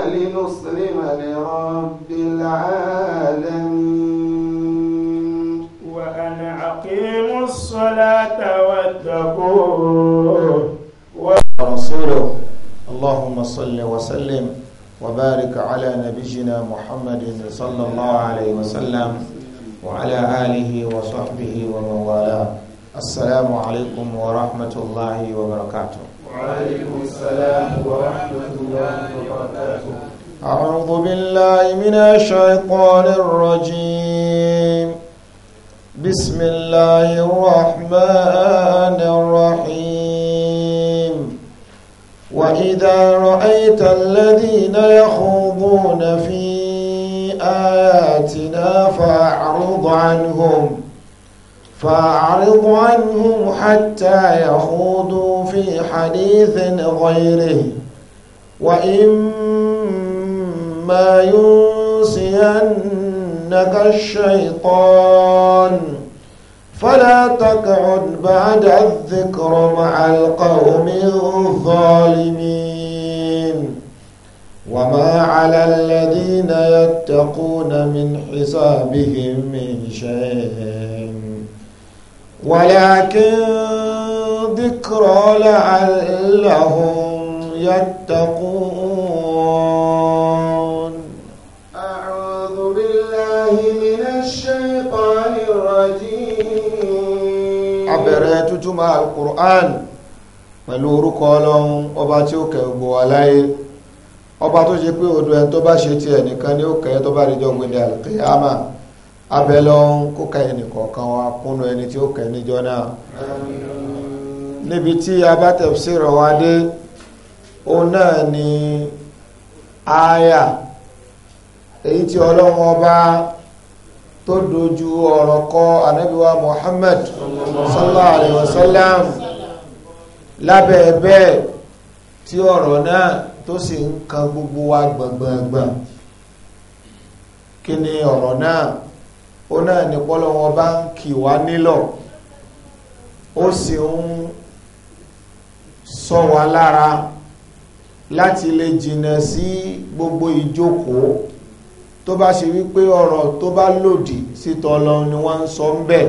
لنسلم لرب العالمين وأن أقيموا الصلاة واتقوه ورسوله اللهم صل وسلم وبارك على نبينا محمد صلى الله عليه وسلم وعلى آله وصحبه ومن والاه السلام عليكم ورحمة الله وبركاته وعليكم السلام ورحمة الله وبركاته أعوذ بالله من الشيطان الرجيم بسم الله الرحمن الرحيم وإذا رأيت الذين يخوضون في آياتنا فأعرض عنهم فأعرض عنهم حتى يخوضوا في حديث غيره وإما ينسينك الشيطان فلا تقعد بعد الذكر مع القوم الظالمين وما على الذين يتقون من حسابهم من شيء ولكن ذكرى لعلهم يتقون أعوذ بالله من الشيطان الرجيم أبرأت جمع القرآن pẹ̀lú ọlọ́run ọba tí ó kẹ gbogbo wa ọba tó ṣe pé odò ẹni tó bá ṣe ti ẹnìkan ní ó kẹ tó bá rí jọ gbẹ̀dẹ̀ àlùkìyàmá abẹ́lọ́hún kó ka ẹnì kọ̀ọ̀kan wa kúnnú ẹni tí ó kẹ́ níjọ́ náà níbi tí a bá tafsir dé ó náà ni aya èyí tí ọlọ́run ọba tó dojú ọ̀rọ̀ kọ anábíwá Muhammad sallallahu alaihi wasallam lábẹ́ bẹ́ẹ̀ tí ọ̀rọ̀ náà tó sì ń kan gbogbo wa gbọ̀ngbọ̀ngbọ̀n kí ni ọ̀rọ̀ náà ó náà ní pọ́lọ́wọ́ bá ń kì wá nílọ̀ ó sì ń sọ wá lára láti lè jìnà sí gbogbo ìjókòó tó bá ṣe wípé ọ̀rọ̀ tó bá lòdì sí tọ́lọ́run ni wọ́n ń sọ ń bẹ̀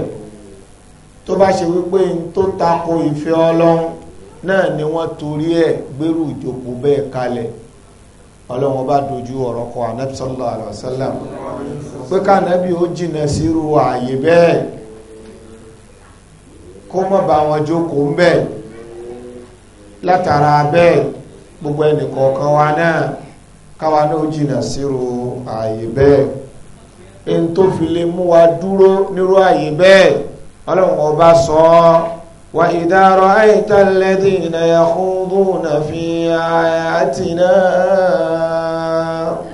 tó bá ṣe wípé tó tako ìfẹ́ ọlọ́run náà ni wọ́n torí ẹ̀ gbérù ìjókòó bẹ́ẹ̀ kalẹ̀ ọlọ́run ọba dojú ọ̀rọ̀ kọ anabi sallallahu pé ká anabi ó ààyè bẹ́ẹ̀ kó má bá wọn jókòó ń látara bẹ́ẹ̀ gbogbo ẹnìkọ̀ọ̀kan wa náà káwa náà ó jìnnà ààyè bẹ́ẹ̀ ẹni tó fi lè mú wa dúró nírú ààyè bẹ́ẹ̀ ọlọ́run وإذا رأيت الذين يخوضون في آياتنا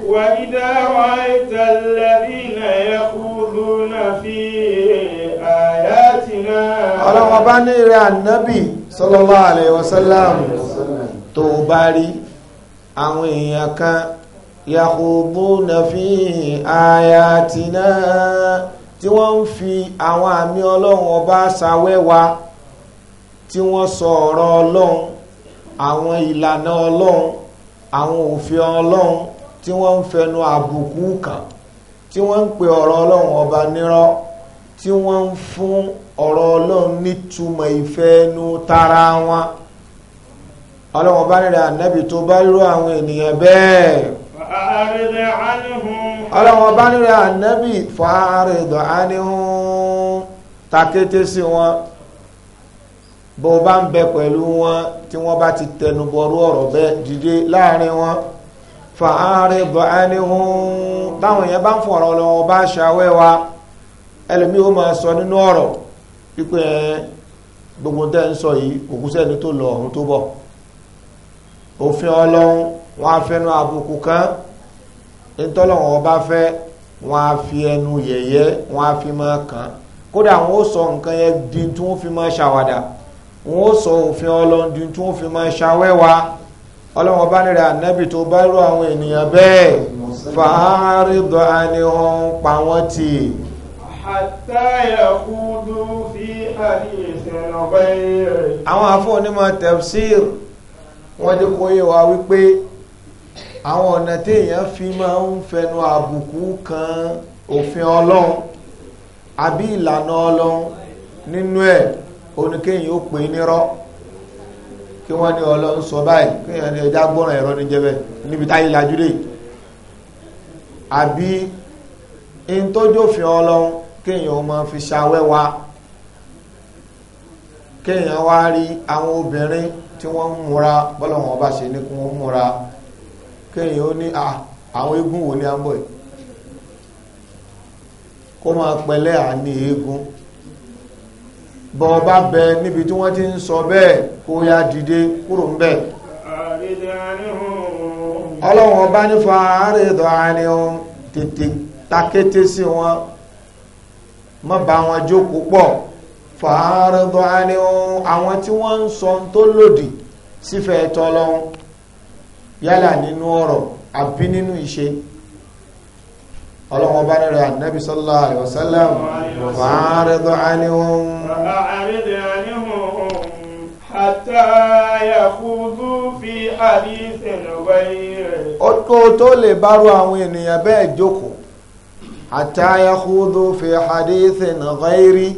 وإذا رأيت الذين يخوضون في آياتنا ọlọ́wọ́ bá ní rẹ̀ ànábì sallallahu alayhi wa sallam tó bá rí àwọn èèyàn kan yàkùbúnà fi àyàtìná tí wọ́n ń fi àwọn àmì ọlọ́run ọba ṣàwẹ́wàá tí wọ́n sọ ọ̀rọ̀ ọlọ́run àwọn ìlànà ọlọ́run àwọn òfin ọlọ́run tí wọ́n ń fẹnu àbùkù kàn tí wọ́n ń pe ọ̀rọ̀ ọlọ́run ọba nírọ́ tí wọ́n ń fún ọ̀rọ̀ ọlọ́run nítumọ̀ ìfẹ́nu tara wọn ọlọ́run ọba nílẹ̀ ànábì tó bá ríró àwọn ènìyàn bẹ́ẹ̀ ọlọ́run ọba nílẹ̀ ànábì fa'arid anhum takété sí wọn bó bá ń bẹ pẹ̀lú wọn tí wọ́n bá ti tẹnubọrú ọ̀rọ̀ bẹ́ẹ̀ dìde láàrin wọn fàárẹ̀ bọ̀ ánihun táwọn èèyàn bá ń fọ̀rọ̀ lọ́wọ́ bá ṣàwẹ́ wa ẹlòmíì ó máa sọ nínú ọ̀rọ̀ pípẹ́ gbogbo tẹ́ ń sọ yìí kò kúsẹ́ni tó lọ ọ̀hún tó bọ̀ òfin ọlọ́run wọn á fẹ́nu àbùkù kan ntọ́lọ́wọ́n ọba fẹ́ wọn á fi ẹnu yẹ̀yẹ́ wọn á fi máa kàn kódà wọn ó sọ nǹkan yẹn di tí wọ́n fi máa ṣàwàdà wọn ó sọ òfin ọlọ́ndì tí wọ́n fi máa ṣàwẹ́wà ọlọ́wọ́n bá nílẹ̀ ànábì tó bá rú àwọn ènìyàn bẹ́ẹ̀ fàárìdọ̀ àníhàn pa wọ́n tì àwọn àfọ́ onímọ̀ tafsir wọ́n dé kó yé wa wípé àwọn ọ̀nà téèyàn fi máa ń fẹnu àbùkù kan òfin ọlọ́run àbí ìlànà ọlọ́run nínú ẹ̀ oníkéyìn ó pè é nírọ́ kí wọ́n ní ọlọ́run sọ báyìí kéèyàn ní ẹja gbọ́ràn ẹ̀rọ ní jẹ́bẹ̀ níbi táyé lajú dé àbí n tó jófin ọlọ́run kéèyàn ó máa fi ṣàwẹ́wà kéèyàn wá rí àwọn obìnrin tí wọ́n ń múra bọ́lọ̀wọ́n bá ṣe ní kí wọ́n múra kéèyàn ó ní àwọn eégún wo ní àbọ̀ kó máa pẹ̀lẹ́ àní eégún bọ́ bá bẹ níbi tí wọ́n ti ń sọ bẹ́ẹ̀ kó yá dìde kúrò ń bẹ̀ ọlọ́wọ́n bá ní fa àárẹ̀dọ̀ àárín ohun tètè takété sí wọn má bá wọn jókòó pọ̀ fa àárẹ̀dọ̀ àárín àwọn tí wọ́n ń sọ tó lòdì sífẹ̀ẹ́ tọ́lọ́hún yálà nínú ọ̀rọ̀ àbí nínú ìṣe ọlọ́wọ́ bá nílò ànábì sallallahu alaihi wasallam fàárẹ́dọ̀ àníhùn ó tó tó lè bárú àwọn ènìyàn bẹ́ẹ̀ jókòó àtàyàkúdó fi hadithin ghairi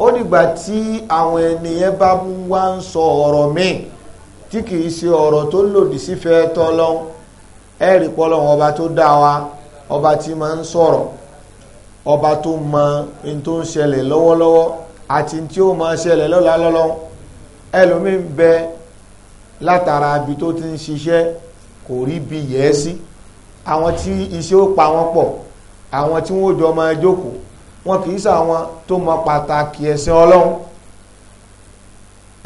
ó dìgbà tí àwọn ènìyàn bá wá ń sọ ọ̀rọ̀ míì tí kìí ṣe ọ̀rọ̀ tó lòdì sífẹ́ tọ́lọ́ ẹ̀rì pọ́lọ́wọ́n ọba tó dá ọba tí máa ń sọ̀rọ̀ ọba tó ma n tó ń ṣẹlẹ̀ lọ́wọ́lọ́wọ́ àti tí ó máa ṣẹlẹ̀ lọ́la lọ́lọ́ ẹlòmíín bẹ látara ibi tó ti ń ṣiṣẹ́ kò rí bí yẹ́ sí àwọn tí iṣẹ́ ó pa wọ́n pọ̀ àwọn tí wọ́n jọ máa jókòó wọn kì í ṣàwọn tó mọ pàtàkì ẹ̀sìn ọlọ́run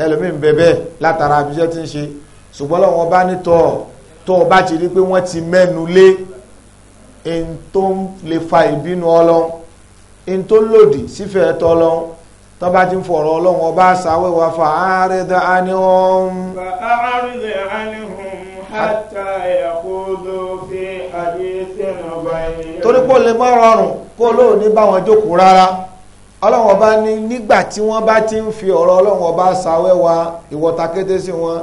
ẹlòmíín bẹ bẹ́ẹ̀ látara ibi iṣẹ́ ti ń ṣe ṣùgbọ́n lọ́wọ́ bá nítọ̀ tó o bá ti rí pé wọ́n ti mẹ́nu lé in le ń lè fa ìbínú ọlọ́run in tó lòdì sífẹ̀ẹ́ tọ́lọ́run tọ́ bá ti ń fọ̀rọ̀ ọlọ́run ọba sáwẹ́ wa fa àárẹ̀dẹ̀ àníhùn. fa àárẹ̀dẹ̀ àníhùn hátà ẹ̀kúndó fi àdéhùn ọba yìí. torí pé ó lè má rọrùn kó lóò ní báwọn jókòó rárá ọlọ́run ọba ní nígbà tí wọ́n bá ti ń fi ọ̀rọ̀ ọlọ́run ọba sáwẹ́ wa ìwọ́ta kété sí wọn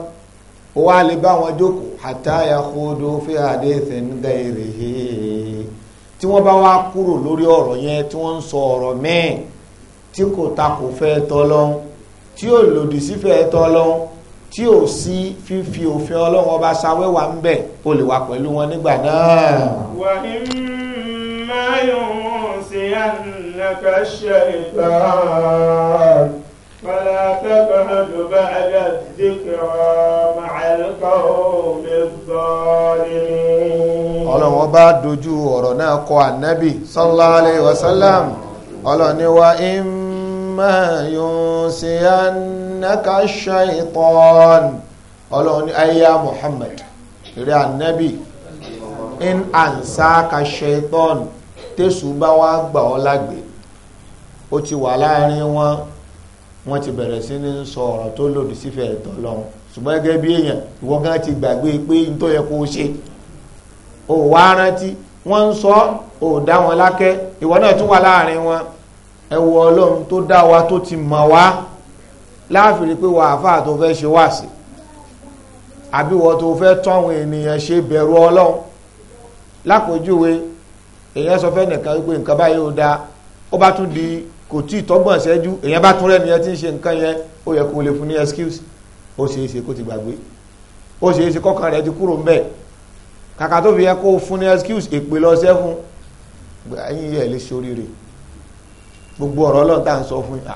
ó wá lè bá wọn jókòó àtàyà kódó fi hadithin gairihi tí wọ́n bá wá kúrò lórí ọ̀rọ̀ yẹn tí wọ́n ń sọ ọ̀rọ̀ míì tí kò takò fẹ́ tọ́lọ́hún tí ò lòdì sífẹ́ tọ́lọ́hún tí ò sí fífi òfin ọlọ́run ọba sáwẹ́wà ń bẹ̀ ó lè wà pẹ̀lú wọn nígbà náà. wà á máa yọ̀ wọ́n sí ṣe ìtàn. فلا تقعد بعد الذكرى مع القوم الظالمين ọlọ́run ọba dojú ọ̀rọ̀ náà kọ ànábì sallallahu alayhi wa sallam ọlọ́run ni wa imma yunsiyannaka shaitan ọlọ́run ni ayá muhammad rí ànábì in ansaka shaitan tẹ̀sùn bá wá gbà ọ́ lágbè ó ti wà láàrin wọn wọ́n ti bẹ̀rẹ̀ sí ní sọ ọ̀rọ̀ tó lòdì sífẹ̀ ẹ̀tọ́ lọ́hùn ṣùgbọ́n gẹ́gẹ́ bí èèyàn ìwọ gan ti gbàgbé pé n tó yẹ kó ṣe ò wá rántí wọ́n ń sọ ò dá wọn lákẹ́ ìwọ náà tún wà láàrin wọn ẹ ọlọ́run tó dá wa tó ti mọ̀ wá láàfin pé wà áfáà tó fẹ́ ṣe wá sí àbí wọ́n tó fẹ́ tọ́ àwọn ènìyàn ṣe bẹ̀rù ọlọ́run lápòjúwe èèyàn sọ fẹ́ nìkan wípé nǹkan báyìí ó dáa ó bá tún di kò tí tọ́gbọ̀n ṣẹ́jú èyàn bá tún rẹ́niyàn tí ń ṣe nǹkan yẹn ó yẹ kó lè fún ní excuse ó ṣe é ṣe kó ti gbàgbé ó ṣe é ṣe kọ́kàn rẹ̀ ti kúrò mbẹ̀ kàkà tó fi yẹ kó fún ní excuse èpè lọ sẹ́fún ẹ̀yìn yẹ̀ lè ṣoríire gbogbo ọ̀rọ̀ ọlọ́run tá à ń sọ fún yín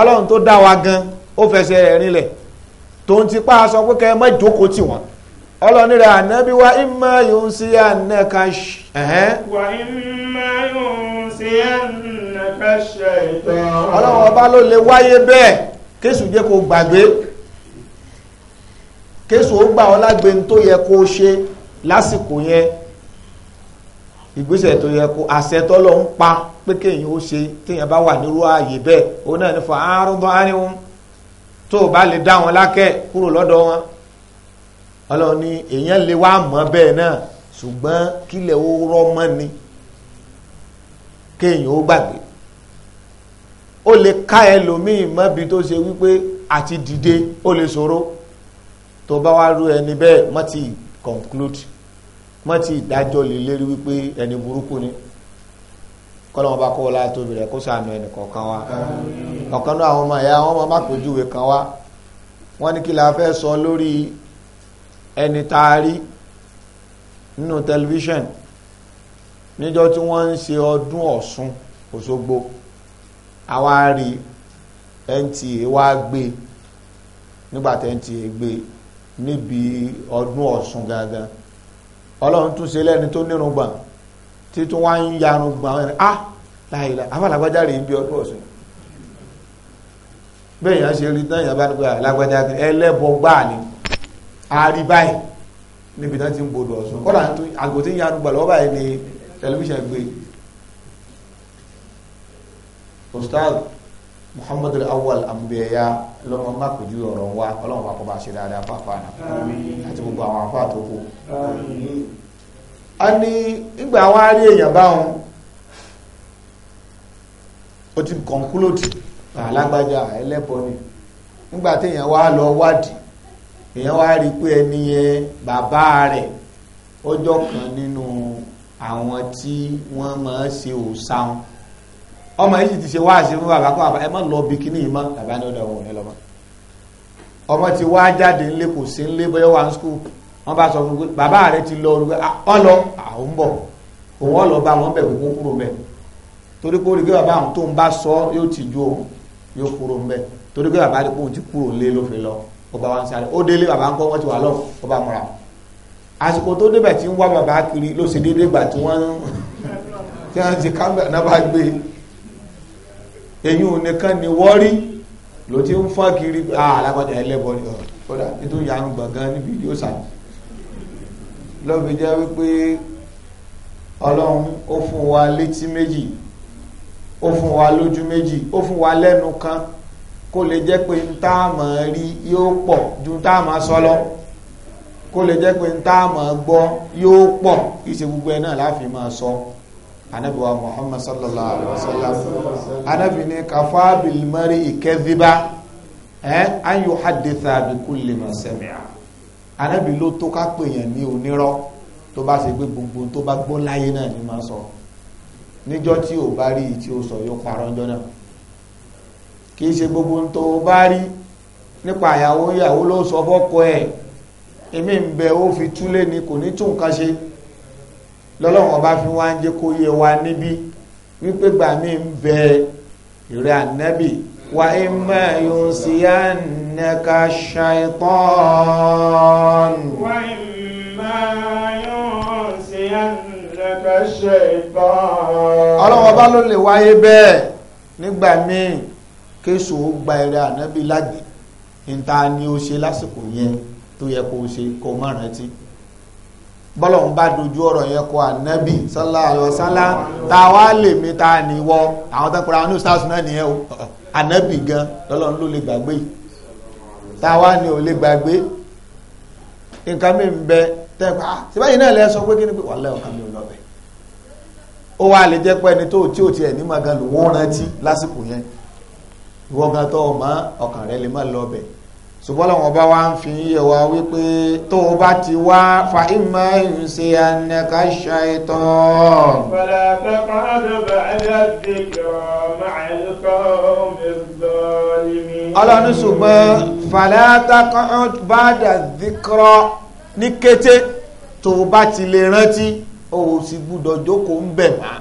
ọlọ́run tó dá wa gan ó fẹsẹ̀ rẹ̀ rinlẹ̀ tó ń tipa sọ pé kẹ́ ẹ má tì wọ́n ọlọ́ni rẹ̀ ànábí wa ìmọ̀ yóò ń ṣe ànẹ́ka ẹ̀hẹ́n. wà ọlọ́run ọba ló lè wáyé bẹ́ẹ̀ kéṣù jẹ́ kó gbàgbé kéṣù ó gbà ọ́ lágbe tó yẹ kó ṣe lásìkò yẹn ìgbésẹ̀ tó yẹ kó àṣẹ tọ́lọ́ ń pa pé kéèyàn ó ṣe téèyàn bá wà nírú ààyè bẹ́ẹ̀ ó náà ní fa àárúndọ́ áníhùn tó o bá lè dá wọn lákẹ́ kúrò lọ́dọ̀ wọn ọlọ́run ní èèyàn lè wá mọ̀ bẹ́ẹ̀ náà ṣùgbọ́n kílẹ̀ ó rọ́ mọ́ ni kéèyàn ó gbàgbé ó lè ká ẹlòmíì mọ́bi tó ṣe wípé àti dìde ó lè ṣòro tó bá wá rú ẹni bẹ́ẹ̀ mọ́ ti conclude mọ́ ti ìdájọ́ lè lérí wípé ẹni burúkú ni kọ́lọ́mọba kọ́ wọlá tóbi rẹ̀ kó sànù ẹnì kọ̀ọ̀kan wa ọ̀kan náà àwọn ọmọ ẹ̀yà wọn máa má pèjúwe kan wá wọ́n ní kí la fẹ́ sọ lórí ẹni taari nínú tẹlifíṣàn níjọ́ tí wọ́n ń ṣe ọdún Ọ̀ṣun Òṣogbo. No àwa ari NTA wá gbé nígbà tí NTA gbé níbi ọdún Ọ̀ṣun gangan ọlọ́run tún ṣe lẹ́ni tó nírun gbọ̀n títún wá ń gbọ̀n ẹni ah láìla afálágbájá rèé bí ọdún Ọ̀ṣun bẹ́ẹ̀ yẹn ṣe rí náà yẹn bá ní pé ah, alágbájá ẹlẹ́bọ gbáà ni a báyìí níbi náà ti ń bodò Ọ̀ṣun kọ́lá àgùntí yarun gbọ̀n lọ́wọ́ báyìí ni ustaz muhammad awal ambeya lọ́mọ má kò ju ọ̀rọ̀ wa ọlọ́run bá kọ́ bá ṣe dáadáa pàápàá náà àti gbogbo àwọn àpá tó kù. a ní ìgbà wa rí èèyàn báwọn ó ti kọ̀ǹkúlòtì alágbájá ẹlẹ́bọ̀ ni nígbà téèyàn wá lọ wádìí èèyàn wá rí pé ẹni yẹn bàbá rẹ̀ ọjọ́ kan nínú àwọn tí wọ́n máa ń ṣe òòsàn ọmọ yìí sì ti ṣe wáàsí fún bàbá kó bàbá ẹ má lọ bikini yìí mọ́ bàbá ní ọ̀dọ̀ òun ní lọ́mọ ọmọ ti wá jáde ńlé kò sí ńlé bóyá wà ní skul wọ́n bá sọ fún pé bàbá rẹ ti lọ rúgbẹ́ ọ lọ àwọn bọ̀ òun ọ lọ bá wọn bẹ̀ gbogbo kúrò mẹ́ torí pé orígbé bàbá àwọn tó ń bá sọ yóò ti ju òun yóò kúrò mẹ́ torí pé bàbá rẹ kó ti kúrò lé ló fi lọ ọba wa ń sáré ó délé bàbá ń kọ́ ti wà lọ ọba mọ́ra àsìkò tó débẹ̀ tí ń wá bàbá kiri ló ṣe déédéé gbà tí wọ́n ti kàmbẹ̀ náà bá gbé èyí ò nìkan ni wọ́rí ló ti ń fọ́ kiri alágbàjá ẹlẹ́bọ ni ọ̀dà nítorí àrùn gbọ̀ngàn níbi yóò sàn lọ́bi jẹ́ wípé ọlọ́run ó fún wa létí méjì ó fún wa lójú méjì ó fún wa lẹ́nu kan kó lè jẹ́ pé ń tá a rí yóò pọ̀ ju tá a máa kó lè jẹ́ pé ń tá a gbọ́ yóò pọ̀ kí ṣe gbogbo ẹ̀ náà láfi máa sọ. So anabi wa muhammad sallallahu alaihi wasallam anabi ni kafa bil mar'i kadhiba eh an yuhadditha bi kulli ma sami'a anabi ló tó ká pè yàn ní onírọ́ tó bá ṣe pé gbogbo tó bá gbọ́ láyé náà ni máa sọ níjọ́ tí ò bá rí tí ó sọ yóò parọ́ ọjọ́ náà kì í gbogbo tó bá rí nípa ìyàwó ìyàwó ló sọ fọ́kọ ẹ̀ èmi ń bẹ fi túlé ni kò ní tún nǹkan ṣe lọ́lọ́run ọba fi wá ń jẹ́ kó yé wa níbí wípé gbà mí ń bẹ ìrẹ́ ànábì wà á mọ̀ yóò sì yá nẹ́ka ṣàìtàn. wà á mọ̀ yóò sì yá nẹ́ka ṣàìtàn. ọlọ́run ọba ló lè wáyé bẹ́ẹ̀ nígbà míì kéṣù ó gba ìrẹ́ ànábì lágbè níta ni ó ṣe lásìkò yẹn tó yẹ kó ṣe kó má rántí bọ́lọ̀ ń bá dojú ọ̀rọ̀ yẹn kọ ànábì sallallahu alaihi wasallam ta wá lè mi ta ni wọ àwọn tó pera wọn ní ustaz náà nìyẹn o ànábì gan lọ́lọ́run ló lè gbàgbé yìí ta wá ni ò lè gbàgbé nǹkan mi ń bẹ tẹ́gbà síbáyìí ah, náà lẹ sọ pé kí ni pé wàhálà ọ̀kan mi ò lọ bẹ̀ ó wá lè jẹ́ pé ẹni tó tí ò tiẹ̀ ní màgán wọ́n rántí lásìkò yẹn ìwọ gan tó ọmọ ọkàn rẹ lè má lọ bẹ̀ ṣùgbọ́n làwọn ọba wa ń fi yẹ wa wípé tó o bá ti wá fa ìmọ̀ ẹ̀yìn ṣe ẹnẹ́ka ṣàìtàn. fẹlẹ tẹkọọ àdùbà ẹlẹsì kìrọ máa ń kọ omi lọlímì. ọlọ́run ṣùgbọ́n fẹlẹ tẹkọọ bá dà dìkọrọ ní kété tó o bá ti lè rántí o ò sì gbúdọ̀ jókòó ń bẹ̀ wá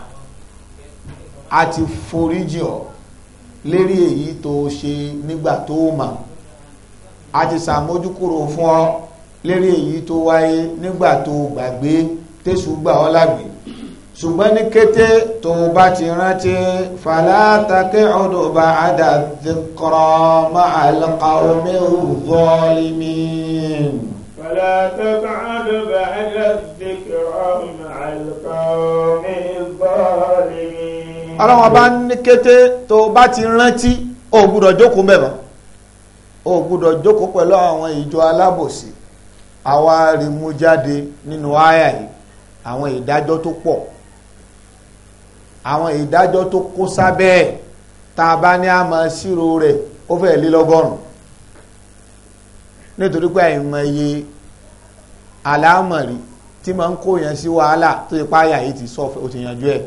a foríjì ọ́ lérí èyí tó o ṣe nígbà tó o máa a ti sàmójúkúrò fún ọ lérí èyí tó wáyé nígbà tó gbàgbé tésù gbà ọ lágbè ṣùgbọ́n ní kété tó bá ti rántí fàlátàkẹ́ ọdọ̀ bá àdàdìkọ̀rọ̀ máa lọ́kà omi zọ́ọ̀lìmí fàlátàkẹ́ ọlọ́wọ́n bá ní kété tó bá ti rántí ó jókòó mẹ́wàá o gbúdọ̀ jókòó pẹ̀lú àwọn ìjọ alábòsí àwa rí mú jáde nínú àyà yìí àwọn ìdájọ́ tó pọ̀ àwọn ìdájọ́ tó kó sábẹ́ ẹ̀ tá a bá ní àmọ́ sírò rẹ̀ ó fẹ́ lé lọ́gọ́rùn nítorí pé àìmọye àlámọ̀rí tí máa ń kó yẹn sí wàhálà tó yẹ pa àyà yìí ti sọ ó ti yanjú ẹ̀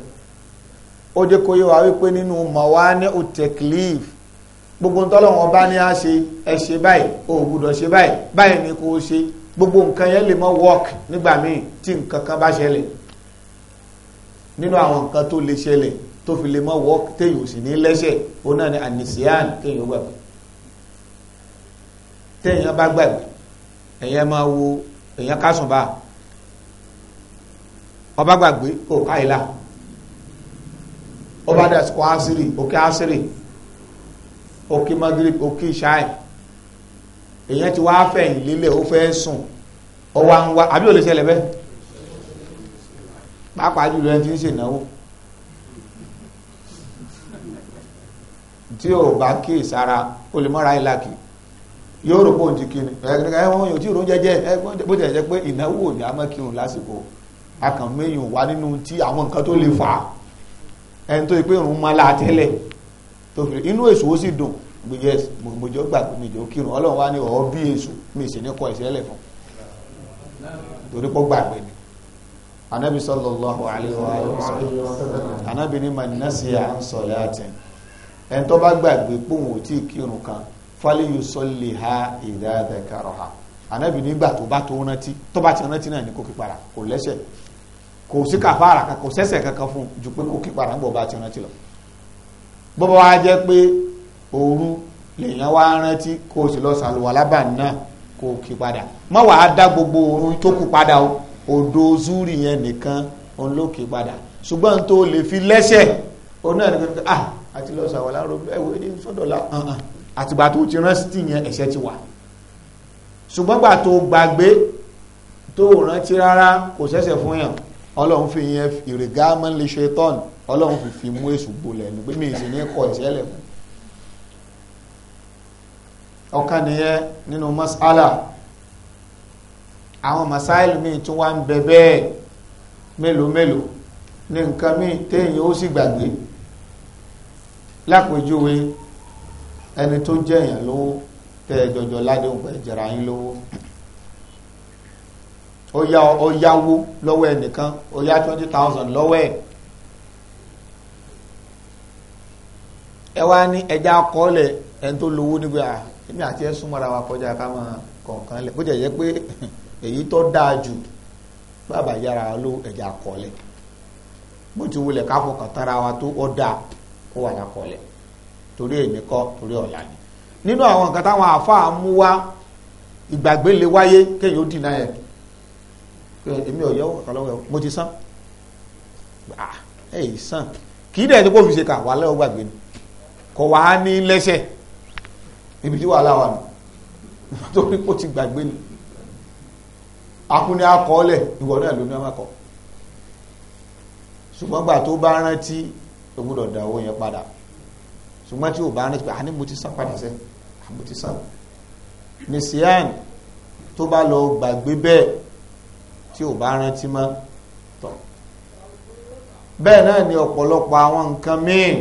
ó dé kó yé wa wípé nínú mọ̀wá ní òtẹ̀kìlífù gbogbo ntọ́lọ́wọ́n bá ní á ṣe ẹ báyìí o ò gbúdọ̀ ṣe báyìí báyìí ni kò ṣe gbogbo nǹkan yẹn lè mọ́ work nígbà míì tí nǹkan kan bá ṣẹlẹ̀ nínú àwọn nǹkan tó lè ṣẹlẹ̀ tó fi lè mọ́ work téèyàn ò sì ní lẹ́sẹ̀ òun náà ni anisian téèyàn gbàgbé téèyàn bá gbàgbé èèyàn máa wo èèyàn kásùn bá ọba gbàgbé kò káyìlá ọba dàsíkò ásírì òkè ásírì òkè magrib òkè ṣáì èyàn ti wá fẹ̀yìn lélẹ̀ ó fẹ́ sùn ọwọ́ ń wá àbí ò lè ṣẹlẹ̀ bẹ́ẹ̀ pàápàá jùlọ ẹni tí ń ṣènáwó tí ò bá kí ìsara ó lè mọ́ra ìlàkì yóò rò pòun ti kíni ẹ̀ẹ́dẹ́gbẹ̀rún ẹ̀wọ̀n yóò tí ò rò jẹ́jẹ́ bó tẹ̀ jẹ́ pé ìnáwó ò ní amẹ́kírun lásìkò akàn méyìn wá nínú tí àwọn nǹkan tó lè fà á ẹni tó yẹ pé òun máa la tó fi inú èso ó sì dùn gbèjẹ mojọ gbàgbé mi jọ kírun ọlọ́run wá ní ọ̀ọ́ bí èso mi sì ní kọ ìṣẹ́lẹ̀ fún torí pọ́ gbàgbé ni anabi sallallahu alayhi wa sallam anabi ni man nasiya an salatin en tó bá gbàgbé pohun ó ti kírun kan fali yusalliha idha dhakaraha anabi ni gbà tó bá tó rántí tó bá ti rántí náà ni kó kipara kò lẹ́ṣẹ̀ kò sí kàfàrà kan kò sẹ́ṣẹ̀ kankan fún jù pé kó kipara ńgbọ́ bá ti rántí lọ bọ́bọ́ wa jẹ́ pé òru lèèyàn wá rántí kó o sì lọ sàlùwà lábà náà kó o kí padà má wàá dá gbogbo òru tó kù padà o òdo zúrì yẹn nìkan òun ló kí padà ṣùgbọ́n tó lè fi lẹ́sẹ̀ òun náà nìkan ah àti lọ sàwọ̀ lárò ẹ̀wọ̀ ní sọ́dọ̀lá àtìgbà tó ti rán sí yẹn ẹ̀ṣẹ̀ ti wà ṣùgbọ́n gbà tó gbàgbé tó rántí rárá kò ṣẹ̀ṣẹ̀ fún yàn ọlọ́run fi yẹn ìrègá mọ́ lè ṣe tọ́nù ọlọ́run fi fi mú èṣù gbolẹ̀ ní pé mèsì ní kọ̀ ìṣẹ́lẹ̀ fún ọ̀kan nìyẹn nínú masala àwọn masáìlì míì tún wá ń bẹ bẹ́ẹ̀ mélòó mélòó ní nǹkan míì téèyàn ó sì gbàgbé lápèjúwe ẹni tó jẹ́ èèyàn lówó tẹ́ ẹ jọjọ ládéhùn pẹ̀ jẹ̀rà yín lówó ó yáwó lọ́wọ́ ẹnìkan ó yá twenty thousand lọ́wọ́ ẹ̀ ẹ wá ní ẹja kọ́lẹ̀ ẹni tó lówó nígbà èmi àti ẹ súnmọ́ra wa kọjá ká kọ̀ọ̀kan lẹ̀ bó jẹ́ yẹ pé èyí tó dáa jù bàbá yára ló ẹja kọ́lẹ̀ bó ti wulẹ̀ wa tó ọ dáa kó wà torí èmi kọ́ torí ọ̀la ni nínú àwọn nǹkan táwọn àáfàá mú wá ìgbàgbé lè wáyé kéèyàn ó dìnnà èmi ò yọ mo ti kì í dẹ̀ kó fi ṣe kò wá ní lẹ́sẹ̀ ibi tí wàhálà wà nù torí kò ti gbàgbé ni akúni akọọlẹ̀ ìwọ náà ló ní ọmọ kọ ṣùgbọ́n gbà tó bá rántí o gbọ́dọ̀ dá owó yẹn padà ṣùgbọ́n tí o bá rántí pé a ní mo ti san padà sẹ́ mo ti san nìsíàn tó bá lọ gbàgbé bẹ́ẹ̀ tí o bá rántí mọ́ tọ̀ bẹ́ẹ̀ náà ni ọ̀pọ̀lọpọ̀ àwọn nǹkan mìíràn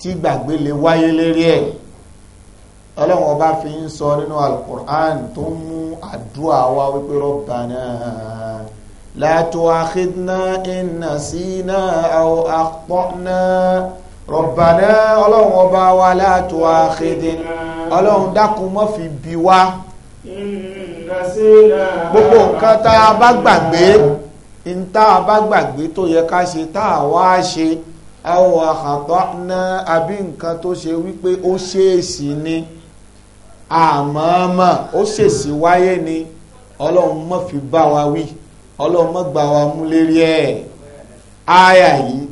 tí gbàgbé lè wáyé lérí ẹ̀ ọlọ́run ọba fi ń sọ nínú alukur'an tó ń mú àdúrà wa wípé rọ́bànà la tu'akhidna in nasina aw akhta'na rọ́bànà ọlọ́run ọba wa la tu'akhidna ọlọ́run dákun mọ́ fi bí wá gbogbo nǹkan tá a bá gbàgbé ń tá a bá gbàgbé tó yẹ ká ṣe tá a wá ṣe àwọn àkàtọ́ ná àbí nǹkan tó ṣe wípé ó ṣèèṣì ni àmọ́ọ́mọ́ ó ṣèèṣì wáyé ni ọlọ́run mọ́ fi bá wa wí ọlọ́run mọ́ gbà wa mú lérí ẹ̀ áyà yìí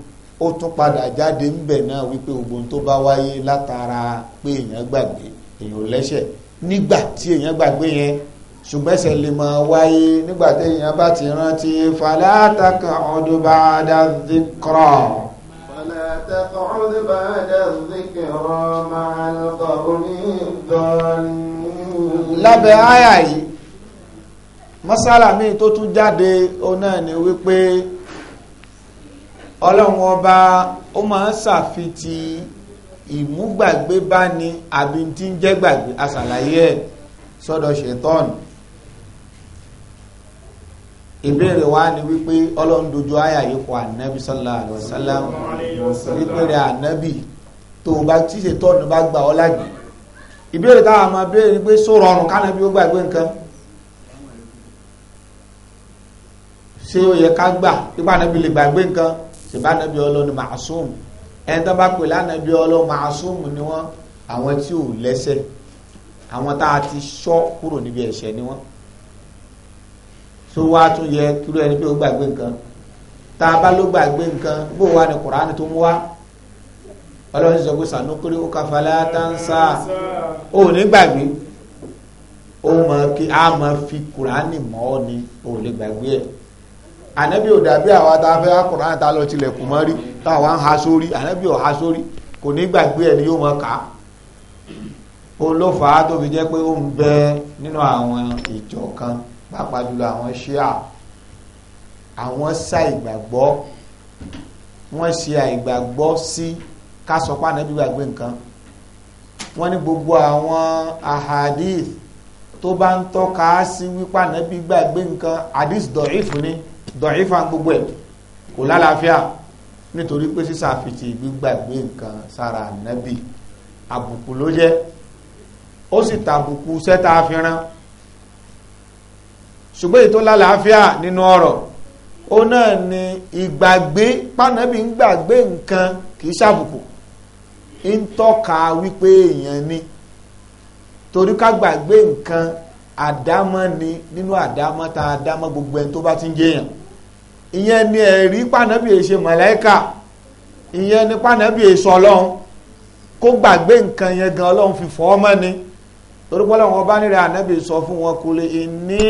ó tún padà jáde ńbẹ̀ náà wípé ògbóhun tó bá wáyé látara pé èèyàn gbàgbé èèyàn lẹ́ṣẹ̀ nígbà tí èèyàn gbàgbé yẹn ṣùgbọ́n ẹ̀ṣẹ̀ lè máa wáyé nígbà tí èèyàn bá ti rántí falátakà ọdún bá dá dìkọ̀rọ̀. فلا تقعد بعد الذكرى مع القرن الظالمين lábẹ́ àyà yìí masala mi tó tún jáde òun náà ni wípé ọlọ́run ọba ó máa ń ṣàfitì ìmúgbàgbé bá ní àbí tí ń jẹ́ gbàgbé àṣàlàyé ẹ̀ sọ́dọ̀ ṣètọ́nù ìbéèrè wa ni wípé ọlọ́run dojú àyà yìí kọ ànábì sallallahu alaihi wasallam wípé rẹ̀ ànábì tó bá tíṣe tọ́nu bá gbà ọ́ lágbè ìbéèrè táwọn máa béèrè ni pé só rọrùn kánábì ó gbàgbé nǹkan ṣé ó yẹ ká gbà nípa ànábì lè gbàgbé nǹkan ṣèbá ànábì ọlọ́run màásùm ẹni tó bá pè lánàbì ọlọ́run màásùm ni wọ́n àwọn tí ò lẹ́sẹ̀ àwọn tá a ti ṣọ́ kúrò níbi ẹ̀ṣẹ̀ ni wọ́n so wá tún yẹ kíló ẹni pé ó gbàgbé nǹkan tá a bá ló gbàgbé nǹkan bó wà ní kùránì tó mú wá ọlọ́run sọ pé sànú ó káfalá táǹsà ó ní gbàgbé ó mọ kí a mọ fi kùránì mọ́ ọ ni lè gbàgbé ẹ̀ ànábì ò dàbí àwa tá a fẹ́ wá kùránì tá a lọ tilẹ̀kùn mọ́ rí táwa ń ha sórí ànábì ò ha sórí kò ní gbàgbé ẹ̀ ni yóò mọ kà tó nínú àwọn ìjọ kan. pàápàá jùlọ àwọn ṣíà àwọn sá ìgbàgbọ́ wọ́n ṣe àìgbàgbọ́ sí kásọpá nàbí gbàgbé nǹkan wọ́n ní gbogbo àwọn ahadith tó bá ń tọ́ka sí wípé nàbí gbàgbé nǹkan hadith dọ̀ífù ni dọ̀ífà gbogbo ẹ̀ kò lálàáfíà nítorí pé sísàfitì gbígbàgbé nǹkan sára nàbí àbùkù ló jẹ́ ó sì tàbùkù sẹ́ta fi rán ṣùgbọ́n èyí tó lálàáfíà nínú ọ̀rọ̀ ó náà ni ìgbàgbé pànàbí ń gbàgbé nǹkan kì í ṣàbùkù ń tọ́ka wípé èèyàn ni torí ká gbàgbé nǹkan àdámọ́ ni nínú àdámọ́ ta àdámọ́ gbogbo ẹni tó bá ti ń jẹyàn ìyẹn ni ẹ̀rí pànàbí èṣe mọ̀lẹ́kà ìyẹn ni pànàbí èṣe ọlọ́run kó gbàgbé nǹkan yẹn gan ọlọ́run fi fọ́ ọmọ ni torí pé ọlọ́run ọba ànábì sọ fún wọn kò lè ní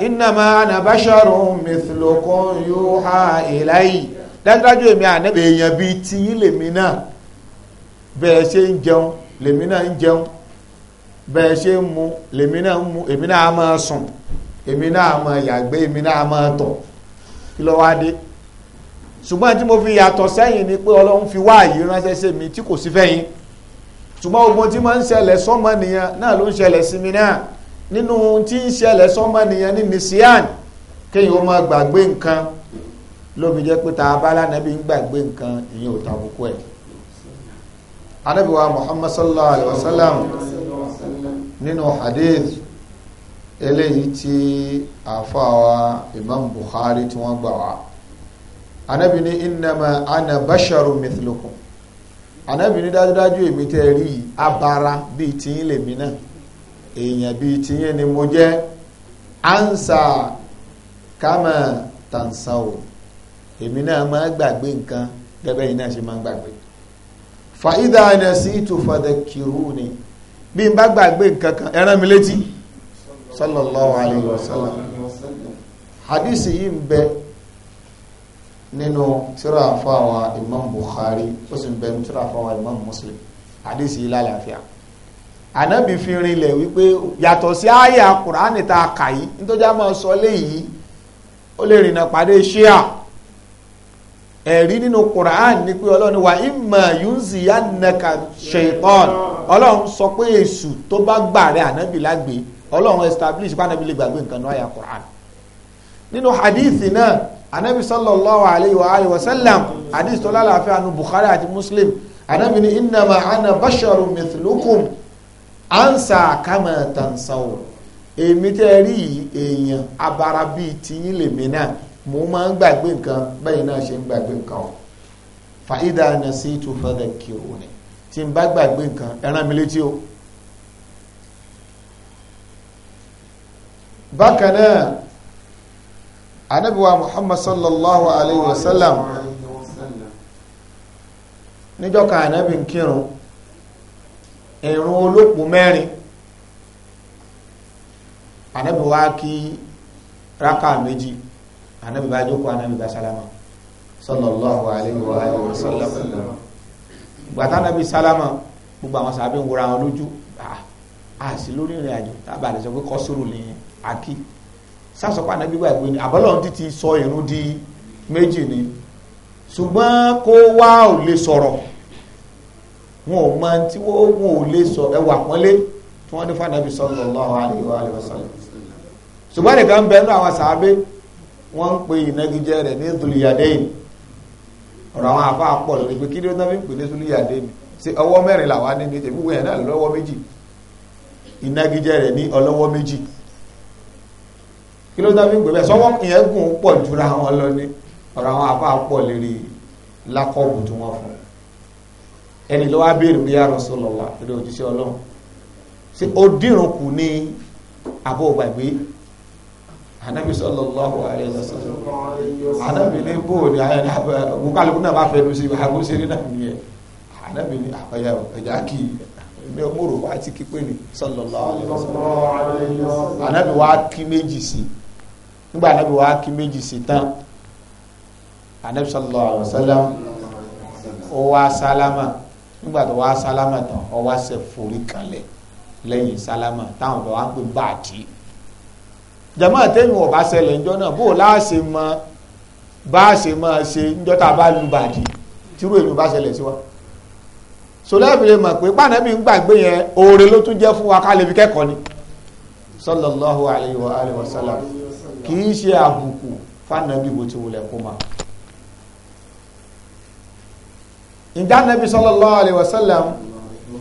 innama ana basharun mithlukum yuha ilayya dájúdájú èmi ànábì èèyàn bíi tiyín lèmi ṣe ń jẹun lèmi náà ń jẹun bẹ́ẹ̀ ṣe ń mu lèmi náà ń mu èmi náà máa sùn èmi náà ṣùgbọ́n tí mo fi yàtọ̀ sẹ́yìn ni pé ọlọ́run fi wá àyè ránṣẹ́ sí mi tí kò sí fẹ́yìn ṣùgbọ́n ogun tí máa ń ṣẹlẹ̀ sọ́mọ nìyẹn náà ló ń ṣẹlẹ̀ mi náà nínú tí ń ṣẹlẹ̀ sọ́mọ́nìyàn ní nìsíàn kéyìn ó máa gbàgbé nǹkan lóbi jẹ́ pé ta abala nàbí ń gbàgbé nǹkan ìyẹn ò tàbùkù ẹ̀ Ànábì wa Muhammad sallallahu alaihi wasallam nínú hadith eléyìí tí àfáwa Imam Bukhari tí wọ́n gbà wá Ànábì ní innama ana basharu mithlukum Ànábì ní dájúdájú èmi tẹ́ rí abara bíi tiyín lèmi náà èèyàn bíi tiyín ni mo jẹ́ ansa kama tansao èmi náà máa gbàgbé nǹkan gẹ́gẹ́ yìí náà ṣe máa gbàgbé fa idha nasitu fadhakkiruni bí n bá gbàgbé nǹkan kan ẹ mi létí sallallahu alayhi wa sallam hadisi yìí ń bẹ nínú tírà fáwọn imam bukhari ó sì ń bẹ nínú tírà fáwọn imam muslim hadisi yìí lálàáfíà ànábì fi rinlẹ̀ wípé yàtọ̀ sí àyà kùránì tá a kà yìí nítorí a máa sọ léyìí ó lè rìnà pàdé ṣíà ẹ̀rí nínú kùránì ni pé ọlọ́run wà ìmọ̀ yunzi yannaka shaitan ọlọ́run sọ pé èṣù tó bá gbà rẹ ànábì lágbè ọlọ́run establish pé ànábì lè gbàgbé nǹkan náà àyà kùránì nínú hadith náà ànábì sallallahu alayhi wa alayhi wa sallam hadith tó lálàáfíà nu Bukhari àti Muslim ànábì ní innama ana basharun mithlukum ansa kama tansa o èmi tẹ́ rí èèyàn abara bíi tiyín lèmi náà mo máa ń gbàgbé nǹkan bẹ́ẹ̀ náà ṣe ń gbàgbé nǹkan o fàídà nasitu fadhakkiruni tí n bá gbàgbé nǹkan ẹ mi létí o. bákan náà anábìwá muhammad sallallahu alayhi wa sallam níjọ́ kan anábì ń kírun ẹ̀rùn olóòpó mẹ́rin ànábì wá kí rákà méjì ànábì bá jókòó ànábì bá sálámà sallallahu alaihi wa alihi wa sallam ìgbà tánábì sálámà gbogbo àwọn sàbẹ̀ ń wura wọn lójú àṣì ah, lórí ìrìn àjò tábà lè sọ pé kọ́sùrù ní akí sásọpá ànábì gbàgbé ni àbọ́lọ́run ti ti sọ ìrun di méjì ni ṣùgbọ́n kó wá ò lè sọ̀rọ̀ wọn ò mọ tí wọ́n wò ó lè sọ ẹwà pọ́nlé tí wọ́n ní fànàbí sallallahu alaihi wa alihi wasallam ṣùgbọ́n nìkan bẹ́ẹ̀ nínú àwọn sàábé wọ́n ń pe ìnagijẹ rẹ̀ ní zuliyadéyìn ọ̀rọ̀ àwọn afá pọ̀ lórí pé kí ló náà fi ń pè ní zuliyadéyìn ṣe ọwọ́ mẹ́rin làwọn ní ní tèmi wẹ̀yẹ̀ náà lọ́wọ́ méjì ìnagijẹ rẹ̀ ní ọlọ́wọ́ méjì kí ló náà fi ń pè bẹ́ẹ̀ sọ́wọ́ ìyẹn gùn pọ̀ jura wọn lọ ní ọ̀rọ̀ àwọn afá pọ̀ lórí lákọ̀ọ̀bù tí wọ́n fún ẹni ló wá béèrè bí Rasulullah eré òjíṣẹ́ ọlọ́run ṣé ó dìrùn kù ní àbọ̀ gbàgbé anabi sallallahu alayhi wa sallam anabi ní bò ní bukaluku náà bá fẹ́ lu sí i àbúrò ṣeré náà nìyẹn anabi ní àbáyá ẹ̀dá kì í ẹ̀mí ọmọ òrò wa ti kípé ní sallallahu alayhi wa sallam anabi wa kí méjì sí nígbà anabi wa kí méjì sí tán anabi sallallahu alayhi wa ó wá sálámà nígbà tó wá sálámà tán ọ wá ṣe forí kanlẹ̀ lẹ́yìn sálámà táwọn bá wá ń pè báàdì jama tẹ́yìn ọba ṣẹlẹ̀ ńjọ́ náà bó o láṣẹ mọ bá a ṣe máa ṣe ńjọ́ tá a bá lu bàdì tírú èmi bá ṣẹlẹ̀ sí wa sọlẹ́bìrì mọ̀ pé pàdánù ń gbàgbé yẹn oore ló tún jẹ́ fún wa ká lè fi kẹ́kọ̀ọ́ ni sallallahu alayhi wa wa sallam kì í ṣe àbùkù fánàbí bó ti wulẹ̀ kó máa ìjà nabi sallallahu alayhi wa sallam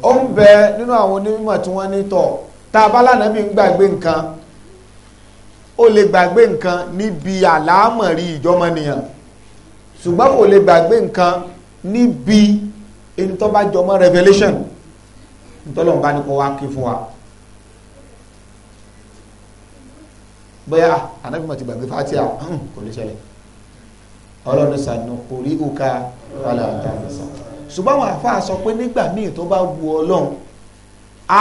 ó ń bẹ nínú àwọn onímọ̀ tí wọ́n ní tọ̀ tá a bá lánàbí ń gbàgbé nǹkan ó lè gbàgbé nǹkan níbi àlámọ̀rí ìjọmọnìyàn ṣùgbọ́n kò lè gbàgbé nǹkan níbi ẹni tó bá jọmọ́ revelation ntọ́lọ́n bá ní kó wá kí fún wa bóyá ah, ànábì mọ̀ ti gbàgbé fatiha hmm, kò lè ṣẹlẹ̀ ọlọ́run sànù orí òkà wàlà àtàwọn sànù ṣùgbọ́n àwọn àfáà sọ pé nígbà míì tó bá wu ọlọ́run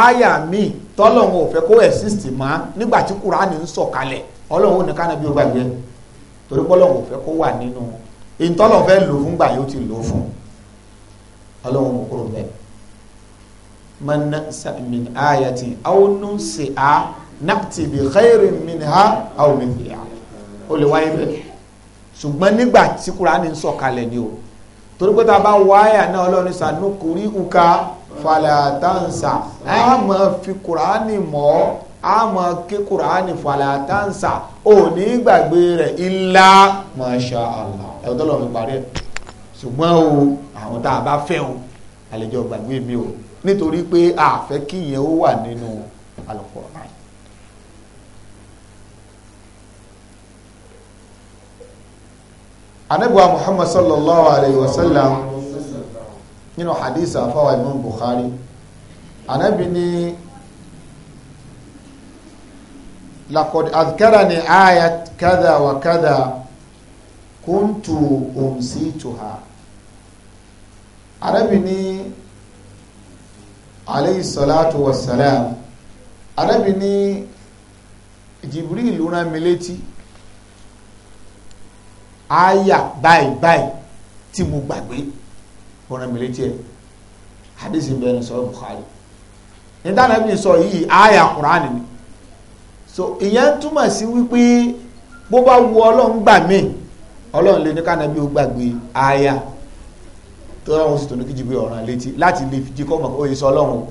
àyà míì tọ́lọ́run ò fẹ́ kó exist mọ́ nígbà tí kúránì ń sọ̀kalẹ̀ ọlọ́run ò ní kánà bí ó gbàgbé torí pọ́lọ́run ò fẹ́ kó wà nínú ìtọ́lọ́run fẹ́ lò fún gbà yóò ti lò fún ọlọ́run mú kúrò bẹ́ẹ̀ man min ayati aw nunsi'a na'ti bi khairin minha aw mithliha ó lè wáyé bẹ́ẹ̀ ṣùgbọ́n nígbà tí Kùránì ń sọ̀kalẹ̀ ni o torí pé tá a bá ń wá àyà náà ọlọ́run sànú kò rí uka falatansa a mọ̀ fi kùránì mọ́ a mọ̀ kí kùránì falatansa ò ní gbàgbé rẹ̀ ilá masha allah ẹ̀rọ tọ́lọ̀ mi parí ẹ̀ ṣùgbọ́n o àwọn tá a bá fẹ́ o àlejò gbàgbé mi o nítorí pé a fẹ́ kí ó wà nínú anabuwa muhammad sallallahu alayhi wa sallam nínú hadith afawa imam bukhari anabi ni lakod adhkarani ayat kada wa kada kuntu umsituha anabi ni alayhi salatu wa salam anabi ni jibril rán mi létí Aya báyìí báyìí tí mo gbàgbé ọ̀ràn mi létí ẹ̀ hadith ń bẹ̀rẹ̀ sọ́ọ́ Bukhari nítorí bí sọ yìí àyà Kùránì ni so ìyẹn túmọ̀ sí wípé bó bá wu Ọlọ́run gbà mí Ọlọ́run lè ní kánàbí ó gbàgbé àyà tó ọlọ́run sì tó ní kí jìbìrì ọ̀ràn létí láti lè fi jíkọ́ mọ̀ òye sọ ọlọ́run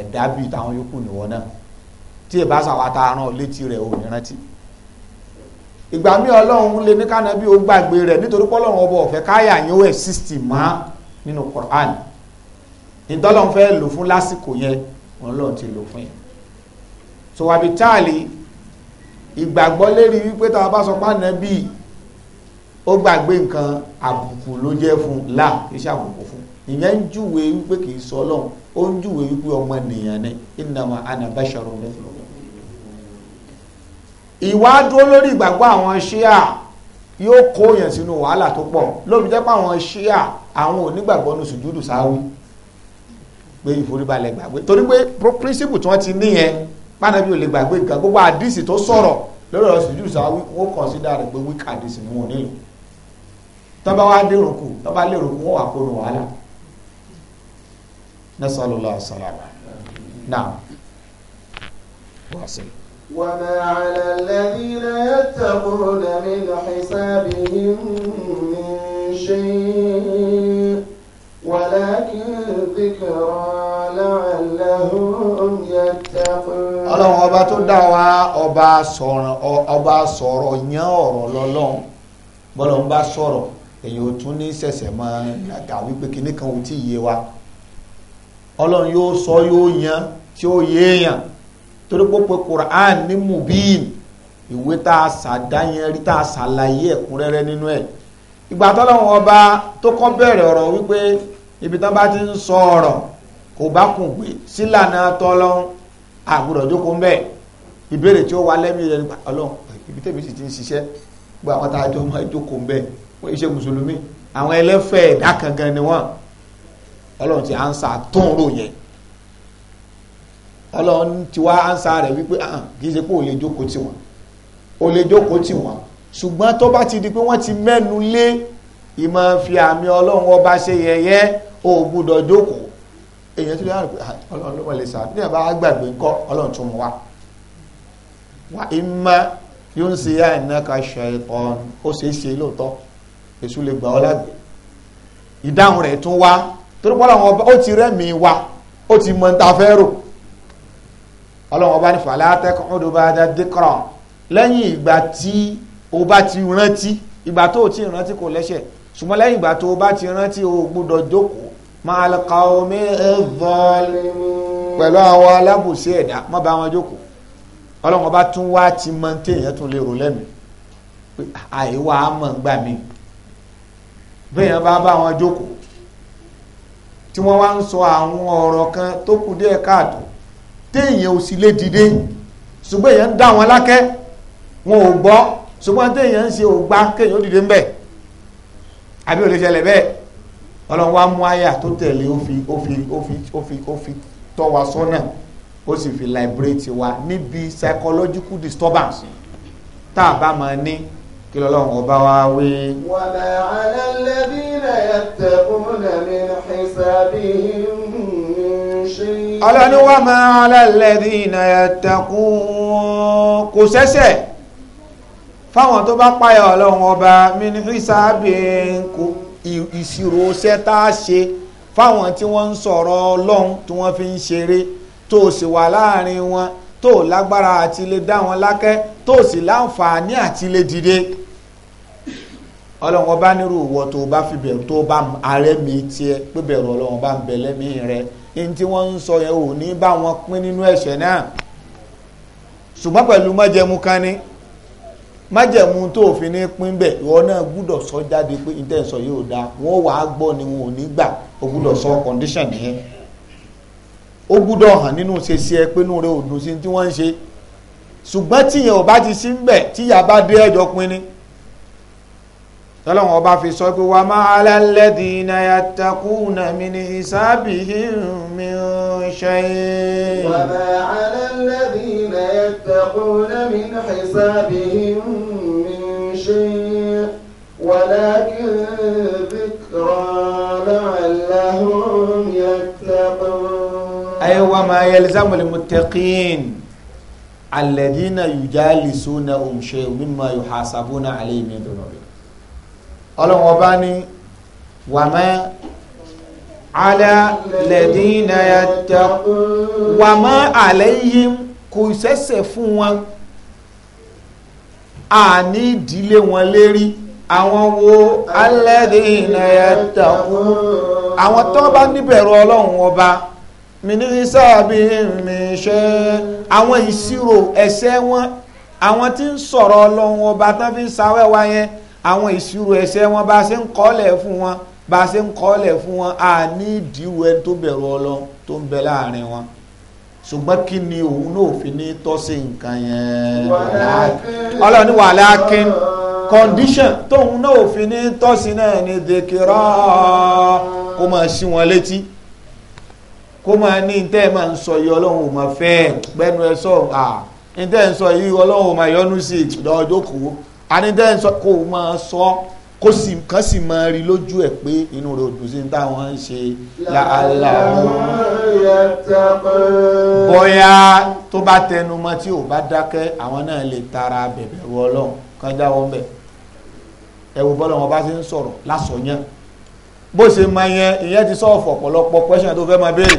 ẹ̀dá bíi táwọn yòókù nìwọ náà tí ìbáṣà wa ta aràn létí rẹ̀ ò ní rántí ìgbà míì ọlọ́run lè ní kánàbí ó gbàgbé rẹ̀ nítorí pọ́lọ́run ọba ọ̀fẹ́ káyà yín ó exist mọ́ nínú Quran ìdọ́lọ́run fẹ́ lò fún lásìkò yẹn wọn lọ́run ti lò fún yẹn so wàbí táàlì ìgbàgbọ́ lérí wípé tá a bá sọ pánàbí ó gbàgbé nǹkan àbùkù ló jẹ́ fún là kìí ṣe àbùkù fún ìyẹn ń júwe wípé kìí sọ ọlọ́run ó ń júwe wípé ọmọ ènìyàn ni innama ana basharun ìwádúró lórí ìgbàgbọ́ àwọn ṣíà yóò kó yẹn sínú wàhálà tó pọ̀ lóbi jẹ́ pé àwọn ṣíà àwọn onígbàgbọ́ ní sùjúdù sáwí pé ìforíbalẹ̀ gbàgbé torí pé principle tí wọ́n ti ní yẹn pánàbí ò lè gbàgbé nǹkan gbogbo àdìsí tó sọ̀rọ̀ lórí ọ̀rọ̀ sùjúdù sáwí ó consider rẹ̀ pé weak àdìsí ni wọ́n nílò tọ́ba wá dé rùkù tọ́ba lè rùkù wọ́n wà kó nu wàhálà nasalula salama naam wàásìlè. وما على الذين يتقون من حسابهم من شيء ولكن ذكرى ọlọ́run ọba tó dá wa ọba sọ̀rọ̀ ọba sọ̀rọ̀ yán ọ̀rọ̀ lọ́lọ́run bọ́lọ̀ ń bá sọ̀rọ̀ èyí ò tún ní sẹ̀sẹ̀ mọ́ àgà wípé kinní kan ò tí ì yé wa ọlọ́run yóò sọ yóò yán tí ó yé èèyàn torí pé pé Quran ní mubin ìwé tá a ṣàdáyẹnrí tá a ṣàlàyé ẹ̀kúnrẹ́rẹ́ nínú ẹ̀ ìgbà tọ́lọ́wọ́n ọba tó kọ́ bẹ̀rẹ̀ ọ̀rọ̀ wípé ibi tán bá ti ń sọ ọ̀rọ̀ kò bá kùn pé sílànà tọ́lọ́hún àgùdọ̀ jókòó ń bẹ̀ ìbéèrè tí ó wà lẹ́mí rẹ̀ nípa ọlọ́run ibi tẹ́mi sì ti ń ṣiṣẹ́ gbogbo àwọn tá a jọ máa jókòó ń bẹ̀ wọ́n iṣẹ́ mùsùlùmí àwọn ẹlẹ́fẹ̀ẹ́ ẹ̀dá ni wọ́n ọlọ́run ti à ń sa tóun rò ọlọ́run ti wá ánsá rẹ̀ wípé ah kìí ṣe pé ò lè jókòó tì wọ́n ò lè jókòó tì wọ́n ṣùgbọ́n tó bá ti di pé wọ́n ti mẹ́nu lé ìmọ̀ fi àmì ọlọ́run ọba ṣe yẹ̀yẹ́ ò gbúdọ̀ jókòó èyàn tó lè rà pé ah, ọlọ́run ló wọlé sáà bí ẹ̀bá gbàgbé ńkọ́ ọlọ́run tó mú wa wà ìmọ̀ yóò ń ṣe yá ìnáka ṣe ọ̀n ó ṣeé ṣe lóòótọ́ èṣù lè gbà ọ́ lágbè ìdáhùn rẹ̀ tún wá torí pé ọlọ́run ọba ó ti rẹ́mìí wa ó ti mọ̀ ń ta fẹ́ rò ọlọ́run ọba ní fàlàtẹ́ ọdún bá dá dékọ̀rọ̀ lẹ́yìn ìgbà tí o bá ti rántí ìgbà tó o ti rántí kò lẹ́sẹ̀ ṣùgbọ́n lẹ́yìn ìgbà tó o bá ti rántí o gbọ́dọ̀ jókòó máa lọ́ka omi ẹ̀vọ́lì pẹ̀lú àwọn alábòsí ẹ̀dá má bá wọn jókòó ọlọ́run ọba tún wá ti mọ téèyàn tún lè rò lẹ́mìí pé àìwá mọ̀ gbà mí béèyàn bá bá wọn jókòó tí wọ́n wá ń sọ àwọn ọ̀rọ̀ kan tó kù díẹ̀ káàtó téèyàn ò sì lè dìde ṣùgbọ́n èèyàn ń dá wọn lákẹ́ wọn ò gbọ́ ṣùgbọ́n téèyàn ń ṣe ò gbá kéèyàn ó dìde ń bẹ̀ àbí ò lè ṣẹlẹ̀ bẹ́ẹ̀ ọlọ́run wa mú àyà tó tẹ̀lé ó fi ó fi ó fi ó fi ó fi tọ́ wa sọ́nà ó sì fi liberate wa níbi psychological disturbance tá a bá máa ní kí lọ́lọ́run ọba wa wí. wàlẹ̀ alẹ́ lẹ́bí rẹ̀ yẹ tẹ̀kún lẹ́mí ṣe sábì yìí. شيء ألا نوما على الذين يتقون kò sẹ́ṣẹ̀ fáwọn tó bá páyà ọlọ́run ọba min hisabi kò ìṣirò iṣẹ́ tá a ṣe fáwọn tí wọ́n ń sọ̀rọ̀ ọlọ́run tí wọ́n fi ń ṣeré tó sì wà láàrin wọn tó lágbára àti lè dá wọn lákẹ́ tó sì láǹfààní àti lè dìde ọlọ́run ọba nírú ìwọ tó bá fi bẹ̀rù tó bá arẹ́mi tiẹ̀ pé bẹ̀rù ọlọ́run bá ń bẹ lẹ́mìí rẹ̀ in tí wọ́n ń sọ yẹn ò ní bá wọn pín nínú ẹ̀ṣẹ̀ náà ṣùgbọ́n pẹ̀lú májẹ̀mú kan ní májẹ̀mú tó fi ní pín bẹ̀ ìwọ náà gbúdọ̀ sọ jáde pé ìtẹ̀sọ yóò da wọ́n wàá gbọ́ ni wọn ò ní gbà ó gbúdọ̀ sọ condition nìyẹn ó gbúdọ̀ hàn nínú ṣeṣe ẹ pé inú rẹ ò dùn sí tí wọ́n ń ṣe ṣùgbọ́n tíyẹn ò bá ti sí ń bẹ̀ tíyà bá dé ẹjọ́ pín ní tọ́lọ́wọ́n ọba fi sọ pé wà máa alálẹ́dì náírà takùnà mi ní ìsáàbì mi ń ṣe é. wà máa alálẹ́dì náírà takùnà mi ní ìsáàbì mi ń ṣe é. ولكن ذكرى لعلهم يتقون أيوة ما يلزم المتقين الذين يجالسونهم شيء مما يحاسبون عليه من ذنوبهم ọlọ́run ọba ní wàmá ala ladina yattaqu wàmá alayhim kò sẹ́sẹ̀ fún wọn àní ìdílé wọn lérí àwọn wo alladina yattaqu àwọn tó bá níbẹ̀rù ọlọ́run ọba minisa bi mi ṣe àwọn ìṣirò ẹ̀ṣẹ̀ wọn àwọn tí ń sọ̀rọ̀ ọlọ́run ọba tán fi ń sawẹ́wà yẹn àwọn ìṣirò ẹ̀ṣẹ̀ wọn bá ṣe ń kọ́lẹ̀ fún wọn bá ṣe ń kọ́lẹ̀ fún wọn a ní ìdíwọ̀ ẹni tó bẹ̀rù Ọlọ́run tó ń bẹ láàrin wọn ṣùgbọ́n kí ni òun náà fi ní tọ́sí nǹkan yẹn Ọlọ́run ní wàlákin condition tóun náà fi ní tọ́sí náà ni dèkìrọ́ kó máa ṣí wọn létí kó máa ní tẹ́ ẹ máa ń sọ yìí Ọlọ́run ò máa fẹ́ gbẹ́nu ẹ sọ à ń sọ yìí Ọlọ́run ò máa yọnu sí ìdọ́jókòó anidẹ́ sọ kó o máa sọ kó sì kán sì máa rí lójú ẹ̀ pé inú rẹ̀ òdùn sí táwọn ń ṣe làálà bóyá tó bá tẹnu mọ́ tí ò bá dákẹ́ àwọn náà lè tara bẹ̀bẹ̀ wọ ọlọ́run kan jáwọ́ bẹ̀ ẹ wo bọ́lá wọn bá ti ń sọ̀rọ̀ lásọ̀yàn bó ṣe ma yẹn ìyẹn ti sọ́ọ̀fù ọ̀pọ̀lọpọ̀ question tó fẹ́ máa béèrè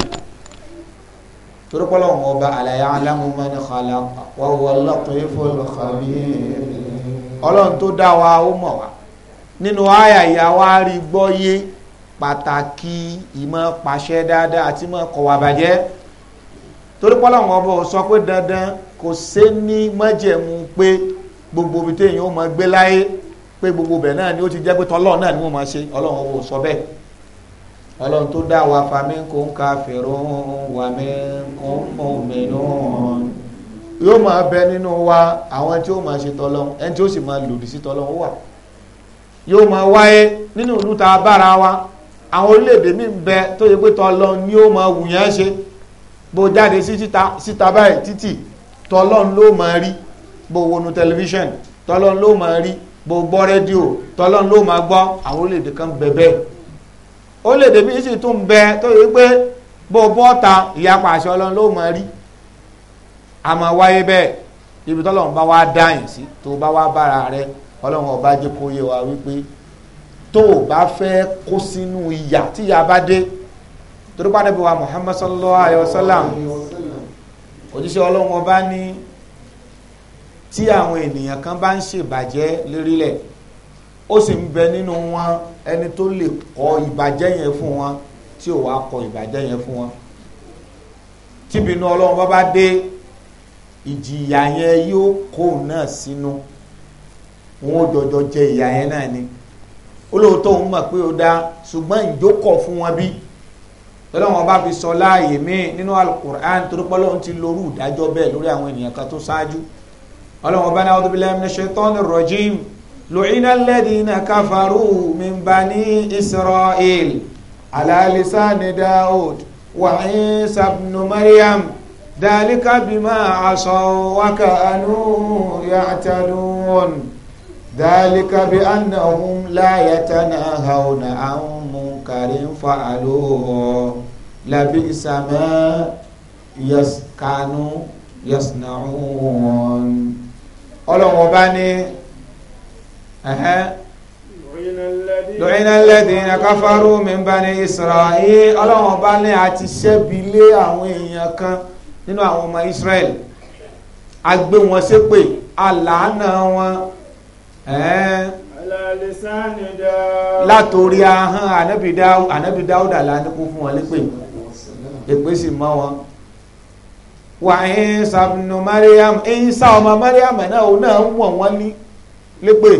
torí pọ́lá wọn ọba àlàyé aláwọ̀ mẹ́ni ọlọ́run tó dá wa ó mọ̀ wá nínú àyà ìyá wa rí gbọ́yé pàtàkì ìmọ̀ pàṣẹ dáadáa àti mọ̀ kọ̀wà bàjẹ́ torí pọ́lọ́run ọba ò sọ pé dandan kò sé ní májẹ̀mú pé gbogbo ibi téèyàn ó mọ gbé láyé pé gbogbo bẹ̀ náà ni ó ti jẹ́ pé tọ́lọ́ náà ni wọ́n máa ṣe ọlọ́run ọba sọ bẹ́ẹ̀ ọlọ́run tó dá wa faminkum kafirun wa minkum mu'minun yóò máa bẹ nínú wa àwọn tí ó máa ṣe tọlọ́hun ẹni tí ó sì máa lòdì sí tọlọ́hun wà yóò máa wáyé nínú ìlú ta bára wa àwọn orílẹ̀-èdè mi ń bẹ tó yẹ pé tọlọ́hun ni ó máa wù yẹn ṣe bó jáde síta báyìí títì tọlọ́hun ló máa rí bó wọnú tẹlifíṣàn tọlọ́hun ló máa rí bó gbọ́ rédíò tọlọ́hun ló máa gbọ́ àwọn orílẹ̀-èdè kan bẹ̀ bẹ́ẹ̀ orílẹ̀-èdè mi sì tún bẹ tó yẹ pé bó bọ́ta ìyapa àṣọ ọlọ́run ló máa rí a máa wáyé bẹ́ẹ̀ ibi tọ́lọ́run bá wá dáyìn sí tó bá wá bára rẹ ọlọ́run ọba jẹ́ kó yé wa wípé tó o bá fẹ́ kó sínú ìyà tíyà bá dé torí bá dẹ́bẹ̀ wa Muhammad sallallahu alayhi wa sallam òjíṣẹ́ ọlọ́run ọba ní tí àwọn ènìyàn kan bá ń ṣèbàjẹ́ lérílẹ̀ ó sì ń bẹ nínú wọn ẹni tó lè kọ ìbàjẹ́ yẹn fún wọn tí ò wá kọ ìbàjẹ́ yẹn fún wọn tíbi inú ọlọ́run bá bá dé ìjìyà yẹn yóò kó náà sínú wọn ò jọjọ jẹ ìyà yẹn náà ni olóòótọ́ òun mọ̀ pé ó dá ṣùgbọ́n ìjókọ̀ fún wọn bí tọ́lọ́wọ́n bá fi sọ láàyè míì nínú alukur'an torí pé Ọlọ́run ti lórú ìdájọ́ bẹ́ẹ̀ lórí àwọn ènìyàn kan tó ṣáájú Ọlọ́run bá ní a'udhu billahi minash shaitonir rajim lu'ina alladhina kafaru min bani isra'il ala lisani Daud wa Isa ibn Maryam. ذلك بما عصوا وكانوا يعتدون ذلك بأنهم لا يتناهون عن منكر فعلوه لبئس ما يس كانوا يصنعون ọlọ́run ọba ní lọ́yìnà lẹ́dìnà káfárú min bani Isra'il ọlọ́run ọba ní àti ṣẹ́bi lé àwọn èèyàn kan nínú àwọn ọmọ Israel a gbé wọn ṣépè àlàánà wọn látòrí ahọ́n ànábì dáúdà láti kó fún wọn lépè èpè sì mọ́ wọn wà ń sàbùnú Mariam ń sá ọmọ Mariam náà ó náà ń wọ̀n wọn ní lépè.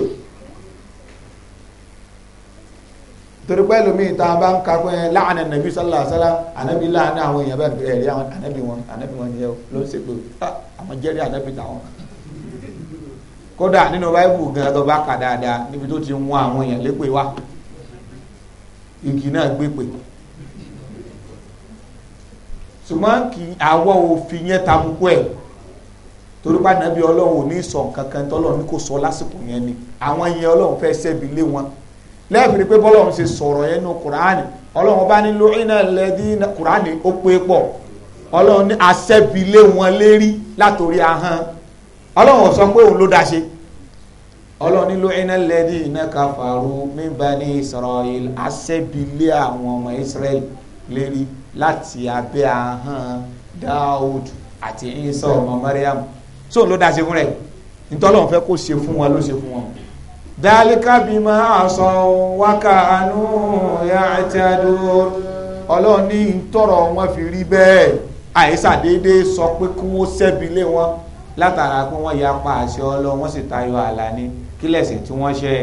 torí pé ẹlòmíì tá a bá ń ka pé láàánà nàbí sálà sálà ànábì láàánà àwọn èèyàn bẹ́ẹ̀ bẹ́ẹ̀ rí àwọn ànábì wọn ànábì wọn nìyẹn ló ń ṣe pé ah, àwọn jẹ́rìí ànábì làwọn. kódà nínú báíbù gan tó bá kà dáadáa níbi tó ti ń wọ́n àwọn èèyàn lépè wá igi náà gbé pè. ṣùgbọ́n kì í àwọ̀ òfin yẹn tabukú ẹ̀ torí pé ànábì ọlọ́run ò ní sọ nǹkan kan ní kò sọ lásìkò yẹn ni àwọn yẹn ọlọ́run fẹ́ sẹ́bi lé wọn lẹ́ẹ̀fìrí pé bọ́lá òun ṣe sọ̀rọ̀ yẹn nu kùránì ọlọ́run bá ní lóyún lẹ́dí kùránì ó pé pọ̀ ọlọ́run ní àṣẹ́bilé wọn lérí látòrí ahọ́n ọlọ́run sọ pé òun ló dá ṣe ọlọ́run ní lóyún lẹ́dí iná káfàrú min bani Israel àṣẹ́bilé àwọn ọmọ Israel lérí láti abẹ́ ahọ́n Dáúd àti Ìsá ọmọ Mariam sóun ló dá ṣe fún rẹ̀ nítorí wọn fẹ́ kó ṣe fún wọn ló ṣe fún wọn dálíkà bímọ àṣọ wákà àánú ya àti àdó ọlọ́run ní tọrọ wọn fi rí bẹ́ẹ̀ àìsàdédé sọ pé kí wọ́n ṣẹ́bi wọn látara pé wọ́n ya pa àṣẹ ọlọ́run wọ́n sì tayọ ààlà ni kí tí wọ́n ṣe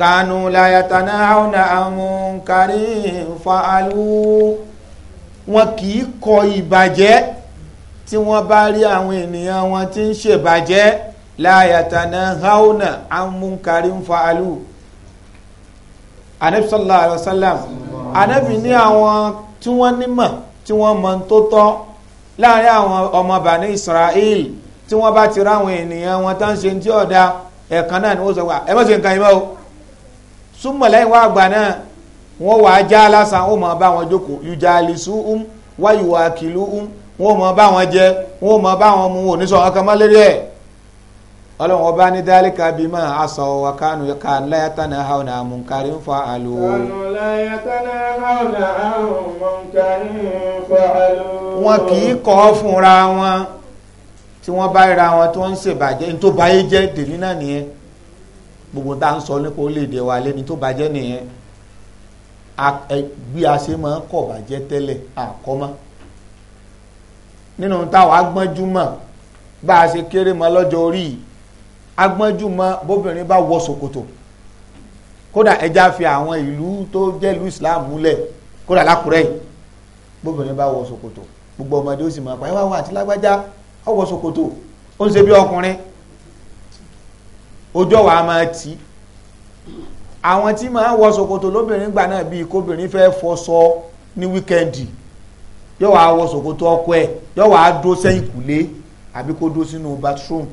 kanu layatana auna àwọn kárí fa'alú wọn kì í kọ ìbàjẹ́ tí wọ́n bá rí àwọn ènìyàn wọn tí ń ṣèbàjẹ́ la yatanahawna an munkarin fa'alu anabi sallallahu alaihi wasallam anabi ní àwọn tí wọ́n nímọ̀ tí wọ́n mọ̀ tó tọ́ láàrin àwọn ọmọ bani israel tí wọ́n bá ti ráwọn ènìyàn wọn tán ṣe tí ọ̀dà ẹ̀kan náà ni wọ́n sọ wà ẹ má ṣe nǹkan ìmọ̀ súnmọ̀ lẹ́yìn wá àgbà náà wọ́n wàá já lásán ó mọ̀ bá wọn jókòó yùjà àlìsú um wáyùwà kìlú um wọ́n mọ̀ bá wọn jẹ wọ́n mọ̀ bá wọn mu òní sọ̀rọ̀ kan ẹ̀ ọlọ́run ọba ní bíi máa aṣọ wa kánú kánú láyà tánà àwọn àmú nkárí ń fa àlò. kánú láyà tánà àwọn àmú wọn tí wọ́n bá ra wọn tí wọ́n ń ṣèbàjẹ́ n tó báyé jẹ́ dèmí náà nìyẹn gbogbo tá n sọ nípa wa bàjẹ́ nìyẹn bí a ṣe máa ń kọ̀ bàjẹ́ tẹ́lẹ̀ nínú agbọ́njúmọ́ bóbìnrin bá wọ ṣòkòtò kódà ẹja fi àwọn ìlú tó jẹ́ ìlú Islam múlẹ̀ kódà lákùrẹ́ yìí bóbìnrin bá wọ ṣòkòtò gbogbo ọmọdé ó sì mọ̀ pàápàá wà àti lágbájá ó wọ ṣòkòtò ó ń ṣe bí ọkùnrin ojú ọ̀wà máa tì í àwọn tí máa wọ ṣòkòtò lóbìnrin gbà náà bíi kóbìnrin fẹ́ fọṣọ ní wíkẹ́ndì yóò wá wọ ṣòkòtò ọkọ ẹ̀ yóò wá dó sẹ́yìn kùlé àbí kó dó sínú bathroom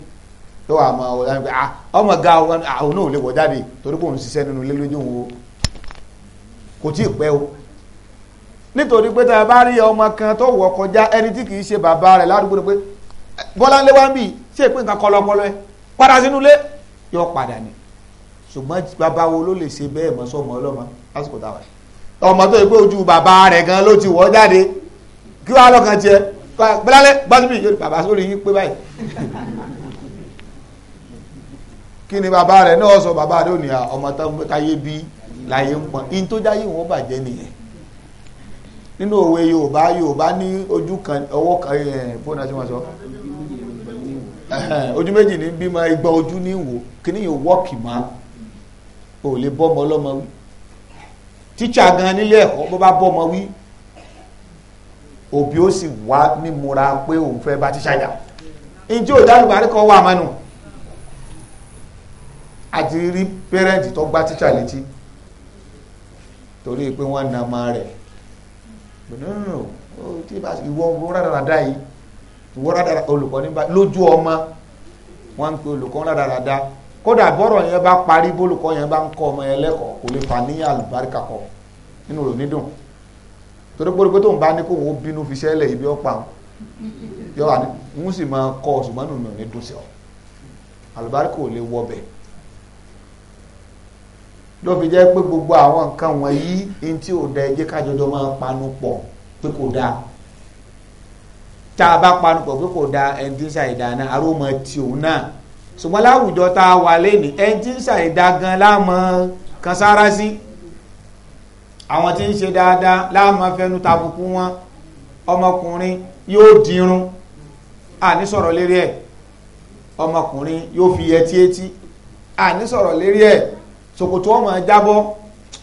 tó wà máa wọ dáadáa pé ah ọmọ ga àwọn ah, náà ò lè wọ jáde torí kò ń ṣiṣẹ́ nínú ilé lójú wo kò tí pẹ́ o nítorí pé tá a bá rí ọmọ kan tó wọ̀ kọjá ẹni tí kì í ṣe bàbá rẹ̀ ládùúgbò ni pé bọ́láńlé wá ń bì ṣé ìpín nǹkan kọlọkọlọ ẹ padà sínú ilé yọ padà ni ṣùgbọ́n bàbá wo ló lè ṣe bẹ́ẹ̀ mọ́ sọ́mọ ọlọ́mọ lásìkò táwa ọmọ tó yẹ pé ojú bàbá rẹ̀ gan ló ti wọ̀ jáde kí wàá lọ́kàn tiẹ̀ bọ́láńlé gbọ́sibí yóò bàbá sórí yín pé báyìí kí ni bàbá rẹ̀ náà sọ bàbá rẹ̀ ò ní ọmọ táyé bí láyé ń pọn in tó jáyé wọn bàjẹ́ nìyẹn nínú òwe Yorùbá Yorùbá ní ojú kan ọwọ́ kan fóònù àti wọn sọ ojú méjì ní bímọ igba ojú ní wò kí ni yóò wọ́ọ̀kì má o lè bọ́mọ ọlọ́mọ wí tíṣà gan nílé ẹ̀kọ́ bó bá bọ́mọ wí òbí ó sì wá nímúra pé òun fẹ́ bá tíṣà jà ìjọ ìdálùbárí kan wà mánu àti rí pẹ́rẹ́ǹtì tó gbá tíṣà létí torí pé wọ́n na máa rẹ̀ gbẹ̀nùnù oh, tí bá ìwọ rádaràdá yìí ìwọ rádaràdá olùkọ́ nígbà lójú ọmọ wọ́n ń pe olùkọ́ rádaràdá kódà bọ́rọ̀ yẹn bá parí bólùkọ́ yẹn bá ń kọ́ ọmọ yẹn lẹ́kọ̀ọ́ kò lè fà ní àlùbáríkà kọ nínú rò nídùn torí pé tóun bá ní kóun ó bínú fi ṣẹlẹ̀ ibi ọ̀pá yọ wà ní ń sì máa kọ́ ọ̀sùn mọ́nù mi ò sí ọ àlùbáríkà ò lè wọ bẹ́ẹ̀ ló fi jẹ́ pé gbogbo àwọn nǹkan wọ̀nyí ní tí ò da ẹjẹ́ kájọjọ máa panu pọ̀ pé kò dáa tá a bá panu pọ̀ pé kò dáa ẹni tí ń ṣàìdá náà aró mọ ti òun náà ṣùgbọ́n láwùjọ tá a wà lẹ́nu ẹni tí ń ṣàìdá gan láàmọ́ kan sára sí àwọn tí ń ṣe dáadáa láàmọ́ fẹnu tàbùkù wọn ọmọkùnrin yóò dirun àní sọ̀rọ̀ lérí ẹ̀ ọmọkùnrin yóò fi yẹtí etí àní sọ̀rọ̀ lérí ẹ̀ ṣòkòtò ọmọ jábọ́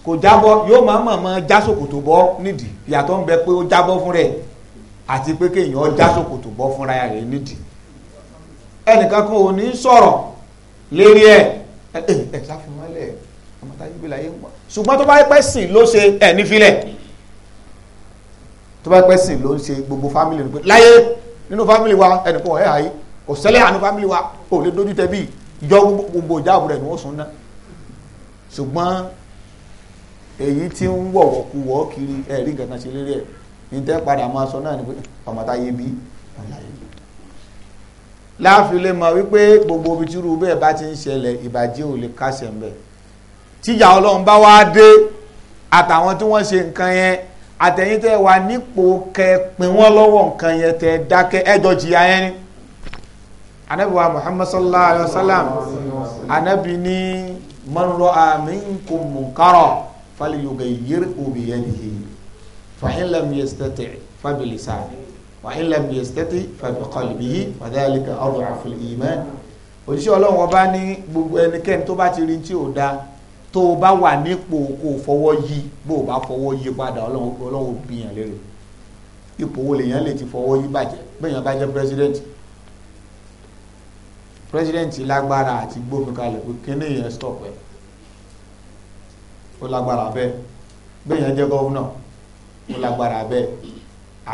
kò jábọ́ yóò máa mọ̀ mọ́ já ṣòkòtò bọ́ nídìí ìyàtọ̀ ń bẹ pé ó jábọ́ fún rẹ̀ àti pé kéèyàn já ṣòkòtò bọ́ fúnra rẹ̀ nídìí ẹnìkan kan ò ní sọ̀rọ̀ lérí ẹ̀ ẹ̀ ẹ̀ sáfimọ́lẹ̀ ọmọ táyé bí láyé ṣùgbọ́n tó bá pẹ́ sìn ló ṣe ẹ̀ nífilẹ̀ tó bá pẹ́ sìn ló ṣe gbogbo fámìlì rẹ̀ láyé nínú fámìlì wa ẹnìkan ọ̀hẹ́ àyè kò ṣẹlẹ̀ àánú fámìlì wa ò lè dójú tẹ bí ìjọ gbogbo ìjáàbù rẹ̀ ni wọ́n sùn náà ṣùgbọ́n èyí tí ń wọ̀wọ̀ kú wọ́ kiri ẹ̀rí nǹkan kan ṣe lérí ẹ̀ ní tẹ́ padà máa sọ náà ni pé ọmọtáyé bí ọ̀làyé bí láàfin lè mọ̀ wípé gbogbo ibi tí irú bẹ́ẹ̀ bá ti ń ṣẹlẹ̀ ìbàjẹ́ ò lè kásẹ̀ ń bẹ̀ tíjà ọlọ́run bá wá dé àtàwọn tí wọ́n ṣe nǹkan yẹn àtẹ̀yìn tẹ́ wà nípò kẹ́ pín wọ́n lọ́wọ́ nǹkan yẹn tẹ́ dákẹ́ ẹjọ́ jìyà yẹn ni anabi wa muhammad sallallahu alayhi wa sallam anabi ni man ra'a minkum munkara falyughayyirhu biyadihi fa in lam yastati' fa bilisanihi wa in lam yastati' fa biqalbihi wa dhalika ad'aful iman òṣìṣẹ́ ọlọ́run ọba ní gbogbo ẹnikẹ́ni tó bá ti rí tí ò da tó o bá wà nípò kó o fọwọ́ yí bó o bá fọwọ́ yí padà ọlọ́run bí yàn lérè ipò wo lèèyàn lè ti fọwọ́ yí bàjẹ́ bẹ́ẹ̀ yàn bá jẹ́ pírẹsidẹ́ntì president lágbára ati gbófin kalẹ̀ pé kíní yẹn stop ẹ̀ ó lágbára bẹ́ẹ̀ bẹ́ẹ̀ yẹn jẹ́ gọ́vnà ó lágbára bẹ́ẹ̀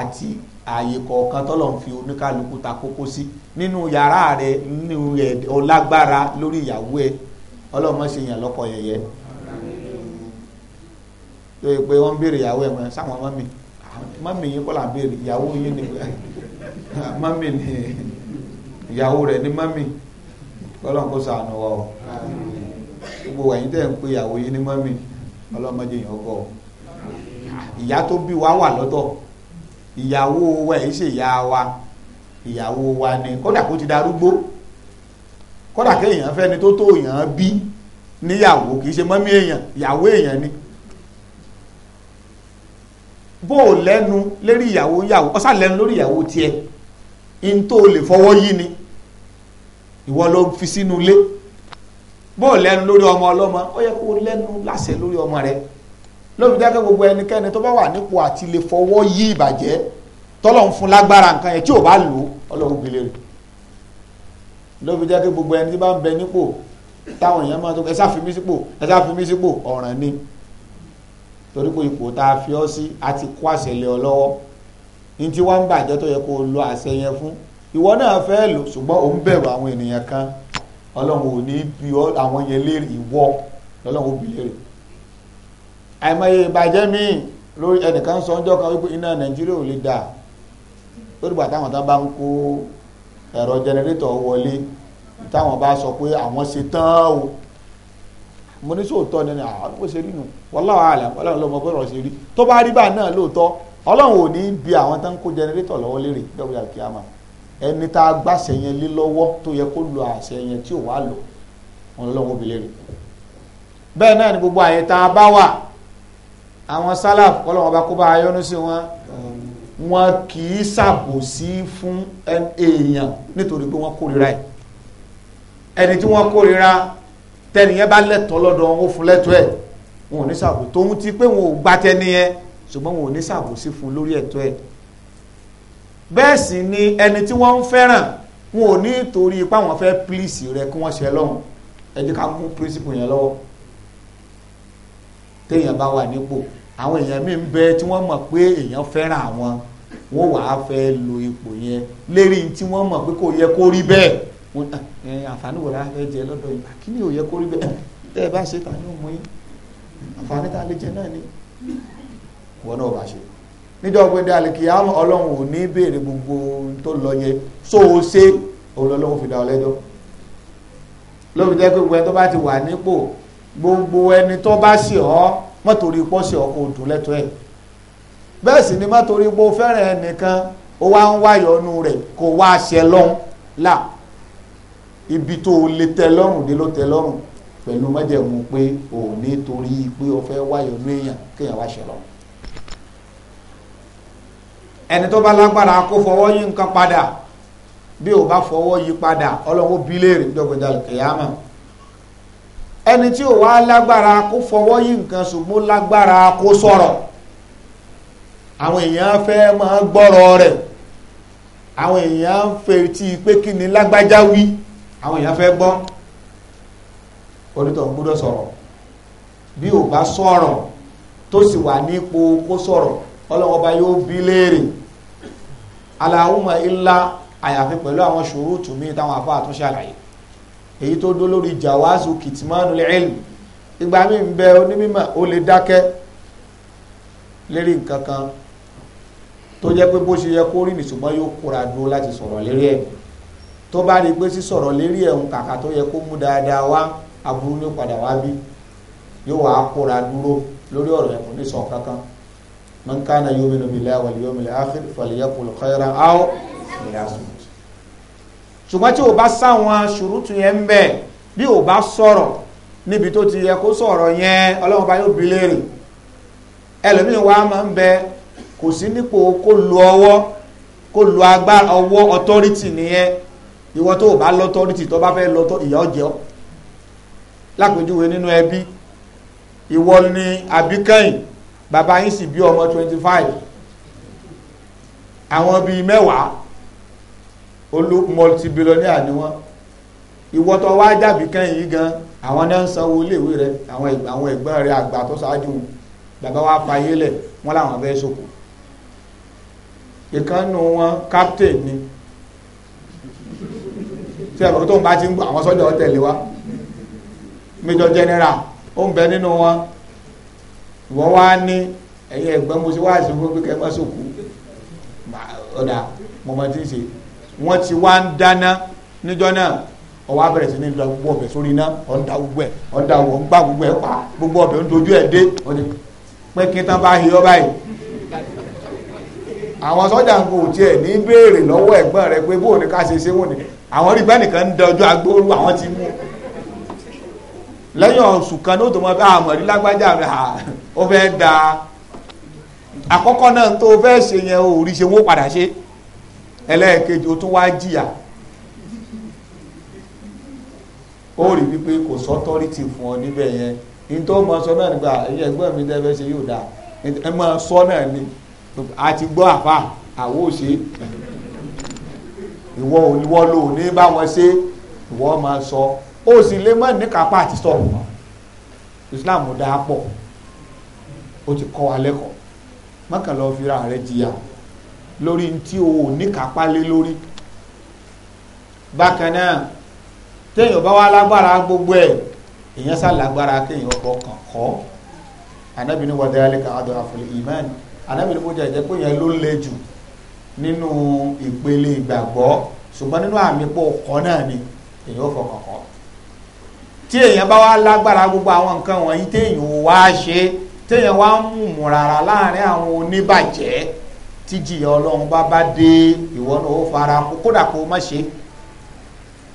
àti ààyè kọ̀ọ̀kan tọ́lọ̀ ń fi oníkálukú ta kókó sí nínú yàrá rẹ nínú rẹ ọlágbára lórí ìyàwó ẹ ọlọ́mọ ṣe yàn lọ́kọ yẹyẹ tó yẹ pé wọ́n ń béèrè ìyàwó ẹ̀ mọ́ sáwọn mọ́mì mọ́mì yín kọ́ là ń béèrè ìyàwó yín ni mami ni ìyàwó rẹ̀ ni mọ́mì Ọlọ́run kó ṣàánú wa o gbogbo ẹ̀yin tẹ́ ń pe ìyàwó yín ní mọ́mì ọlọ́mọdé yẹn ọkọ ìyá tó bí wa wà lọ́tọ̀ ìyàwó wa ẹ̀ ṣe ìyá wa ìyàwó wa ni kódà kó ti darúgbó kódà kéèyàn fẹ́ni tó tó èèyàn bí níyàwó kì í ṣe mọ́mí èèyàn ìyàwó èèyàn ni bó o lẹ́nu lérí ìyàwó ìyàwó ọ̀sà lẹ́nu lórí ìyàwó tiẹ̀ in tó o lè fọwọ́ yí ni ìwọ ló fi sínú ilé bó lẹ́nu lórí ọmọ ọlọ́mọ ó yẹ kó lẹ́nu láṣẹ lórí ọmọ rẹ lóbi dákẹ́ gbogbo ẹnikẹ́ni tó bá wà nípò àti lè fọwọ́ yí ìbàjẹ́ tọ́lọ̀ ń fún lágbára nǹkan yẹn tí ò bá lò ọlọ́run gbélé rẹ̀ lóbi dákẹ́ gbogbo ẹni tí bá ń bẹ nípò táwọn èèyàn máa tó ẹ sáfi mí sípò ẹ sáfi mí sípò ọ̀ràn ni torí pé ipò tá a fi ọ́ sí a ti kó àṣẹ lé ọ lọ́wọ́ ní tí wọ́n ń bàjẹ́ tó yẹ kó o lo àṣẹ yẹn fún ìwọ náà fẹ́ lò ṣùgbọ́n òun bẹ̀rù àwọn ènìyàn kan ọlọ́run ò ní bí àwọn yẹn léèrè ìwọ lọ́lọ́run ò bí léèrè àìmọye ìbàjẹ́ míì lórí ẹnìkan sọ ọjọ́ kan wípé iná nàìjíríà ò lè dà lórí gbà táwọn tán bá ń kó ẹ̀rọ jẹnẹrétọ̀ wọlé táwọn bá sọ pé àwọn ṣe tán o mo ní sóòótọ́ ni àwọn bó ṣe rí nù wallahu alam ọlọ́run ló mọ ẹni tá a gbàṣẹ yẹn lé lọ́wọ́ tó yẹ kó lo àṣẹ yẹn tí ò wá lò wọn lọ́wọ́ obìnrin rẹ̀ bẹ́ẹ̀ náà ni gbogbo àyè tá a bá wà àwọn sálàf kọ́lọ́wọ́n bá kó bá a yọ́nú sí wọn wọn kì í ṣàbòsí fún èèyàn nítorí pé wọ́n kórìíra ẹ̀ ẹni tí wọ́n kórìíra tẹnìyẹn bá lẹ́tọ̀ọ́ lọ́dọ̀ wọn ó fún lẹ́tọ̀ọ́ ẹ̀ wọn ò ní ṣàbòsí tòun ti pé wọn ò gbà tẹnìyẹn ṣùgbọ́n wọn ò ní ṣàbòsí fún lórí ẹ̀tọ́ ẹ̀ bẹ́ẹ̀ sì ni ẹni tí wọ́n ń fẹ́ràn wọn ò ní torí ipá wọn fẹ́ pílìsì rẹ kí wọ́n ṣe lọ́hùn ẹ jẹ́ ká mú píríncípù yẹn lọ́wọ́ téèyàn bá wà nípò àwọn èèyàn míì ń bẹ tí wọ́n mọ̀ pé èèyàn fẹ́ràn àwọn wọ́n wàá fẹ́ lo ipò yẹn lérí tí wọ́n mọ̀ pé kò yẹ kó rí bẹ́ẹ̀ àǹfààní wò láti fẹ́ jẹ lọ́dọ̀ yìí kí ni ò yẹ kó rí bẹ́ẹ̀ tẹ́ ẹ bá ṣe ta ni ó mú yín àǹfààní ta lè jẹ náà ni wọ́n náà bá ṣe níjọ́ gbẹ̀dẹ̀ àlìkìyàmù ọlọ́run ò ní béèrè gbogbo tó lọ yẹ so ó ṣe òun lọ́lọ́run fi dá ọ lẹ́jọ́ lóbi jẹ́ pé gbogbo ẹni tó bá ti wà nípò gbogbo ẹni tó bá ṣe ọ́ mọ́tòrí pọ́ ṣe ọ́ kò dùn lẹ́tọ́ ẹ̀ bẹ́ẹ̀ sì ni mọ́tòrí pọ́ fẹ́ràn ẹnìkan ó wá ń wáyọ̀nù rẹ̀ kò wá ṣe lọ́hùn là ibi tó lè tẹ lọ́rùn dé ló tẹ lọ́rùn pẹ̀lú mọ́jẹ̀mú pé òun nítorí pé ó fẹ́ wáyọ̀nù èèyàn kéèyàn wá ṣe lọ́hùn ẹni tó bá lágbára kó fọwọ́ yí nǹkan padà bí ò bá fọwọ́ yí padà ọlọ́wọ́ bí léèrè kìyàmà ẹni tí ò wá lágbára kó fọwọ́ yí nǹkan ṣùgbọ́n lágbára kó sọ̀rọ̀ àwọn èèyàn fẹ́ máa gbọ́rọ̀ rẹ̀ àwọn èèyàn ń fetí pé kí ni lágbájá wí àwọn èèyàn fẹ́ gbọ́ onítọ̀ gbọ́dọ̀ sọ̀rọ̀ bí ò bá sọ̀rọ̀ tó sì wà ọlọ́run ọba yóò bí léèrè aláhùnmá ńlá àyàfi pẹ̀lú àwọn ṣòrútù mi táwọn afá àtúnṣe àlàyé èyí tó dó lórí jawazu kìtìmánu ilmi ìgbà mi ń bẹ onímọ̀ ó lè dákẹ́ lérí nǹkan kan tó jẹ́ pé bó ṣe yẹ kó rí ní ṣùgbọ́n yóò kóra dúró láti sọ̀rọ̀ lérí ẹ̀ tó bá rí pé sísọ̀rọ̀ lérí ẹ̀ kàkà tó yẹ kó mú dáadáa wá aburú ní padà wá bí yóò wá kóra dúró lórí ọ̀rọ̀ ẹ̀kún ní kankan من كان yuminu billahi wal yawmil akhir falyaqul khayran aw liyasmut ṣùgbọ́n tí o bá sáwọn ṣùrùtù yẹn ń bẹ̀ bí o bá sọ̀rọ̀ níbi tó ti yẹ kó sọ̀rọ̀ yẹn ọlọ́run bá yóò bi léèrè ẹlòmíín wa máa ń bẹ kò sí nípò kó lu ọwọ́ kó lu agbára ọwọ́ authority nìyẹn ìwọ tó o bá lọ authority tó bá fẹ́ lọ ìyà ọ̀jẹ̀ lápèjúwe nínú ẹbí ìwọ ni àbíkẹ́yìn bàbá yín sì bí ọmọ twenty five àwọn bíi mẹ́wàá olú multibillionaire ni wọ́n ìwọ tó wá dàbí kẹ́yìn yìí gan àwọn náà ń sanwó iléèwé rẹ àwọn ẹ̀gbọ́n rẹ àgbà tó ṣáájú bàbá wa fayé lẹ̀ wọ́n làwọn fẹ́ sọkò ìkànnù wọn captain ni tí ẹ̀rọ tó ń bá ti ń gbọ́ àwọn sọ́jà ọ̀tẹ̀lé wa major general ó ń bẹ nínú wọn wọ́n wá ní ẹ̀yìn ẹ̀gbọ́n mo ṣe wá sí fún kíkẹ́ má sòkú ọ̀dà mo máa ti ń ṣe wọ́n ti wá ń dáná níjọ́ náà ọwọ́ abẹ̀rẹ̀ sí ní ìlú gbogbo ọbẹ̀ sórí iná ọ̀ǹda gbogbo ẹ̀ ọ̀ǹda wọ̀ ń gbà gbogbo ẹ̀ pa gbogbo ọbẹ̀ ń dojú ẹ̀ dé pé kí n tán bá hi ọ báyìí àwọn sọ́jà ń kò tiẹ̀ ní béèrè lọ́wọ́ ẹ̀gbọ́n rẹ pé bóun ní ká ṣe ṣé wọ́n ní àwọn rí bẹ́ẹ̀ nìkan ń dọjú agbóoru àwọn ti mú lẹ́yìn oṣù kan ní ó tó mọ àmọ̀ ah, rí lágbájá rẹ̀ hà ah, ó fẹ́ da àkọ́kọ́ náà tó fẹ́ ṣe yẹn ò rí ṣe wọ́n padà ṣe ẹlẹ́ẹ̀kejì ó tún wá jìyà ó rí wípé kò sọ́tọ́rìtì fún ọ níbẹ̀ yẹn ní tó mọ sọ náà nígbà ah, ẹ̀yìn ẹ̀gbọ́n mi dẹ́ ṣe yóò dáa ẹ mọ sọ náà ni a ti gbọ́ àfa àwo ṣe ìwọ ò ní wọ́n lò ní báwọn ṣe ìwọ máa sọ. So o sì lè mọ́ ní kápá àti sọ̀rọ̀ wọn Islam dáa pọ̀ ó ti kọ́ wa lẹ́kọ̀ọ́ mọ́kànlá òfìrà rẹ̀ jìyà lórí tí o ò ní kápá lé lórí bákan náà téèyàn bá wá lágbára gbogbo ẹ̀ èèyàn sá lágbára kéèyàn ọkọ̀ kàn kọ́ anábì ní wàdí alẹ́ káàdọ̀ àfọlẹ̀ ìmán anábì ní bójú ẹ̀jẹ̀ pé yẹn ló le jù nínú ìpele ìgbàgbọ́ ṣùgbọ́n nínú àmì pọ̀ ọkọ̀ náà ni èèyàn ọkọ̀ kàn kọ́ tí èèyàn bá wá lágbára gbogbo àwọn nǹkan wọ̀nyí téèyàn ò wá ṣe téèyàn wá ń mú rárá láàrin àwọn oníbàjẹ́ tíjìyà ọlọ́run bá bá dé ìwọ náà ó fara kó kódà kó má ṣe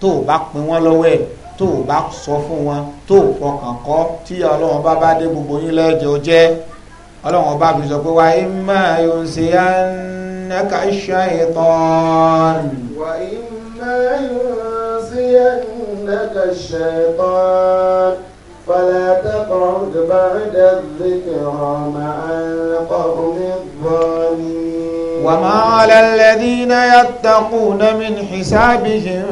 tó o bá pin wọ́n lọ́wọ́ ẹ̀ tó o bá sọ fún wọn tó o fọkàn kọ́ tíjìyà ọlọ́run bá bá dé gbogbo yín lẹ́jọ́ jẹ́ ọlọ́run ọba mi sọ pé wa imma yunsiyannaka shaytan. wa imma yunsiyannaka. لك الشيطان فلا تقعد بعد الذكرى مع القوم الظالمين وما على الذين يتقون من حسابهم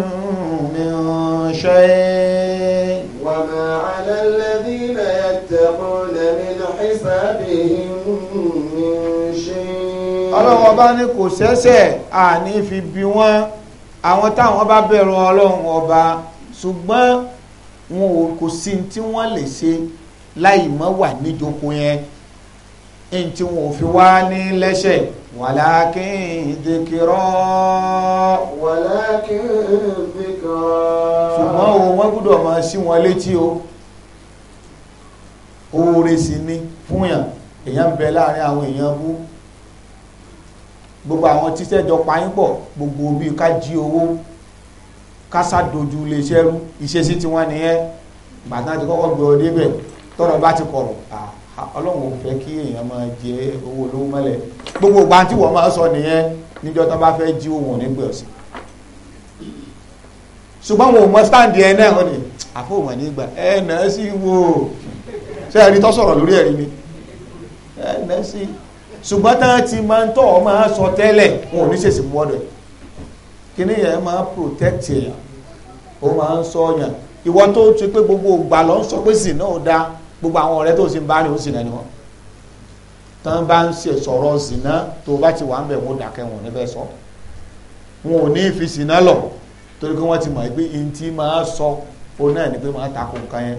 من شيء وما على الذين يتقون من حسابهم من شيء ọlọ́wọ́ bá ní kò sẹ́sẹ̀ àní fi bí wọ́n àwọn táwọn bá bẹ̀rù ọlọ́run ọba ṣùgbọ́n wọn ò kò sí tí wọ́n lè ṣe láì mọ́ wà níjókòó yẹn ẹni tí wọn ò fi wá ní lẹ́sẹ̀ wàlákìn dìkìrọ́ wàlákìn dìkìrọ́ ṣùgbọ́n o wọ́n gbọ́dọ̀ máa sí wọn létí o oore sì ni fún yàn èyàn ń bẹ láàrin àwọn èèyàn bú gbogbo àwọn tíṣẹ́jọ payín pọ̀ gbogbo bí ká jí owó kásá dojú iléeṣẹ́ rú ìṣesí tí wọ́n nìyẹn gbàtà ti kọ́kọ́ gbé ọ débẹ̀ tọrọ bá ti kọ̀rọ̀ ọlọ́run ò fẹ́ kí èèyàn máa jẹ owó olówó mọ́lẹ̀ gbogbo ìgbà tí wọ́n máa sọ nìyẹn níjọ́ tó bá fẹ́ jí òun nígbè ọ̀sìn ṣùgbọ́n wọn ò mọ stáǹdì ẹ náà ni àfọwọ́mọ̀ nígbà ẹ náà sí wo ṣé ẹni tó sọ̀rọ̀ lórí ẹ̀rí ni ẹ náà sí ṣùgbọ́n tá a ti máa ń tọ́ ọ máa sọ tẹ́lẹ̀ wọn ò ní ṣèṣì mú ọ̀dọ̀ ẹ̀ kíní yẹn máa protect èèyàn ó máa ń sọ ọyàn ìwọ tó ti pé gbogbo ògbà lọ ń sọ pé sì náà dáa gbogbo àwọn ọ̀rẹ́ tó sì ń bá rìn ó sì nẹni wọn tán bá ń ṣe sọ̀rọ̀ zìnà tó bá ti wà ń bẹ̀ wọ́n dàkẹ́ wọn níbẹ̀ sọ wọn ò ní fi zìnà lọ torí pé wọ́n ti mọ̀ pé n tí máa sọ òun náà ni pé máa takò nǹkan yẹn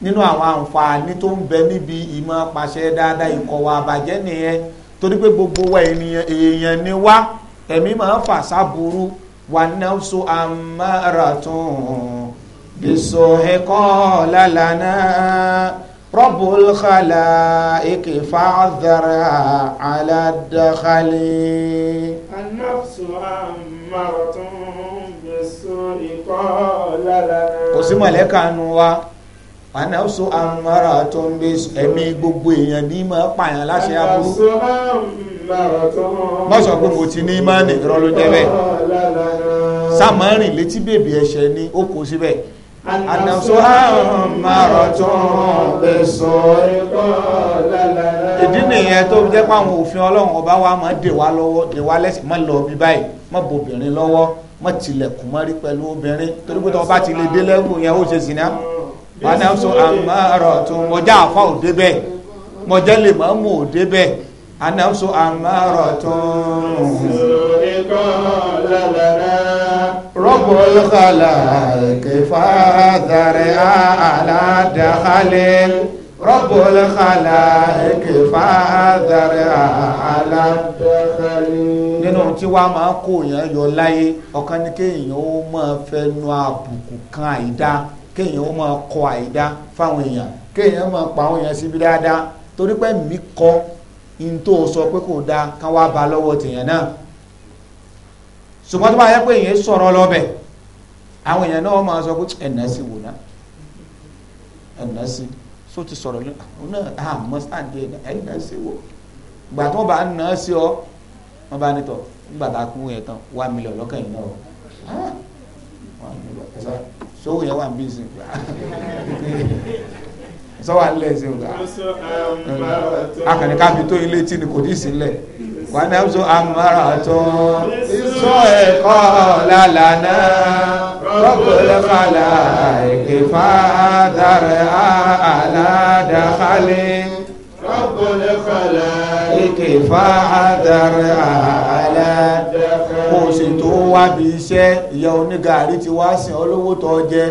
nínú àwọn àǹfààní tó ń bẹ níbi ìmọ̀ pàṣẹ dáadáa ìkọ̀wà àbàjẹ́ nìyẹn torí pé gbogbo wa ènìyàn èèyàn ni wá ẹ̀mí máa fà sábúrú wà náwùsù àmàràtún bìsọ ẹ̀kọ́ lálànà rọ́bùl kàlà èkè fàdàrà àlàdàkàlì. anáwùsù àmàràtún bìsọ ẹ̀kọ́ lálànà. kò sí mọ̀lẹ́kànú wa anafso amara tó ń bẹ ẹ̀mí gbogbo èèyàn ní máa pààyàn láṣẹ aburú má sọ pé mo ti ní imáàni irọ́ ló jẹ́ bẹ́ẹ̀ sámárìn létí bèbè ẹ̀ṣẹ̀ ni ó kó síbẹ̀ anafso amara tó ń bẹ sọ ẹ̀kọ́ lálàá. ìdí nìyẹn tó jẹ́ pé òfin ọlọ́run ọba wa máa dè wá lọ́wọ́ dè wá lẹ́sìn má lọ bí báyìí má bobìnrin lọ́wọ́ má tilẹ̀kùn mọ́rí pẹ̀lú obìnrin torí pé tó bá ti lè dé lẹ́gùn yẹn ó ṣe zina anamso amaratun mọjá àfa ò débẹ̀ mọjá lè máa mú ò débẹ̀ anamso amaratun. Rabbul khalaq fadari ala dakhali Rabbul khalaq fadari ala dakhali nínú tí wàá máa kó yẹn yọ láyé ọ̀kan ní kéèyàn ó máa fẹnu àbùkù kan àìdá kéèyàn ó máa kọ àìdá fáwọn èèyàn kéèyàn máa pa àwọn èèyàn síbi dáadáa torí pé mi kọ in tó sọ pé kò dáa kán wá ba lọ́wọ́ tèèyàn náà ṣùgbọ́n tó bá yẹ pé èèyàn sọ̀rọ̀ lọ́bẹ̀ àwọn èèyàn náà máa sọ pé ẹ̀nà sí wò ná ẹ̀nà sí ti sọ̀rọ̀ náà àmọ́ sáàdì ẹ̀nà sí wò gbà tó bá nà á sí ọ wọn bá nítọ̀ nígbà tá a kú yẹn tán lọ́kàn yìí náà So we wà one bí so gbà sọ́wọ́ alẹ́ ìsìn gbà akànnì ká fi tó ilé tí ni kò ní ìsìnlẹ̀ wà ní ẹ̀sùn amára tó sọ ẹ̀kọ́ lálànà rọ́gbọ̀lẹ́ kàlà èké fàdàrẹ́ àládàkálẹ̀ rọ́gbọ̀lẹ́ kàlà èké fàdàrẹ́ àládàkálẹ̀ kó o sì tó wá bí iṣẹ́ ìyá onígàárí ti wá sìn olówó tó jẹ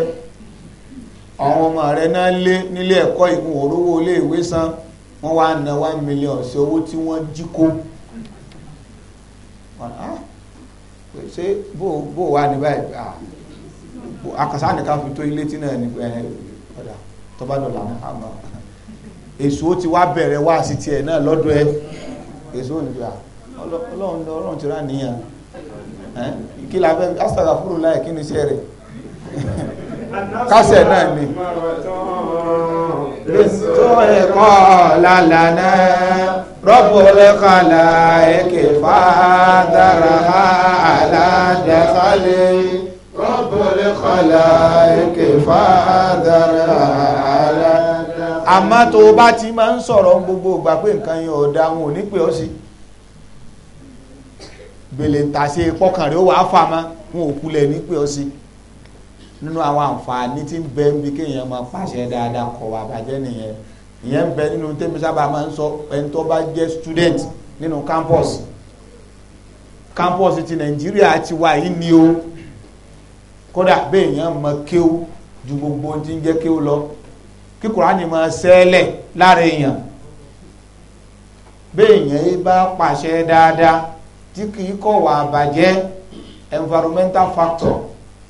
àwọn ọmọ rẹ náà lé nílé ẹ̀kọ́ ìkún òrówó ilé ìwé san wọ́n wá na one million sí owó tí wọ́n jí kó ṣé bó bó wà ní báyìí akọ̀sá nìkan fi tó ilé tí náà ní ọ̀dà tó bá dọ̀là àmọ́ èso ti wá bẹ̀rẹ̀ wá sí tiẹ̀ náà lọ́dọ̀ ẹ èso nìgbà ọlọ́run ti rà níyàn kí la fẹ́ asàrà fúru láì kí ni iṣẹ́ rẹ̀ kásẹ̀ náà ni. bíntú ẹ̀kọ́ lálànà rọ́pò lẹ́kàlà èké fàdàrà àlàdàkálẹ̀ rọ́pò lẹ́kàlà èké fàdàrà àlàdàkálẹ̀. àmọ́ tó o bá ti máa ń sọ̀rọ̀ gbogbo ìgbà pé nǹkan yẹn ò wọn ò ní pè ọ́ sí gbèlè ta ṣe pọ́kàn rẹ̀ ó wàá fà mọ́ wọn ò kulẹ̀ ní pé ọ sí nínú àwọn àǹfààní tí ń bẹ ń bi kéèyàn máa pàṣẹ dáadáa kọ̀ wà bàjẹ́ nìyẹn ìyẹn ń bẹ nínú tẹ́mi sábà máa ń sọ ẹni tó bá jẹ́ student nínú campus campus ti nàìjíríà ti wà yìí ni o kódà bẹ́ẹ̀ yẹn mọ kéwú ju gbogbo ohun ń jẹ́ kéwú lọ kí kùránì máa ṣẹlẹ̀ lára èèyàn bẹ́ẹ̀ yẹn bá pàṣẹ dáadáa tí kì í kọ̀ wà àbàjẹ́ environmental factor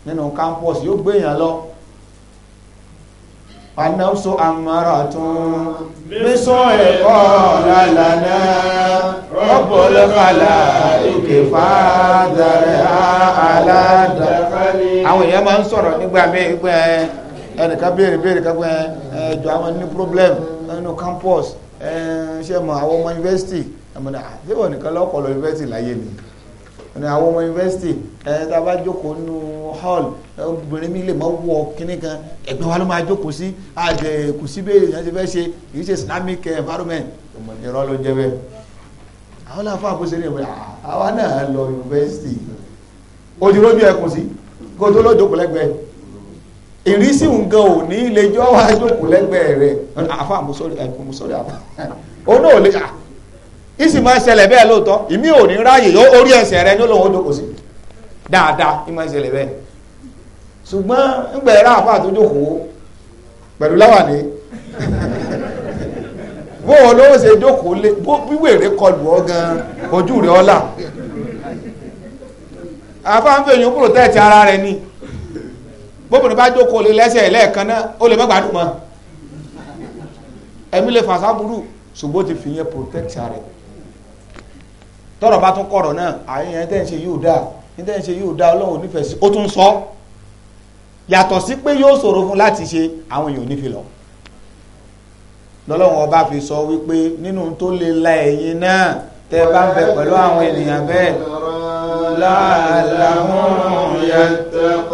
nínú campus yóò gbéyàn lọ anamso amaratun mísọ ẹkọ lálàná rọpòlẹ kàlà èké fàdàrẹ aládàkálẹ. àwọn èèyàn máa ń sọ̀rọ̀ nígbà míì pé ẹnìkan béèrè béèrè kan pé ẹjọ́ àwọn ní problem nínú campus ṣe mọ̀ àwọn ọmọ yunifásitì ẹmọdé àdébọ̀ nìkan lọ́pọ̀lọ yunifásitì láyé ni ní àwọn ọmọ yunifásitì ẹ tá a bá jókòó nínú hall obìnrin mi lè mọ wọ kínní kan ẹgbẹ́ wa ló máa jókòó sí àjẹ kò sí bẹ́ẹ̀ yẹn ti fẹ́ ṣe kì í ṣe islamic environment ìrọ̀ ló jẹ́ bẹ́ẹ̀ àwọn náà fún àkóso ní ìwé ah, àwa náà lọ yunifásitì ojú lójú ẹkùn sí kó tó jókòó lẹ́gbẹ̀ẹ́ ìrísí nǹkan ò ní ilé jọ́ wá jókòó lẹ́gbẹ̀ẹ́ rẹ̀ àfa àmúsọ̀rẹ̀ àfa ó náà lè ah, ìsì máa ń ṣẹlẹ̀ bẹ́ẹ̀ lóòótọ́ ìmí ò ní ráyè orí ẹsẹ̀ rẹ ní olóhùn ojókòó sí dáadáa ìmọ̀ ìṣẹlẹ̀ bẹ́ẹ̀ ṣùgbọ́n ńgbẹ̀rẹ̀ àfáà tó jókòó pẹ̀lú láwàní bóun ló ń ṣe jókòó lé wíwèrè kọlù ọ gan ojú rẹ ọlà àfáà ń fèyàn protect ara rẹ ni bóbìnrin bá jókòó lé lẹ́sẹ̀ lẹ́ẹ̀kan náà ó lè má gbádùn mọ́ ẹ̀mí lè fàṣà burú ṣùgbọ́n ó ti fi yẹn protect ara rẹ tọ́rọ̀ bá tún kọ̀rọ̀ náà àyẹ̀yẹ̀ tẹ́ ń ṣe yóò dáa ní tẹ́ ń ṣe yóò dáa ọlọ́run nífẹ̀ẹ́ sí ó tún sọ yàtọ̀ sí pé yóò ṣòro fún láti ṣe àwọn èèyàn nífẹ̀ẹ́ lọ lọ́lọ́run ọba fi sọ wípé nínú tó lè la ẹ̀yin náà tẹ́ bá ń bẹ pẹ̀lú àwọn ènìyàn bẹ́ẹ̀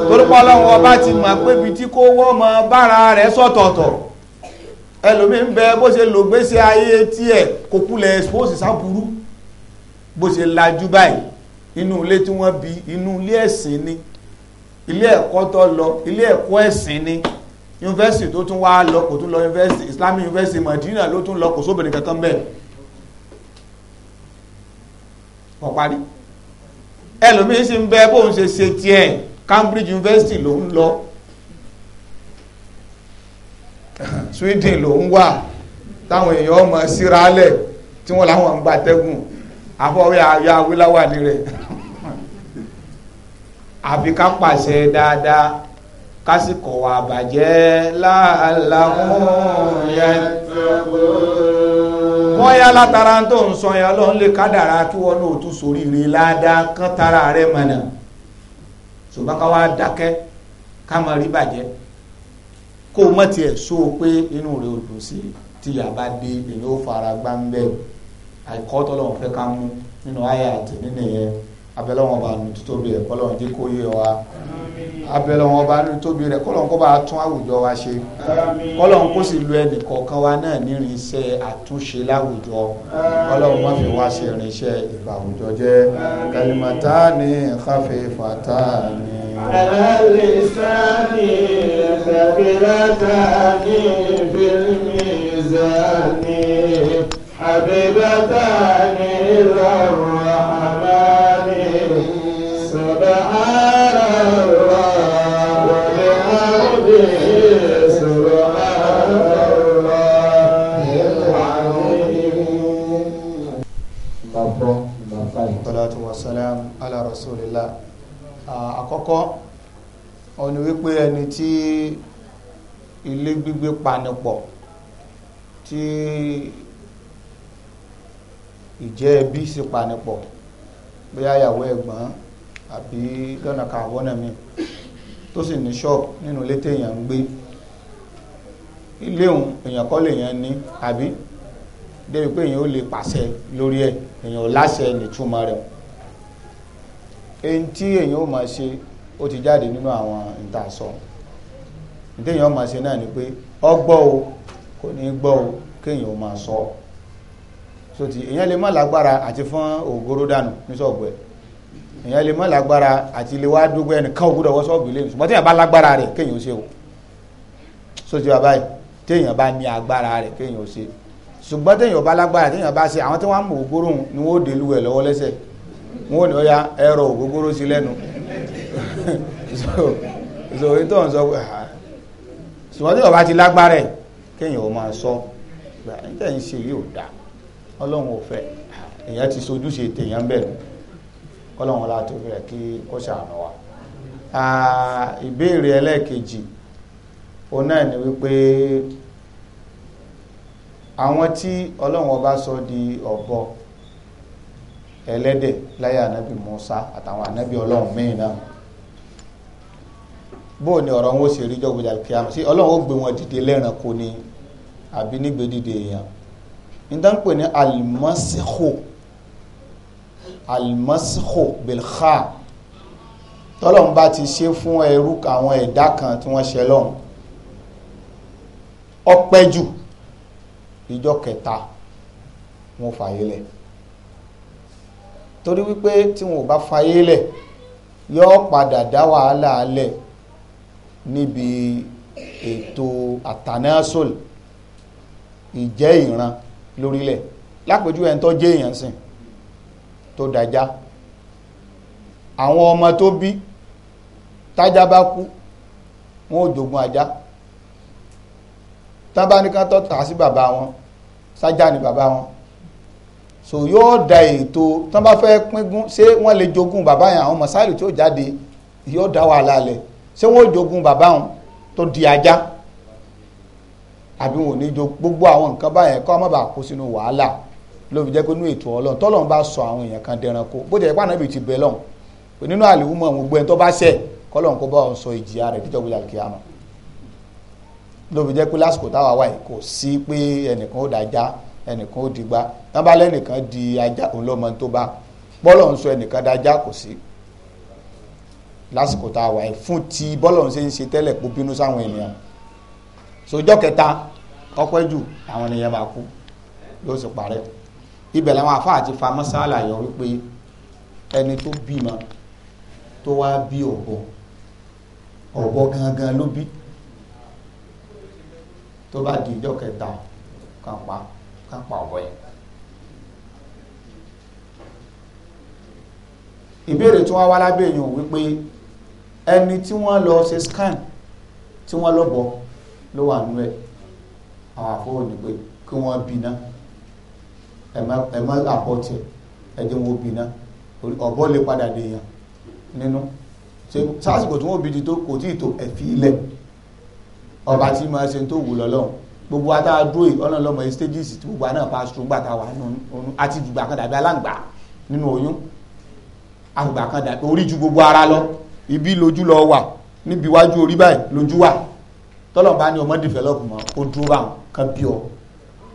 torípọ̀ lọ́wọ́ ọba ti mọ̀ pé ibi tí kó wọ́ mọ bára rẹ̀ sọ̀tọ̀ọ̀tọ̀ ẹlòmí ń bẹ bó ṣe lò gbèsè ayé tiẹ̀ kò kulẹ̀ expose sáburú bó ṣe lajú báyìí inú ilé tí wọ́n bí inú ilé ẹ̀sìn ni ilé ẹ̀kọ́ tó lọ ilé ẹ̀kọ́ ẹ̀sìn ni yunifásitì tó tún wá lọ kò tún lọ yunifásitì islamic yunifásitì madina ló tún lọ kò sóbìnrin kankan bẹ́ẹ̀ kò parí ẹlòmíín sì ń bẹ bóun ṣe ṣe tiẹ̀ Cambridge University ló ń lọ Sweden ló ń wà táwọn èèyàn ọmọ síralẹ̀ tí wọ́n láwọn ń gbatẹ́gùn àfọwé àyà awíláwà ní rẹ̀ àfi ká pàṣẹ dáadáa kásìkò wà bàjẹ́ láàlàmúyẹ wọ́n yá látara tó ń sọ yẹn lọ́n lè kádàrá kí wọ́n náà tún sórí rí ládàá kán tara rẹ̀ mọ̀nà ṣùgbọ́n ká wá dákẹ́ ká mọ̀ rí bàjẹ́ kó mọ̀ tiẹ̀ sọ pé inú rẹ̀ ò dùn sí tíyà bá dé èyí fara gbá ń àìkọ́ tọ́lọ́wọ́n fẹ́ ká mú nínú àyà àtẹ̀mí nìyẹn abẹ́lẹ́wọ̀n bá nu títóbi rẹ̀ kọ́lọ́wọ́n jẹ́ kó yé wa abẹ́lẹ́wọ̀n bá nu títóbi rẹ̀ kọ́lọ́wọ́n kó bá tún àwùjọ wa ṣe kọ́lọ́wọ́n kó sì lu ẹnì kọ̀ọ̀kan wa náà nírin iṣẹ́ àtúnṣe láwùjọ kọ́lọ́wọ́n má fi wá ṣe irin iṣẹ́ àwùjọ jẹ́ kẹlìmọ̀tá ni káfí fàtà ni. àlàlẹ́ sáni ẹ̀fẹ̀ kìlá sáni fílmì sáni. حبيبتان إلى الرحمن سبحان الله وبحمده سبحان الله العظيم الصلاة والسلام على رسول الله àkọ́kọ́ ọ̀nà wípé ẹni tí ilé gbígbé panipọ̀ tí ìjẹ́ ẹbí sí panipọ̀ bóyá ìyàwó ẹ̀gbọ́n àbí lọ́nà kan àwọ́nà mi tó sì ní ṣọ́ọ̀bù nínú ilé téèyàn ń gbé ilé òun èèyàn kọ́ lèèyàn ní àbí débi pé èèyàn ó lè pàṣẹ lórí ẹ̀ èèyàn ò láṣẹ nìtúmọ̀ rẹ̀ èyí tí èèyàn ó máa ṣe ó ti jáde nínú àwọn ìtàsọ ìtẹ̀yàn ó ṣe náà ni pé ọgbọ́ o kò ní gbọ́ o kéèyàn ó máa sọ ọ́ so ti èyàn lè má lágbára àti fún ògoro dànù ní sọ́ọ̀bù ẹ̀ èyàn lè má lágbára àti lè wá dúgbò ẹnìkan ògùdọ̀ wọ́ sọ́ọ̀bù ilé ṣùgbọ́n téèyàn bá lágbára rẹ̀ kéèyàn ó ṣe o so ti bàbá yìí téèyàn bá ní agbára rẹ̀ kéèyàn ó ṣe ṣùgbọ́n téèyàn bá lágbára téèyàn bá ṣe àwọn tí wọ́n á mú ògoro ni wọ́n ó dèlú ẹ̀ lọ́wọ́ lẹ́sẹ̀ wọ́n ò ní ọya ẹ̀rọ ògógóró sí lẹ́nu so ètò ń sọ pé ah. ṣùgbọ́n téèyàn bá ti lágbára ẹ̀ ọlọ́run ò fẹ́ èèyàn ti sojúṣe tèèyàn bẹ̀rù ọlọ́run láti rẹ̀ kí ó ṣàánú wa ìbéèrè ẹlẹ́ẹ̀kejì òun náà ni wípé àwọn tí ọlọ́run ọba sọ di ọ̀bọ ẹlẹ́dẹ̀ láyé ànábì Musa àtàwọn ànábì ọlọ́run míì náà bóò ni ọ̀rọ̀ wọn ó ṣe rí jọ́gbọ́jà kíá sí ọlọ́run ó gbé wọn dìde lẹ́ranko ni àbí nígbèdìde èèyàn ìdánpè ní almasiho almasiho bilha tọ́lọ́n bá ti ṣe fún ẹrú àwọn ẹ̀dá kan tí wọ́n ṣe lọ́hùn ọpẹ́ jù ìjọ kẹta wọn fàyè lẹ̀ torí wípé tí wọn ò bá fàyè lẹ̀ yóò padà dá wàhálà alẹ̀ níbi ètò àtànásòl ìjẹ́ ìran lórílẹ̀ lápèjúwe ẹni tó jẹ́ èèyàn sìn tó dájá àwọn ọmọ tó bí tájá bá kú wọn ò jogún ajá tábá ní ká tọ́ tà sí bàbá wọn sájá ni bàbá wọn so yóò da ètò tán bá fẹ́ píngún ṣé wọ́n lè jogún bàbá yẹn àwọn mọ̀sáìlì tí jáde yóò dá wàhálà lẹ̀ ṣé wọ́n jogún bàbá wọn tó di ajá àbí wọn ò ní jo gbogbo àwọn nǹkan báyẹn kọ́ má bàa kó sínú wàhálà ló fi jẹ́ pé inú ètò ọlọ́run tọ́lọ́run bá sọ àwọn èèyàn kan dẹranko bó ti yẹ pé ànábì ti bẹ̀ lọ́hùn pé nínú àlìwúmọ̀ àwọn gbogbo ẹni tó bá ṣẹ̀ kọ́lọ́run kó bá wọn sọ ìjìyà rẹ̀ díjọ́ gbé àlùkí àmọ́ ló fi jẹ́ pé lásìkò táwa wà yìí kò sí pé ẹnìkan ó dájá ẹnìkan ó dìgbà tán di sojọ́ kẹta ọpẹ́ jù àwọn ènìyàn máa kú yóò sì parẹ́ ibẹ̀ làwọn àfáà ti fa mọ́sálà yọ wípé ẹni tó bímọ tó wá bí ọ̀bọ ọ̀bọ gangan ló bí tó bá di ìjọ́ kẹta kan pa kan pa ọ̀bọ yẹn. ìbéèrè tí wọ́n wá lábẹ́ èèyàn wípé ẹni tí wọ́n lọ ṣe scan tí wọ́n lọ bọ̀ ló wà nú ẹ̀ àwọn àfọwọ́ ni pé kí wọ́n bina, ẹ má àpọ̀tì ẹ jẹ́ wọn bínà ọ̀bọ lè padà dèèyàn nínú sásìkò tí wọ́n bí di tó kò tí ì tó ẹ̀fí ilẹ̀ ọba tí máa ṣe tó wù lọ́lọ́run gbogbo ata dúró ọ̀nà lọ́mọ yìí stages tí gbogbo àná pa sùn gbàtà wà nínú àti ìdùgbà kan dàbí aláǹgbá nínú oyún àgbà kan dàbí orí ju gbogbo ara lọ ibi lójú lọ wà níbi iwájú orí báyìí lójú wà tọ́lọ̀ bá ní ọmọ develop mọ́ kó dúró báwọn kan bí ọ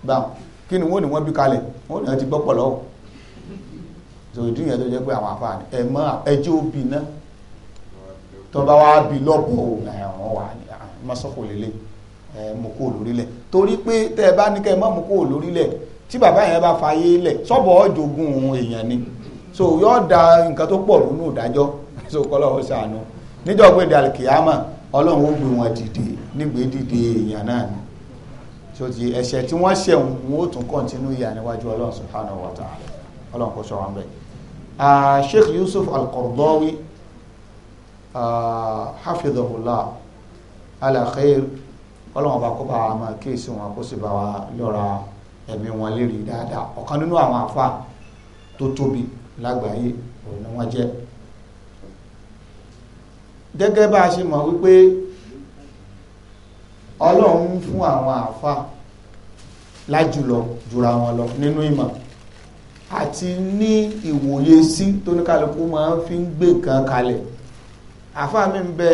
báwọn kí ni wọ́n ní wọ́n bí kalẹ̀ wọ́n ní wọ́n ti gbọ́pọ̀ lọ́wọ́ so ìdí yẹn tó jẹ́ pé àwọn afáàní ẹ mọ́ ẹjẹ́ òbí náà tó bá wá bí lọ́pọ̀ ẹ̀wọ̀n wà ní ah, mọ́sọ́kò lélẹ̀ mú kó lórílẹ̀ torí pé tẹ́ ẹ bá ní kẹ́ ẹ má mú kó lórílẹ̀ tí bàbá yẹn bá fayé lẹ̀ sọ́bọ̀ ọ̀jọ̀gùn òun èèyàn ni so yóò da nǹkan tó pọ̀ lónú ìdájọ́ so kọ́lọ́ ọ̀sán àná níjọ́ pé dàlkìyàmà ọlọ́run ó gbé wọn dìde nígbé dìde èèyàn náà ni so ti ẹ̀ṣẹ̀ tí wọ́n ṣẹ̀ wọn ó tún kọ́ntínú ìyà níwájú ọlọ́run subhanahu wa ta'ala ọlọ́run kó ṣọwọ́n bẹ́ẹ̀ Sheikh Yusuf al-Qaradawi hafidhahullah ala khair ọlọ́run ọba kó bá wa máa kíyèsí wọn kó sì bá wa lọ́ra ẹ̀mí wọn lérí dáadáa ọ̀kan nínú àwọn àfa tó tóbi lágbàáyé òun ni wọ́n jẹ́ gẹ́gẹ́ bá a ṣe mọ̀ wípé ọlọ́run ń fún àwọn àfà lájùlọ jùra wọn lọ nínú ìmọ̀ àti ní ìwòye sí tóníkàlùkù máa ń fi ń gbé nǹkan kalẹ̀ àfà mi ń bẹ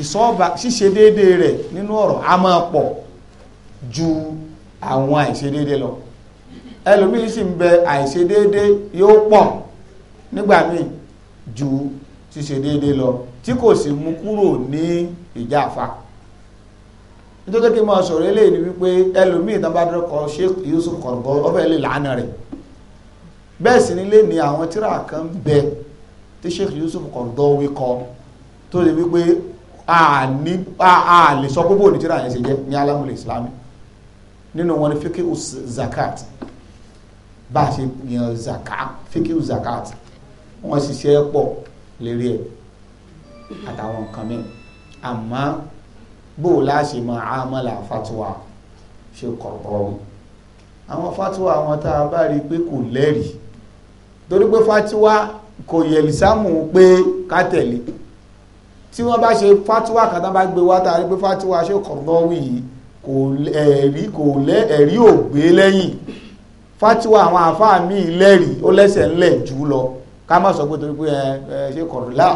ìsọ́ọ̀bà ṣíṣe déédéé rẹ̀ nínú ọ̀rọ̀ a máa pọ̀ ju àwọn àìṣedéédé lọ ẹlòmíì sì ń bẹ àìṣedéédé yóò pọ̀ nígbà míì ju ṣíṣe déédéé lọ tí kò sì mú kúrò ní ìjà àfa nítorí kí n máa sọ̀rọ̀ eléyìí ni wípé ẹlòmíì tán bá dọ́kọ̀ Sheikh Yusuf kọ̀ǹgọ́ ọ̀fẹ́ lè làánà rẹ̀ bẹ́ẹ̀ sì nílé ni àwọn tíra kan bẹ tí Sheikh Yusuf kọ̀ǹgọ́ wí kọ tó lè wípé a lè sọ gbogbo ní tíra yẹn ṣe jẹ́ ní alámúlẹ̀ ìsìlámù nínú wọn ni fíkì zakat bá a ṣe yan zakat fíkì zakat wọ́n ṣiṣẹ́ pọ̀ lérí ẹ̀ àtàwọn nǹkan mi àmọ́ bó o láṣẹ mọ àmọ́là fatuwa ṣe kọ̀ọ̀bọ̀wé àwọn fatuwa àwọn tá a bá rí i pé kò lẹ́rìí torí pé fatuwa kò yẹ̀lì sámù pé ká tẹ̀lé tí wọ́n bá ṣe fatuwa kan tá a bá gbé wá tá pé fatuwa ṣe kọ̀ọ̀bọ̀wé yìí kò ẹ̀rí kò lẹ́ ẹ̀rí ò gbé lẹ́yìn fatuwa àwọn àfáà mi lẹ́rìí ó lẹ́sẹ̀ ńlẹ̀ jù lọ ká má sọ pé torí pé ẹ ṣe kọ̀rọ̀lá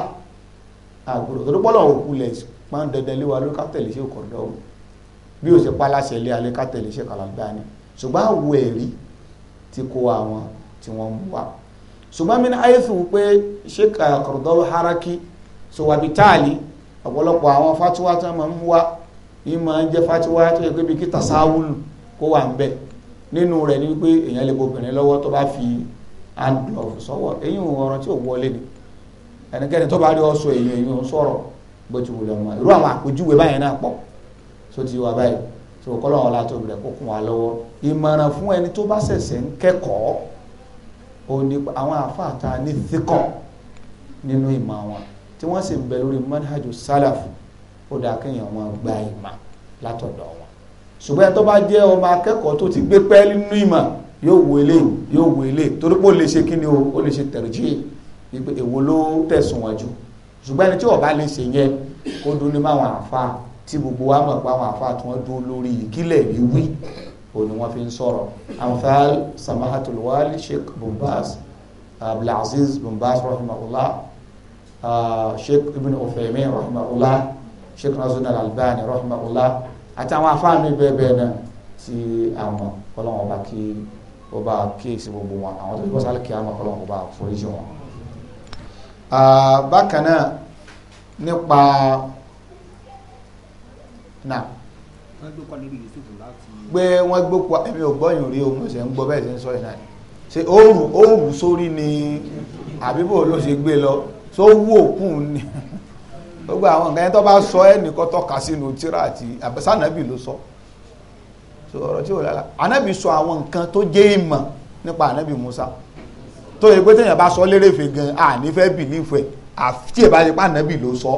àgbòrò torí pọ́lọ̀ òkú lẹ̀ pọ́n dandan lé wa lórí ká tẹ̀lé ṣe kọ̀rọ̀lá o bí ó ṣe pálásẹ̀ lé alẹ́ ká tẹ̀lé ṣe kàlàgbá ni ṣùgbọ́n àwọ ẹ̀rí ti kó àwọn tí wọ́n mú wa ṣùgbọ́n mi ní àyèfù pé ṣe kọ̀rọ̀lá haraki ṣò wà bí táàlì ọ̀pọ̀lọpọ̀ àwọn fatuwa tó máa ń mú wa ní máa ń jẹ́ fatuwa tó yẹ pé bí kí tasawulu kó wà ń bẹ̀ nínú rẹ̀ ni pé èèyàn lè bo obìnrin lọ́wọ́ tó bá fi hand glove sọ́wọ́ èyí ò ọ̀rọ̀ tí ò wọlé ni ẹnikẹ́ni tó bá rí ọ sọ èyí èyí ò sọ̀rọ̀ bó ti wùlẹ̀ ọmọ irú àwọn àpèjúwe báyẹn náà pọ̀ tó ti wà báyìí tó kọ́lọ́run ọlá tó bẹ̀rẹ̀ kó kún wa lọ́wọ́ ìmọ̀ràn fún ẹni tó bá ṣẹ̀ṣẹ̀ ń kẹ́kọ̀ọ́ òní àwọn àfáà ta ní thikọ̀ nínú ìmọ̀ wọn tí wọ́n sì ń bẹ lórí manhajú sálàfù ó dáa kéèyàn máa gba ìmọ̀ látọ̀dọ̀ wọn ṣùgbọ́n ẹni tó bá jẹ́ ọmọ akẹ́kọ̀ọ́ tó ti gbé pẹ́ẹ́lí nínú ìmọ̀ yóò wo ilé yóò wo ilé torí pé ó lè ṣe kíni o ó lè ṣe tẹ̀rìjì ìpè èwo ló tẹ̀sùn wájú ṣùgbọ́n ẹni tí ọba lè ṣe yẹn kó dún ní máwọn àfa tí gbogbo wa mọ̀ pé àwọn àfa tí wọ́n dún lórí ìkílẹ̀ rí wí òun ni wọ́n fi ń sọ̀rọ̀ amthal samahatul wali sheikh bumbaz abdulaziz bumbaz rahimahullah sheikh ibn ofemi rahimahullah sheikh nasrud albani rahimahullah àti àfa mi bẹ́ẹ̀ bẹ́ẹ̀ náà ti àwọn ọlọ́wọ́n bá kí ó bá kíyèsí gbogbo wọn àwọn tó ti bọ́ sálẹ̀ kí á máa kọ́ lọ́wọ́ kó bá foríjì wọn. bákan náà nípa náà gbé wọn gbé pa èmi ò gbọ́yìn rí o mo ṣe ń gbọ́ bẹ́ẹ̀ ṣe ń sọ ìnáyà ṣe ó wù ó wù sórí ni àbíbò ló ṣe gbé lọ tó wù òkú ni gbogbo àwọn nǹkan yẹn tó bá sọ ẹnìkan tọ́ka sínú tíra àti àbẹ̀sánàbì ló sọ. So so ọ̀rọ̀ tí ò lálá anábì sọ àwọn nǹkan tó jẹ́ ìmọ̀ nípa anábì Musa tó yẹ pé téèyàn bá sọ lérèfé gan a ní fẹ́ bìlífù ẹ̀ àti ìbá ṣe pé anábì ló sọ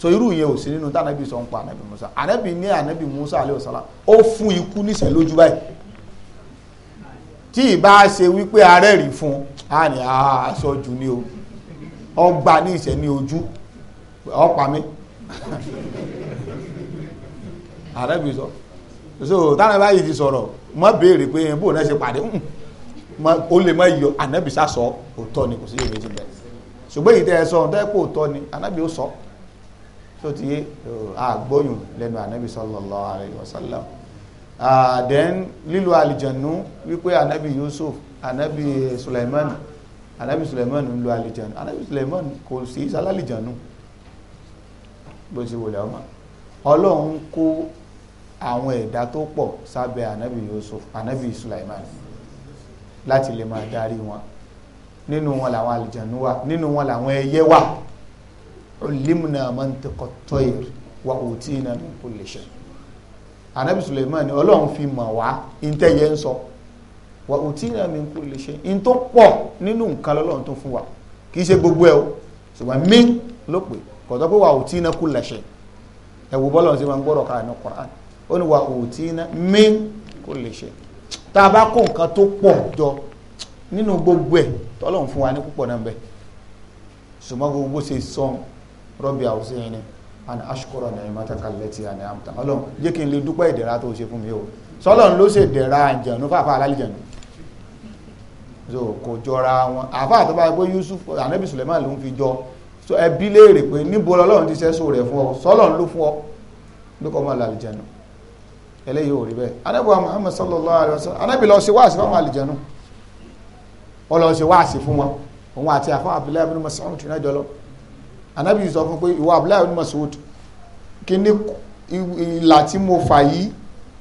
so irú yẹn ò sí nínú tánábì sọ ń pa anábì Musa anábì ní anábì Musa alayhi salam ó fún ikú níṣẹ́ lójú báyìí tí ìbá ṣe wípé arẹ́rì fún a ní aṣojú ni o ọgbà ní ìṣẹ́ ní ojú ọ̀pá mi anábì sọ. So so táwọn báyìí ti sọ̀rọ̀ mọ́ béèrè pé bó náà ṣe pàdé ó lè mọ́ iyọ̀ ànábì sá sọ òótọ́ ni kò sí èmi ti bẹ̀ ṣùgbọ́n ìtẹ́ ẹ sọ ọ̀hún tẹ́ pé òótọ́ ni ànábì ó sọ tó ti yé àgbóyùn lẹ́nu ànábì sallallahu alaihi wasallam then lílo àlìjànú wípé ànábì Yusuf ànábì Sulaiman ànábì Sulaiman ń lo àlìjànú ànábì Sulaiman kò sí sálálìjànú bó ṣe wòlẹ̀ ọmọ ọlọ́run kó àwọn ẹ̀dá tó pọ̀ sábẹ́ anabi Yusuf anabi Sulaiman láti lè máa darí wọn nínú wọn làwọn àlìjànú wà nínú wọn làwọn ẹyẹ wà ulimna mantiqa toir wa utina min kulli shay anabi Sulaiman ni Ọlọ́run fi mọ̀ wá ntẹyẹ ń sọ wa utina min kulli shay n tó pọ̀ nínú nǹkan lọ́lọ́run tó fún wa kì í ṣe gbogbo ẹ o ṣùgbọ́n mi ló pè pé wa utina kulli shay ẹ wo bọlọ ṣe máa ń gbọ́dọ̀ káà ní Qur'an ó ní wà òtí iná mí kò lè ṣe tá a bá kó nǹkan tó pọ̀ jọ nínú gbogbo ẹ̀ tọ́lọ́run fún wa ní púpọ̀ náà bẹ̀ ṣùgbọ́n gbogbo ṣe sọ rọ́bì àwùjọ yẹn ni and ashkura ni'mataka allati an'amta ọlọ́run jẹ́ kí n lè dúpẹ́ ìdẹ̀ra tó ṣe fún mi o sọlọ́run ló ṣe dẹ̀ra àjẹ̀nu fàáfàá alálìjẹ̀nu so kò jọra wọn àfáà tó bá yẹ pé Yusuf anabi Suleiman ló ń fi jọ so ẹbí léèrè pé níbo lọ́lọ́run ti ṣẹ́sọ rẹ̀ fún ọ sọlọ́run ló fún ọ ló mọ́ alálìjẹ̀nu eléyìí ò rí bẹ́ẹ̀ anábì muhammad sallallahu alayhi wa sallam anábì lọ ṣe wáàsí fáwọn àlìjẹnu ó lọ ṣe wáàsí fún wọn òun àti àfọ abdullahi bin mas'ud tún náà jọlọ anábì sọ fún pé ìwọ abdullahi bin mas'ud kí ní ìlà tí mo fà yìí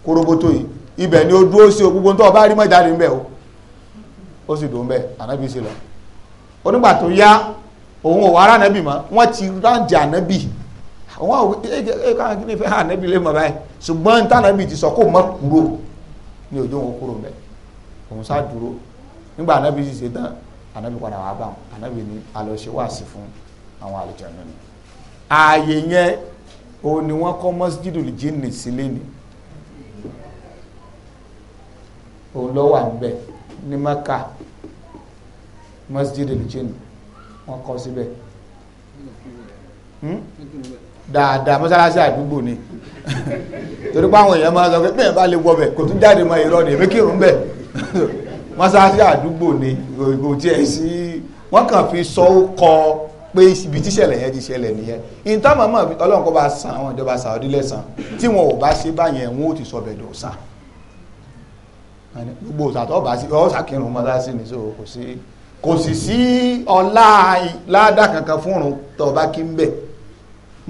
koroboto yìí ibẹ̀ ni ó dúró sí o gbogbo tó o bá rí mọ́ jáde ńbẹ̀ o ó sì dùn bẹ́ẹ̀ anábì sì lọ onígbà tó yá òun ò wá rà nábì mọ́ wọ́n ti ráǹdì ànábì àwọn àwọn ẹgbẹ́ àwọn akíní fẹ́ hàn níbi ilé mọ̀ báyìí ṣùgbọ́n tánàbì ti sọ kó mọ́ kúrò ní ojú òun kúrò mẹ́ òun sá dúró nígbà ànábì sì ṣe tán ànábì padà wà bá wọn wà sí fún àwọn ni ààyè yẹn òun ni wọ́n kọ́ mọ́sídìdì jíìnì sílé ni òun wà ní dáadáa mọ́sálásí àdúgbò ni torí pé àwọn èèyàn máa sọ pé bẹ́ẹ̀ bá lè wọ bẹ̀ kò tún jáde mọ́ irọ́ ni èmi kírun bẹ̀ mọ́sálásí àdúgbò ni kò tiẹ̀ sí wọ́n kàn fi sọ ó kọ pé ibi tíṣẹ̀lẹ̀ yẹn ti ṣẹlẹ̀ nìyẹn ìtàn màmá ọlọ́run kó bá san àwọn ìjọba Saudi lẹ́san tí wọn ò bá ṣe báyẹn wọn ò ti sọ bẹ̀dọ̀ sàn gbogbo òsàtọ̀ bá sí ọ̀sà kírun mọ́sálásí ni so kò sí kò sì sí ọlá ládà kankan fún òrùn tó bá kí ń bẹ̀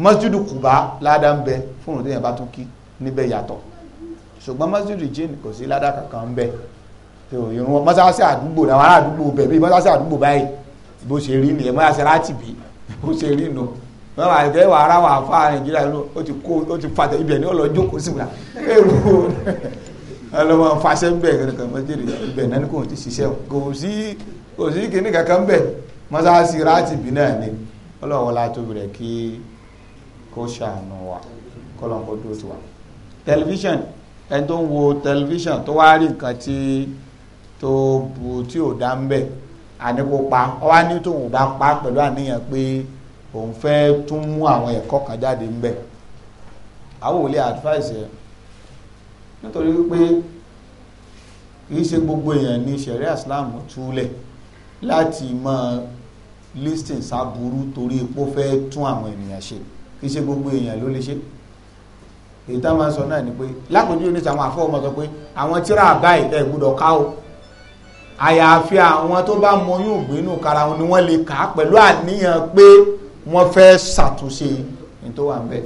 masjidu kuba ládàá ń bẹ fún òun téèyàn bá tún kí níbẹ̀ yàtọ̀ ṣùgbọ́n masjidu jane kò sí ládàá kankan ń bẹ ìrún mọ́sáàsì àdúgbò làwọn ará àdúgbò bẹ̀ bí mọ́sáàsì àdúgbò báyìí bó ṣe rí nìyẹn mọ́sáàsì láti bí bó ṣe rí nù wọn wà jẹ wà ara wà fa nàìjíríà ló ó ti kó ó ti fa ibẹ ní ọlọjọ kó sì wà ẹrù ọlọmọ fàṣẹ ń bẹ kankan mọjèrè ibẹ náà ni kò ti ṣiṣẹ́ kò sí kò sí kíní kankan bẹ mọsáàsì ráàtì bí náà ni ọlọwọlá tóbi rẹ kí kó ṣàánú wa kọ́lọ́n kó dúró tiwa tẹlifíṣàn ẹni tó ń wo tẹlifíṣàn tó wá rí nǹkan tí tó bu tí ò dá ń bẹ̀ àníkó pa ọ wá ní tóun bá pa pẹ̀lú àníyàn pé òun fẹ́ tún mú àwọn ẹ̀kọ́ kan jáde ń bẹ̀ àwọn òlé advice ẹ̀ nítorí wípé kìí ṣe gbogbo èèyàn ní ṣẹ̀ríà Islam túlẹ̀ láti máa listing saburu torí epo fẹ́ tún àwọn ènìyàn ṣe kì í ṣe gbogbo èèyàn ló lè ṣe èyí tá máa sọ náà ni pé lápòjú ní sàwọn àfọwọ́mọ sọ pé àwọn tíra àbáyé ẹ̀ gbúdọ̀ ká o àyàfi àwọn tó bá mọyún ògbénú kara wọn ni wọ́n lè kà á pẹ̀lú àníyàn pé wọ́n fẹ́ ṣàtúnṣe ní tó wà ń bẹ̀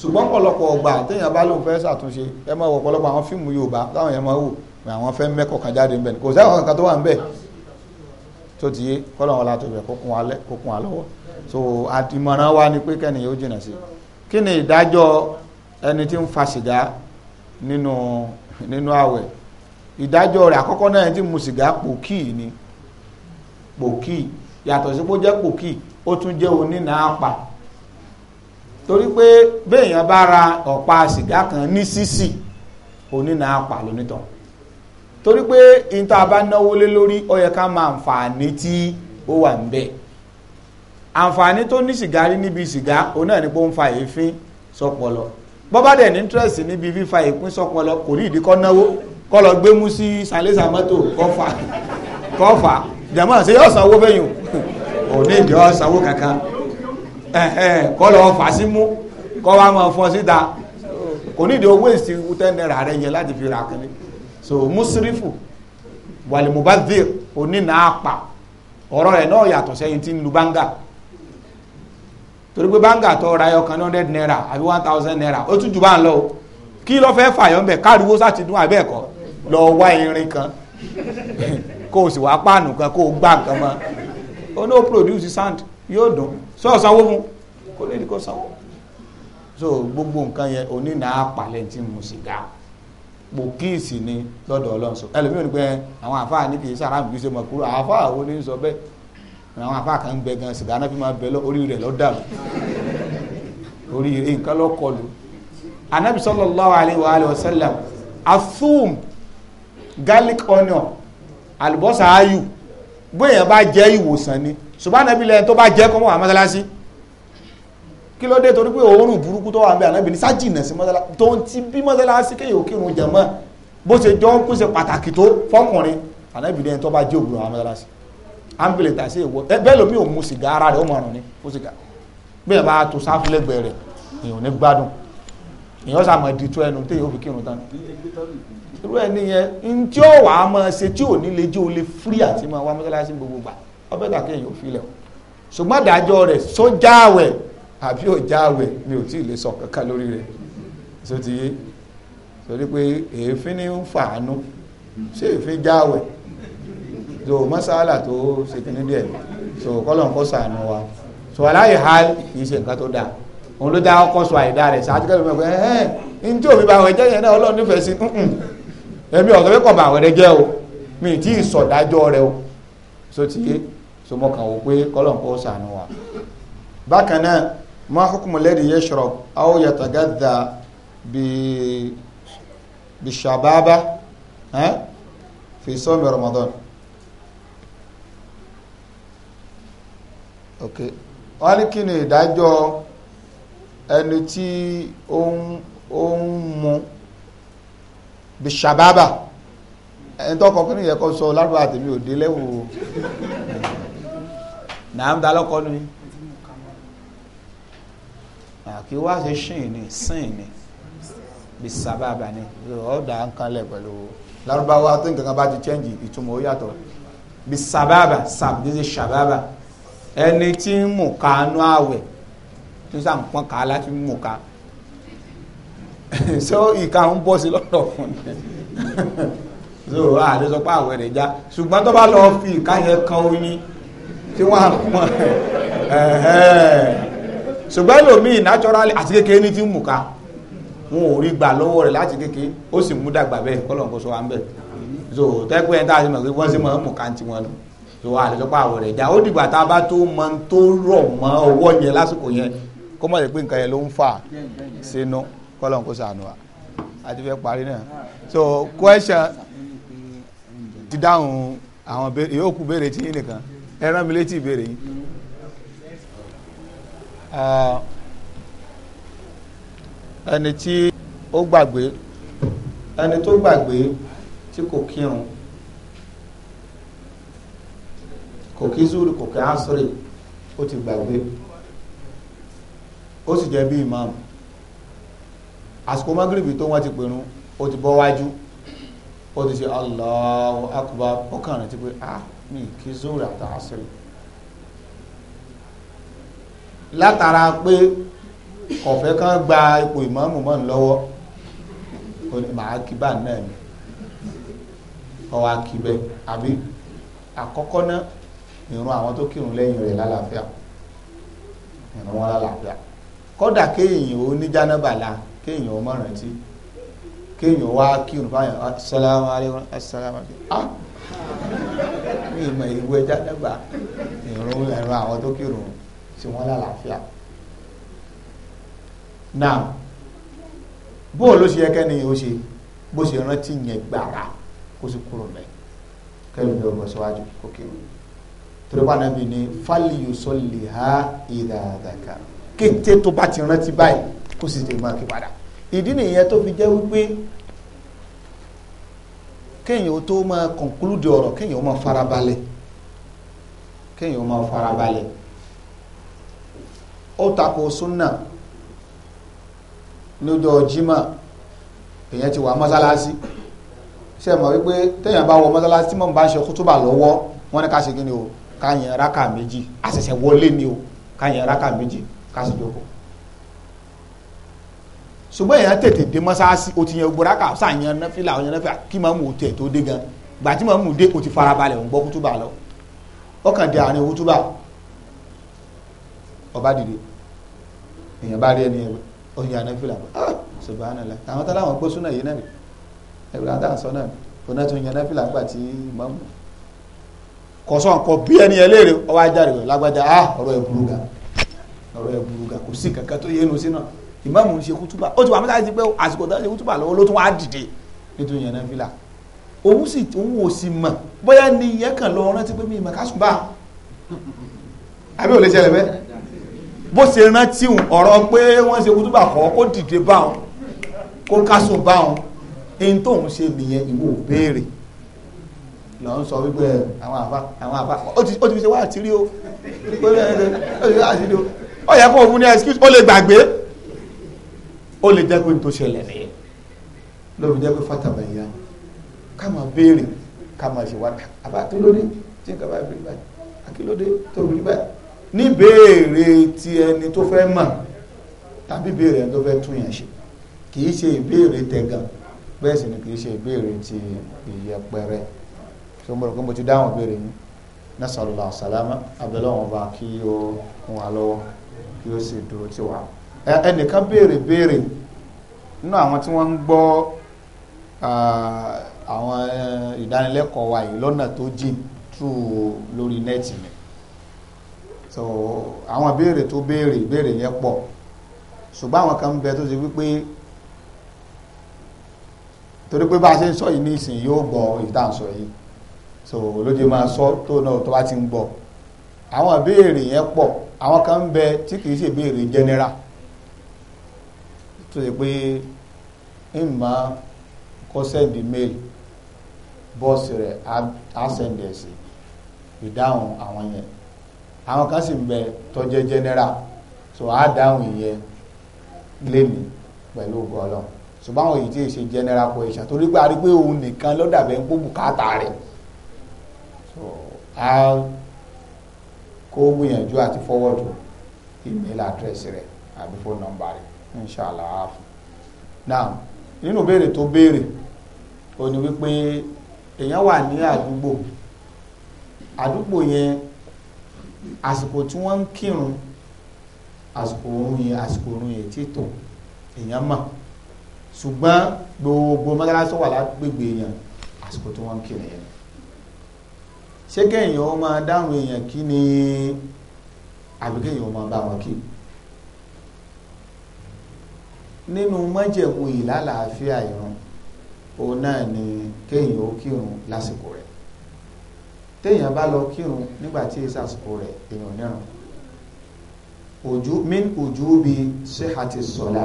ṣùgbọ́n pọ̀lọpọ̀ ọgbà téèyàn bá lóun fẹ́ ṣàtúnṣe ẹ máa wọ̀ àwọn fíìmù Yorùbá táwọn yẹn máa wò pé àwọn fẹ́ mẹ́kọ̀ọ́ kan jáde ńbẹ̀ kò sẹ́wọ̀n kankan tó wà ń tó ti yé kọ́lọ́wọ́n la bẹ̀ kó kún wa lọ́wọ́ so àtìmọ̀ràn wa ni pé kẹ́nìyàn ó jìnà sí kí ni ìdájọ́ ẹni tí ń fa sìgá nínú nínú àwẹ̀ ìdájọ́ rẹ̀ àkọ́kọ́ náà tí mu sìgá pòkì ni pòkì yàtọ̀ sí pé ó jẹ́ pòkì ó tún jẹ́ onínàápa torí pé béèyàn ra ọ̀pá sìgá kan ní sísì lónítàn torí pé bá náwó lé lórí ó yẹ ká máa ń tí ó wà ń àǹfààní tó ní sìgá rí níbi sìgá òun náà ni pé ó ń fa èéfín sọpọlọ bọ́bá dẹ̀ ní interest níbi fífa èéfín sọpọlọ kò ní ìdí kọ́ náwó kọ́ lọ gbé mú sí salisa mọ́tò kọ́fà kọ́fà jẹ̀mọ́ ṣe yọ sanwó fẹ́yìn ò ní ìdí ọ sanwó kankan kọ́ lọ fà sí mú kọ́ wa mọ̀ fọ́ síta kò ní ìdí owó èsì ten naira rẹ yẹ láti fi ra kiri so musrifu wàlìmùbá dìr onínàápa ọ̀rọ̀ rẹ̀ náà yàtọ̀ sẹ́yìn tí ń lu bánga torí pé báńgà tó ra ẹyọ kan ní hundred naira àbí one thousand naira ó tún jù bá ń lọ o kí ló fẹ́ fàyọ̀ ńbẹ káàdùwó sá ti dún àbẹ́ẹ̀kọ́ lọ wá irin kan kó o sì wá páànù kan kó o gbá nǹkan mọ́ ó ní ó produce sand yóò dùn sọ sanwó mu kó lè ní kó sanwó so gbogbo nǹkan yẹn onínà apàlẹ̀ tí mo sì ga pòkíìsì ni lọ́dọ̀ ọlọ́run sọ ẹlòmíràn ni pé àwọn àfáà ní kì í sára mi ṣe mọ̀ kúrò àfáà wo ni sọ bẹ́ẹ̀ àwọn afá kan ń bẹ gan sìgá náà fi máa bẹ orí rẹ̀ lọ dàrú orí rẹ̀ nǹkan lọ kọlù anabi sallallahu alayhi wa alayhi wa sallam athum garlic onion àlùbọ́sà ayu, bóyá bá jẹ́ ìwòsàn ni ṣùgbọ́n anabi lẹ́yìn tó bá jẹ́ kọ́mọ́ wà mọ́sálásí kí ló dé torí pé òórùn burúkú tó wà ń bẹ ànábì ní sájìnà sí mọ́sálásí tó ń ti bí mọ́sálásí kéèyàn kírun jẹ̀mọ́ bó ṣe jọ ń pèsè pàtàkì tó fọkùnrin ànábì lẹ́yìn tó bá jẹ́ òwúrọ̀ àwọn ambulance àti èèwọ̀ bẹ́ẹ̀ lómi ò mu sìgá ara rẹ̀ ó mọ̀ràn ni ó sìgá bẹ́ẹ̀ bá to sáfúlẹ̀gbẹ̀ rẹ̀ èèyàn ní gbádùn èèyàn sàmọ̀ di tó ẹnu téèyàn fi kírun tán irú ẹni yẹn n tí ó wàá máa ṣe tí ò ní lè jẹ́ o lè fírí àti máa wá mọ́sálásí gbogbo gbà ọbẹ̀ tà kéèyàn ò filẹ̀ o ṣùgbọ́n àdájọ́ rẹ̀ sójà àwẹ̀ àbí òjà àwẹ̀ mi ò tí ì lè sọ kankan lórí rẹ̀ ṣó ti yé torí pé èéfín ní ń fàánú ṣé èéfín jáwẹ̀ so masala tó ṣe kìíní díẹ̀ so kọ́lọ̀ ń kó sànù wa so aláyè ha kì í ṣe nǹkan tó dáa òun ló dá ọkọ sọ àìdá rẹ̀ ṣáájú kẹ́lẹ́ mọ̀ pé ẹ́ n tí òbí bá wọn jẹ́ yẹn náà ọlọ́run nífẹ̀ẹ́ sí ẹ̀mí ọ̀sán pé kọ̀ọ̀bà àwọn ẹ̀rẹ́jẹ́ o mi tí ì sọ̀dájọ́ rẹ o so ti yé so mo kàn wò pé kọ́lọ̀ ń sànù wa bákan náà ma hukumu lẹ́dí yẹ ṣọ̀rọ̀ aw yatagadda bi bi shababa eh, fi sọ́mi Ramadan ok wọ́n ní kí ni ìdájọ́ ẹni tí ó ń ó ń mu bishababa ẹni tó kọ kí ni ìyẹn kọ sọ lárúbá àtẹ̀mí òde lẹ́wọ̀ o nàá ń da lọ́kọ́ ni àkí wá ṣe ṣìn ni sìn ni bisababa ni ọ̀dà ń kanlẹ̀ pẹ̀lú lárúbáwá tó nǹkan kan bá ti chẹ́ǹjì ìtumọ̀ ó yàtọ̀ bisababa sàbíyèsè sàbábà. ẹni tí ń mú kánú àwẹ̀ tó sàn pọ́n ká láti mú ká so ìka ń bọ́ sí lọ́dọ̀ fún mi so àlè sọ pé àwẹ̀ rẹ̀ já ṣùgbọ́n tó bá lọ fi ìka yẹn kan oyin tí wọ́n á pọ́n ṣùgbọ́n ẹlòmíì naturally àti kékeré ní ti mú ká wọn ò rí gbà lọ́wọ́ rẹ̀ láti kékeré ó sì mú dàgbà bẹ́ẹ̀ kọ́lọ̀ ń sọ wa ń bẹ̀ so tẹ́gbẹ́ ẹ̀ tá a ti mọ̀ pé wọ́n sì mọ̀ ọ́n mú ká ń ti wọn tó wà pa àwọ̀ rẹ̀ já ó dìgbà tá a bá tó mọ tó rọ̀ mọ́ ọwọ́ yẹn lásìkò yẹn kó mọ̀ lè pé nǹkan yẹn ló ń fà sínú kọ́lọ̀ kó sànù wa a ti fẹ́ parí náà so question ti dáhùn àwọn yòókù béèrè tí yín nìkan ẹ rán mi létí ìbéèrè yín ẹni tí ó gbàgbé ẹni tó gbàgbé tí kò kírun kò kí zúrù kò kí ánsírì ó ti gbàgbé ó sì jẹ́ bí imam àsìkò magrebi tó wọ́n ti pinnu ó ti bọ́ wájú ó ti ṣe Allahu akbar ó kàn rántí pé ah mi kí zúrù àti ánsírì látara pé kọ̀fẹ́ kan gba ipò ìmáàmù mọ́ lọ́wọ́ ó ní màá kí bá náà ni ọwọ́ akíbẹ̀ àbí àkọ́kọ́ náà ìrun àwọn tó kírun lẹ́yìn rẹ̀ lálàáfíà ìrun wọn lálàáfíà kódà kéèyàn ó ní jánábàlá kéèyàn ó mọ̀ràn tí kéèyàn wá kírun fáyàn assalamu alaikum assalamu alaikum ah mi ìmọ̀ ìwé jánábà ìrun ẹ̀rọ àwọn tó kírun tí wọ́n lálàáfíà náà bó ló ṣe yẹ kẹ́ni ó ṣe bó ṣe rántí yẹn gbàrà kó sì kúrò mẹ́ kẹ́lùmí ọgbọ̀n síwájú kó kírun torípa nàbì ni fáliyù sọlì ha daka. Kete tó bá ti rántí báyìí kó sì tèmi máa kí padà ìdí nìyẹn tó fi jẹ́ wípé kéèyàn ó tó máa kọ̀ǹkúlùdì ọ̀rọ̀ kéèyàn ó máa farabalẹ̀ kéèyàn ó máa farabalẹ̀ ó tako súnà lójọ́ jimá èèyàn ti wà mọ́sálásí ṣe mọ̀ wípé téèyàn bá wọ mọ́sálásí mọ̀ bá ń ṣe kútúbà lọ́wọ́ wọ́n ní ká ṣe kí ni o ká yan rákà méjì àṣẹ̀ṣẹ̀ wọlé ni o ká yan rákà méjì ká sì jókòó ṣùgbọ́n èèyàn tètè dé mọ́sáàsì o ti yan gbọ́dá kà sá yan náfìlà yan náfìlà kí màmú o tẹ̀ tó dé gan gbà tí màmú dé o ti farabalẹ̀ òun gbọ́ kútúbà lọ ọkàn dé àárín kútúbà ọba dìde èèyàn bá rí ẹni ẹgbẹ́ o yan náfìlà bọ́ ah subhanallah àwọn táwọn gbósùn náà yé náà rè ẹgbẹ́ àtàwọn sọ náà òun náà yan náfìlà nígbà tí màmú kọ̀sọ́ nǹkan bí ẹni ẹlẹ́rẹ̀ ọwọ́ ajáre rẹ̀ lágbájá á ah, ọ̀rọ̀ ẹ̀ burú ga ọ̀rọ̀ ẹ̀ burú ga kò sí kankan tó yẹnu sí náà ìmáàmù ń ṣe kútúbà ó ti wà mọ́tàkì pé àsìkò tó ń ṣe kútúbà lọ́wọ́ ló tún wá dìde nítorí yẹn náà fìlà òun sì òun ò sì mọ̀ bóyá ni ìyẹn kàn lọ rántí pé mi ìmọ̀ kásùn bá àbí ò lè ṣẹlẹ̀ bẹ́ẹ̀ bó ṣe rántí ọ̀rọ̀ pé wọ́n ṣe kútúbà kọ́ kó dìde báwọn kó kásùn báwọn ẹni tóun ṣe nìyẹn ìwọ ò béèrè lọ ń sọ wípé àwọn àfa àwọn àfa ó ti ó ti fi ṣe wá àtìrí o ó ti fi wá àtìrí o ó yẹ kó o fún ní excuse ó lè gbàgbé ó lè jẹ́ pé n tó ṣẹlẹ̀ nìyẹn lóbi jẹ́ pé fatama ìyá ká máa béèrè ká máa ṣe wá àbá kí ló dé tí nǹkan bá bèrè báyìí àkí ló dé tó bèrè báyìí ní béèrè ti ẹni tó fẹ́ mọ̀ tàbí béèrè ẹni tó fẹ́ tún yàn ṣe kì í ṣe ìbéèrè tẹ̀gàn bẹ́ẹ̀ sì ni kì í ṣe ìbéèrè ti ìyẹpẹrẹ tó mo rò pé mo ti dáhùn ìbéèrè yín nasalula salama abẹ́lẹ́wọ̀n ọba kí ó wọn wá lọ́wọ́ kí ó sì dúró tì wá. ẹnìkan béèrè béèrè nínú àwọn tí wọ́n ń gbọ́ àwọn ìdánilẹ́kọ̀ọ́ wa yìí lọ́nà tó jìn tú lórí nẹ́ẹ̀tì mi so àwọn béèrè tó béèrè ìbéèrè yẹn pọ̀ ṣùgbọ́n àwọn kan ń bẹ tó ṣe wípé torí pé bá a ṣe ń sọ yìí ní ìsìn yóò gbọ́ ìdáǹsọ yìí so olóde máa sọ tó náà tó bá ti ń gbọ́ àwọn ìbéèrè yẹn pọ̀ àwọn kan ń bẹ tí kì í ṣe ìbéèrè general tó yẹ pé ń máa kọ́ sẹ́ndì mail bọ́ọ̀sì rẹ̀ á sẹ́ndì ẹ̀ sí ìdáhùn àwọn yẹn àwọn kan sì ń bẹ tó jẹ́ general so á dáhùn ìyẹn lémi pẹ̀lú ọgọ́ ọlọ́run ṣùgbọ́n àwọn èyí tí ì ṣe general question torí pé a rí pé òun nìkan ló dàbẹ̀ ń pọ̀ bùkátà rẹ̀ á kó gbìyànjú àti forward email address rẹ àbí phone number rẹ inshallah á now nínú béèrè tó béèrè ó ní wípé èèyàn wà ní àdúgbò àdúgbò yẹn àsìkò tí wọ́n ń kírun àsìkò òun yẹn àsìkò òun yẹn tí tò èèyàn mọ̀ ṣùgbọ́n gbogbo mọ́tàlásọ́wà lágbègbè yẹn àsìkò tí wọ́n ń kírun yẹn ṣé kéèyàn ó máa dáhùn èèyàn kí ni àbí kéèyàn máa bá wọn kí nínú májẹ̀mú ìlàlàáfíà ìrun òun náà ni kéèyàn ó kírun lásìkò rẹ̀ téèyàn bá lọ kírun nígbà tí èsì àsìkò rẹ̀ èèyàn nírun ojú min ojú bi sihati sọlá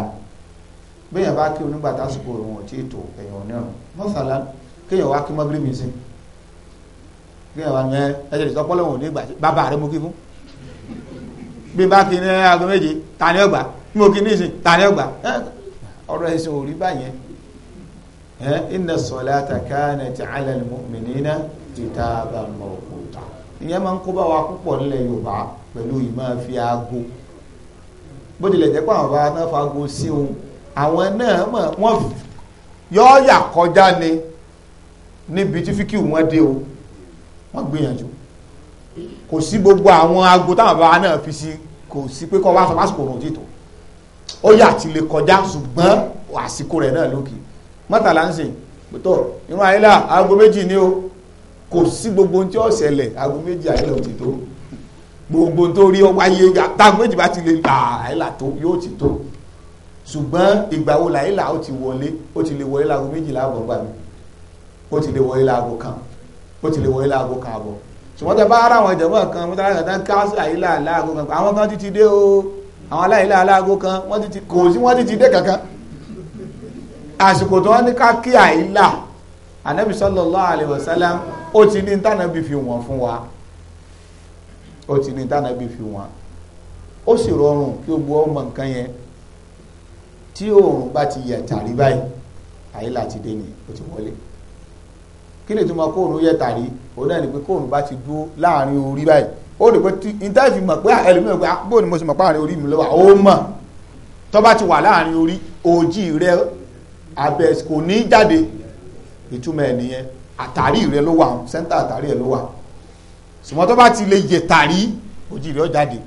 béèyàn bá kírun nígbà tásìkò òun ò tí ì tò èèyàn nírun mọ́sálá kéèyàn wá kí mọ́gírìmì sí i kí ẹ wà ní ẹsẹ̀ lè sọpọ́ lọ́wọ́ nígbà tí bàbá rẹ mo kí fún bí n bá kí ní aago méje ta ni ọgbà bí mo kí ní ìsìn ta ni ọgbà ọ̀rọ̀ ẹ̀sìn ò rí báyẹn inna salata kanat ala al-mu'minina kitaban mawquta ìyẹn máa ń kó bá wa púpọ̀ nílẹ̀ Yorùbá pẹ̀lú ìmọ̀ fi aago bó tilẹ̀ jẹ́ pé àwọn bá náà fago sí ohun àwọn náà mọ̀ wọ́n yọ̀ọ́yà kọjá ni níbi tí fíkì wọn dé o wọ́n gbìyànjú kò sí gbogbo àwọn aago táwọn bàbá náà fi sí kò sí pé kọ́ wá sọ lásìkò òrùn títò ó yà ti lè kọjá ṣùgbọ́n àsìkò rẹ̀ náà lókè mọ́tàlá ń sìn pẹ̀tọ́ irun àyílà aago méjì ni ó kò sí gbogbo ohun tí ó ṣẹlẹ̀ aago méjì àyílà ò ti tó gbogbo tó rí wáyé táago méjì bá ti lè là àyílà tó yóò ti tó ṣùgbọ́n ìgbà wo làyílà ó ti wọlé ó ti lè wọlé láago méjìlá àbọ̀ gbà mí ó ti lè wọlé láago kan ó ti lè wọlé láago kan àbọ̀ ṣùgbọ́n tẹ bá ara àwọn ìjọba kan mo dára kan káàsì àyílà láago kan àwọn kan ti dé o àwọn aláìlà láago kan wọ́n ti ti kò sí wọ́n ti ti dé kankan àsìkò tó wọ́n ní ká kí àyílà ànábì sallallahu alaihi wasallam ó ti ní tànàbì fi wọ́n fún wa ó ti ní tànàbì fi wọ́n ó sì rọrùn kí o bu ọmọ nǹkan yẹn tí oòrùn bá ti yẹ̀ tàrí báyìí àyílà ti dé ni ó ti wọlé kí ni ìtumọ̀ kóòrùn yẹ tàrí òun náà ni pé kóòrùn bá ti dúró láàrin orí báyìí ó rí pé níta ìfi mọ̀ pé ah, ẹlòmíràn pé ah, bó ni mo sì mọ̀ pé àárín orí mi ló wà ó mọ̀ tó bá ti wà láàrin orí òjì rẹ abẹ kò ní jáde ìtumọ̀ ẹ̀ nìyẹn àtàrí rẹ ló wà sẹ́ńtà àtàrí ẹ ló wà ṣùgbọ́n tó bá ti lè yẹ tàrí òjì rẹ jáde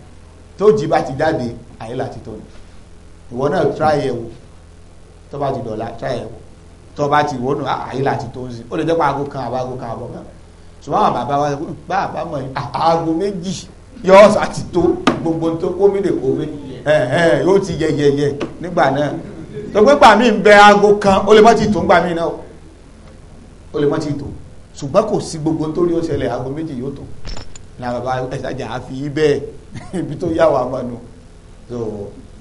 tó jì bá ti jáde àyè láti tó ni ìwọ náà tíráyẹ̀wò tó bá ti dọ̀la tíráyẹ̀wò tó bá ti wò nù àyè ah, láti tó ń sìn ó lè jẹ́ pé aago kan àbá aago kan àbọ̀ kan ṣùgbọ́n àwọn bàbá wa sọ bá àbá mọ̀ ní ah, aago méjì yọ àti tó gbogbo tó kómìnì kómi yóò ti yẹ yẹ yẹ nígbà náà tó pé gbà mí ń bẹ aago kan ó lè má ti tó ń gbà mí náà ó lè má ti tó ṣùgbọ́n kò sí gbogbo tó rí ó ṣẹlẹ̀ aago méjì yóò tó ní àwọn bàbá àfi bẹ́ẹ̀ ibi tó yà wà mọ́nu so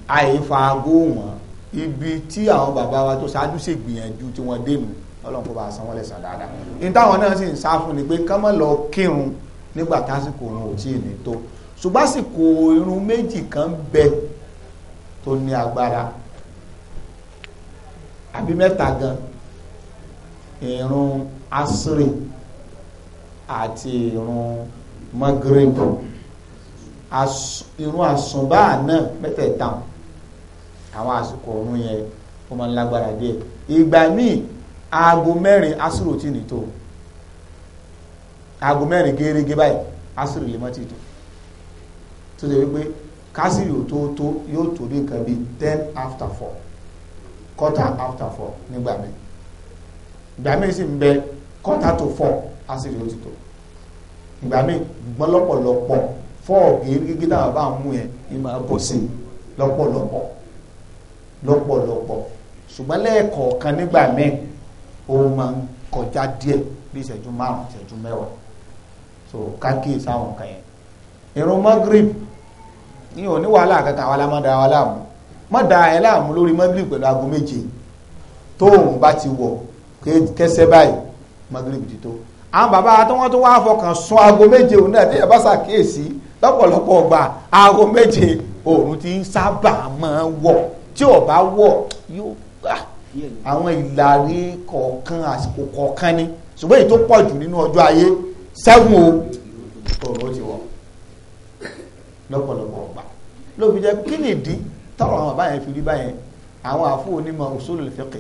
àyè fa aago wọn ibi tí àwọn bàbá wa tó ṣáájú ṣe gbìyànjú tí wọ́n dé mú ọlọ́run kó bá san wọ́n lè san dáadáa ní táwọn náà sì ń sá fún ni pé ká má lọ kírun nígbà tásìkò òun ò tí ì ní tó ṣùgbọ́n irun méjì kan bẹ tó ní agbára àbí mẹ́ta gan irun asiri àti irun magreb irun àsùnbáà náà mẹ́tẹ̀ẹ̀ta wọn àwọn àsìkò ọ̀run yẹn ó máa ń lágbára díẹ̀ ìgbà míì aago mẹ́rin asúrò tí to aago mẹ́rin gẹ́gẹ́ báyìí asúrò lè má ti tó tó ṣe wípé kásìrì ò yóò tó ten after four quarter after four nígbà ìgbà míì sì ń bẹ to four asìrì ó ti tó ìgbà míì gbọ́n lọ́pọ̀lọpọ̀ gẹ́gẹ́ táwọn bá ń mú yẹn ìmọ̀ lọ́pọ̀lọpọ̀. lọ́pọ̀lọpọ̀ ṣùgbọ́n lẹ́ẹ̀kọ̀ọ̀kan nígbà míì òun máa ń kọjá díẹ̀ bí ìṣẹ́jú márùn ìṣẹ́jú mẹ́wàá so kákìí sáwọn nǹkan yẹn ìrun magrib ní òní wàhálà kankan wàhálà má da wa láàmú má da ẹ láàmú lórí magrib pẹ̀lú aago méje tóun bá ti wọ̀ kẹsẹ̀ báyìí magrib ti tó àwọn bàbá tó wọ́n tó wá fọkàn sún aago méje òun náà tí ẹ bá ṣàkíyèsí lọ́pọ̀lọpọ̀ ọgbà aago méje òun ti sábà máa wọ̀ tí ò bá wọ̀ yóò gbà àwọn ìlàrí kọ̀ọ̀kan àsìkò kọ̀ọ̀kan ni ṣùgbọ́n èyí tó pọ̀ jù nínú ọjọ́ ayé sẹ́gun o òòrùn ti wọ̀ lọ́pọ̀lọpọ̀ ọgbà lóbi jẹ́ kí ni ìdí táwọn àwọn àbáyẹn fi rí báyẹn àwọn àfọ onímọ̀ usulul fiqh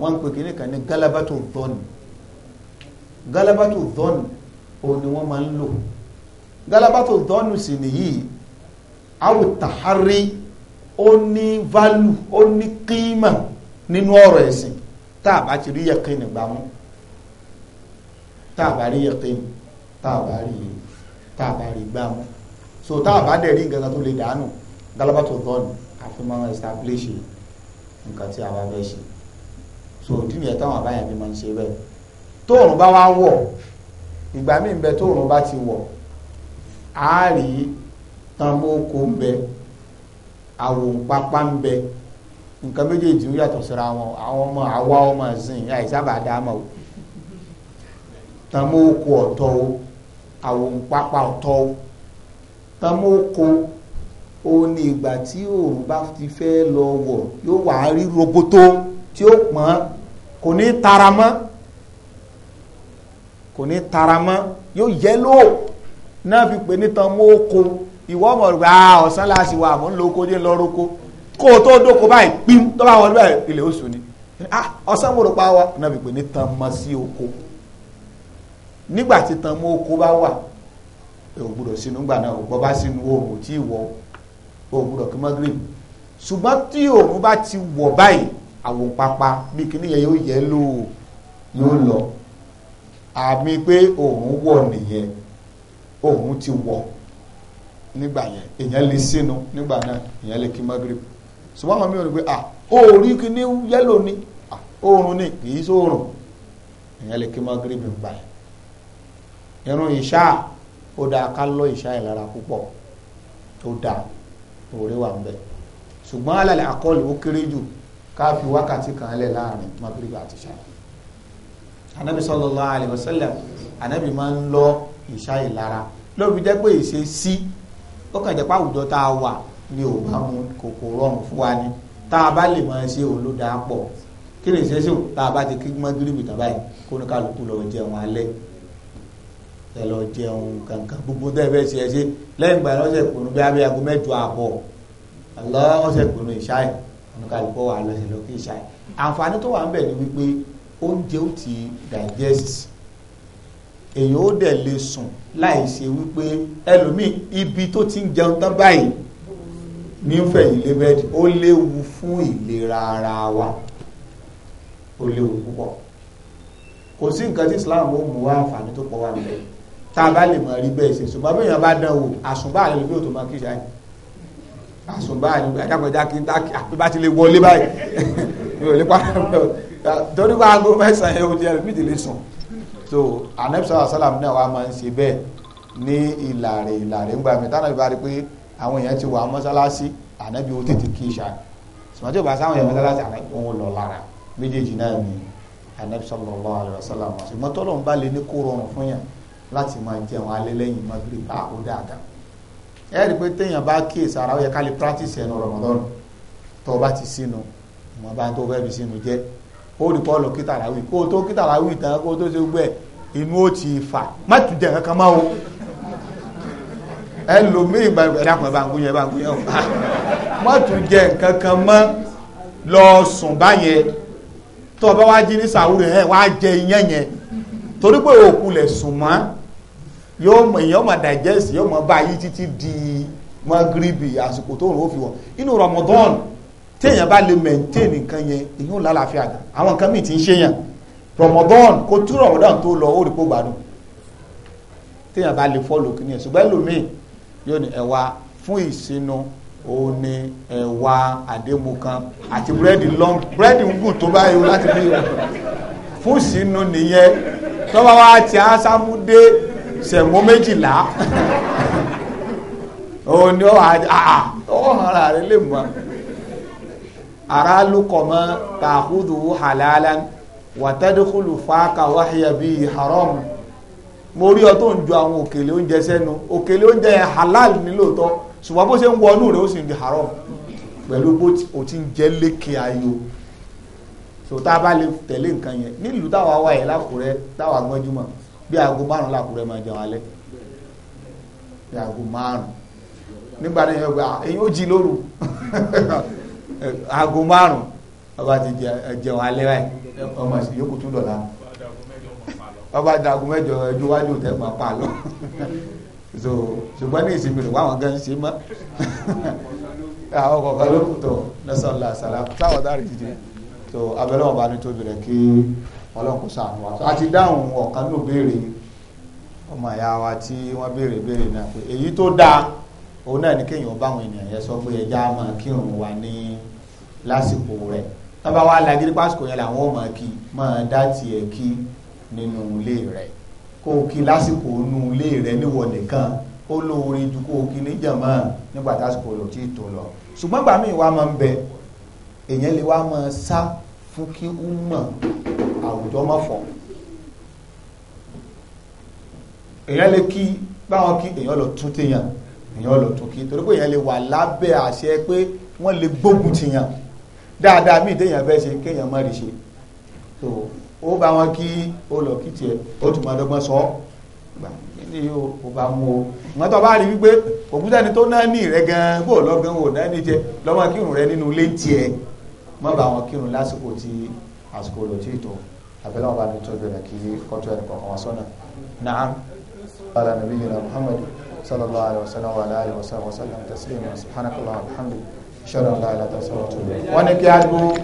wọ́n ń pè kí nìkan ní galabatu dhon galabatu dhon òun ni wọ́n máa ń lò galabatu dhon sì nìyí awu ó ní value ó ní kíímà nínú ọ̀rọ̀ ẹ̀sìn tá a bá ti rí yẹ̀kín nígbà mú tá a bá rí yẹ̀kín tá a bá rí tá a bá rí gbà mú so tá a bá dẹ̀ rí nǹkan tó lè dànù galaba tó dọ́ọ̀nù àfi máa establish nǹkan tí a bá fẹ́ ṣe so ìdí nìyẹn táwọn àbáyà mi máa ń ṣe bẹ́ẹ̀ tóòrùn bá wá wọ̀ ìgbà míì ń bẹ tóòrùn bá ti wọ̀ á tambo kó ń bẹ àwòpápá ń bẹ nǹkan méjèèjì ń yàtọ̀ síra wọn àwọn ọmọ àwa ọmọ ìsìn àìsábà dáàmà o tamóko ọ̀tọ̀ o àwòpápá ọ̀tọ̀ o tamóko o ní ìgbà tí òun bá ti fẹ́ lọ wọ̀ yóò wà á rí roboto tí ó pọ́n kò ní tara mọ́ kò ní tara mọ́ yóò yẹ́lò náà fi pè ní tamóko ìwọ ọmọ rẹ ah ọ̀sán la sì wà mò ń lo oko dé kó o tó dóko báyìí pín tó bá wọlé báyìí ilẹ̀ oṣù ni ah ọ̀sán mo rò pa wa náà fi pè ní tan mọ́ sí oko nígbà tí tan mọ́ oko bá wà ò gbúdọ̀ sínú gbà náà ògbọ́ bá sínú oòrùn tí ìwọ ò gbúdọ̀ kí mọ́ green ṣùgbọ́n tí oòrùn bá ti wọ̀ báyìí àwọn pápá bí kíní yẹn yóò yẹ lò yóò lọ àmì pé oòrùn wọ̀ nìyẹn oòrùn ti wọ̀ nígbà yẹn èèyàn lè sínú nígbà náà èèyàn lè kí magrib ṣùgbọ́n àwọn mi ò rí pé ah orí kíní yẹ́lò ni ah oòrùn ni kìí sóòrùn èèyàn lè kí magrib gbà yẹn irun ìṣá ó dáa ká lọ ìṣá yẹn lára púpọ̀ ó dáa òòrè wà ń bẹ ṣùgbọ́n alẹ́ àkọlù ó kéré jù ká fi wákàtí kan lẹ̀ láàrin magrib àti ìṣá anabi sallallahu alaihi wasallam anabi máa ń lọ ìṣá yìí lára lóbi jẹ́ ìṣe sí. Si, ó kàn jẹ́ pé àwùjọ tá a wà ni ò bá mu kòkò rọrùn fún wa ni tá a bá lè máa ṣe òun ló dáa pọ̀ kí lè ṣe sùn tá a bá ti kí mọ́gírìbì tán báyìí kó ní kálukú lọ jẹun alẹ́ ẹ lọ jẹun kankan gbogbo tẹ́ ẹ fẹ́ ṣe ẹ ṣe lẹ́yìn ìgbà lọ́sẹ̀ kùnú bí abẹ́ aago mẹ́jọ àbọ̀ lọ́sẹ̀ kùnú ìṣáì ọ̀nà kálukú wà lọ́sẹ̀ lọ́kì ìṣáì àǹfààní tó wà ń bẹ̀ ni wípé oúnjẹ ó ti digest èyàn ó dẹ̀ lè sùn láì ṣe wípé ẹlòmíì ibi tó ti ń jẹun tán báyìí ní fẹ̀yìn lé bẹ́ẹ̀dì ó léwu fún ìlera ara wa ó léwu púpọ̀ kò sí nǹkan tí Islam ó mú wá àǹfààní tó pọ̀ wá nílẹ̀ tá a bá lè mọ̀ rí bẹ́ẹ̀ ṣe ṣùgbọ́n bí èèyàn bá dán wò àsùnbà rẹ̀ lóbi òtò máa kí ṣáà àsùnbà rẹ̀ lóbi àjàkọ̀já kí n tá àbí bá ti lè wọlé báyìí mi ò lè pa torí wàá gbọ́ mẹ́sàn-án yẹn ó jẹ́ mi ti lè sùn so anabi sọlá sálàm náà wà máa ń ṣe bẹ́ẹ̀ ní ìlàrè ìlàrè ńgbà mi tánà bí bá rí pé àwọn èèyàn ti wà mọ́sálásí anabi ó tètè kí ìṣá sọmọtí òbá sáwọn èèyàn mọ́sálásí anabi ó lọ lára méjèèjì náà ni anabi sallallahu alaihi wasallam ṣùgbọ́n tọ́lọ́run bá lè ní kó rọrùn fún yàn láti máa jẹun alẹ́ lẹ́yìn maghrib bá ó dáadáa ẹ rí i pé téèyàn bá kíyèsí ara ó yẹ ká lè practice ẹnu rọmọdọ́nù ó rí pọ́ọ̀lù kítàláwì kó tó kítàláwì tán kó tó ṣe gbẹ inú ó ti fà má tún jẹ kankan máa o ẹ lò mí ìgbà ẹ̀dá kan bá ń gúnyẹ bá ń gúnyẹ o ah. má tún jẹ kankan mọ́ lọ sùn báyẹn tó o bá wá jí ní sàwúrẹ̀ ẹ wá jẹ iyán yẹn torí pé òkú lẹ̀ sùn mọ́ yóò mọ èèyàn mọ digest yóò mọ báyìí títí di mọ gíríbì àsìkò tó rò ó fi wọ inú Ramadan téèyàn bá lè maintain nǹkan yẹn ìyóò lálàáfíà gan àwọn nǹkan míì ti ń ṣèyàn Ramadan kó tú Ramadan tó lọ ó rí kó gbádùn téèyàn bá lè fọ́ọ̀lù kìíní ẹ̀ ṣùgbọ́n ẹlòmíì yóò ní ẹ̀wà fún ìsinú òun ni ẹ̀wà àdému kan àti búrẹ́dì long búrẹ́dì ń gùn tó báyìí láti bí fún ìsinú nìyẹn tọ́wọ́ wa ti ásámúdé sẹ̀mó méjìlá òun ni ó hàn ara rẹ̀ lè mọ́ arálùkọ̀mọ́ tàhúdù halalan wàtẹ́dùkúlù fáàkà wáhíyà bíi haram mo rí ọ tó ń ju àwọn òkèlè oúnjẹ sẹ́nu òkèlè oúnjẹ yẹn halal ní lóòótọ́ ṣùgbọ́n bó ṣe ń wọnú rẹ̀ ó sì ń di haram pẹ̀lú bó o ti ń jẹ́ lékè ayò so tá a bá lè tẹ̀lé nǹkan yẹn nílùú táwa wà yẹn lákùrẹ́ táwa gbọ́njúmọ̀ bí aago márùn lákùrẹ́ máa jẹun alẹ́ bí aago márùn nígbà náà yẹn gbà èyí ó jí lóru Eh, aago márùn ọba ti jẹun alẹ́ ọmọ sì yókù tún ọba dàgó mẹjọ ẹjọ́ wájú pa lọ so ṣùgbọ́n ní ìsinmi rẹ̀ wáwọn gan ṣe mọ́ àwọn kọ̀ọ̀kan ló kù tó lọ́sàn táwọn dárí dìde tó abẹ́rẹ́ ọba ní tóbi rẹ̀ kí ọlọ́kùn sàánú wa a ti dáhùn ọ̀kan ló béèrè ọmọ ìyá wa òun náà ní kéèyàn bá àwọn ènìyàn yẹn sọ pé ẹja máa kírun wa ní lásìkò rẹ̀ tọ́ba wa lagiri pásìkò yẹn làwọn ò máa kí máa dá tiẹ̀ kí nínú ilé rẹ̀ kó o kí lásìkò inú ilé rẹ̀ níwọ̀ nìkan ó lóore ju kó o kí níjàmọ́ nígbà tásìkò rẹ̀ ò tí ì tó lọ ṣùgbọ́n gbàmí ìwà máa ń bẹ èèyàn lè wá máa sá fún kí ó mọ̀ àwùjọ mọ̀ èèyàn lè kí báwọn kí èèyàn lọ tún téèyàn èèyàn lọ tún kí torí pé èèyàn lè wà lábẹ́ àṣẹ pé wọ́n lè gbógun ti yàn dáadáa míì téèyàn fẹ́ ṣe kéèyàn má rí ṣe so ó bá wọn kí ó lọ kí tiẹ̀ ó tún máa dọ́gbọ́n sọ ọ́ gbà ní o bá mú o ìwọ́n tó bá rí wípé òkútẹ́ni tó náà ní rẹ gan bó lọ́gán wò náà ní jẹ lọ́mọ kírun rẹ nínú ilé tiẹ̀ má bá wọn kírun lásìkò tí àsìkò lò tí ìtò àbẹ́lẹ́ wọn bá ní tó bẹ̀rẹ̀ kí kọ́tù ẹnì kọ̀ọ̀kan wá sọ́nà náà. صلى الله عليه وسلم وعلى آله وصحبه وسلم تسليما سبحانك اللهم وبحمدك أشهد أن لا إله إلا أنت أستغفرك وأتوب إليك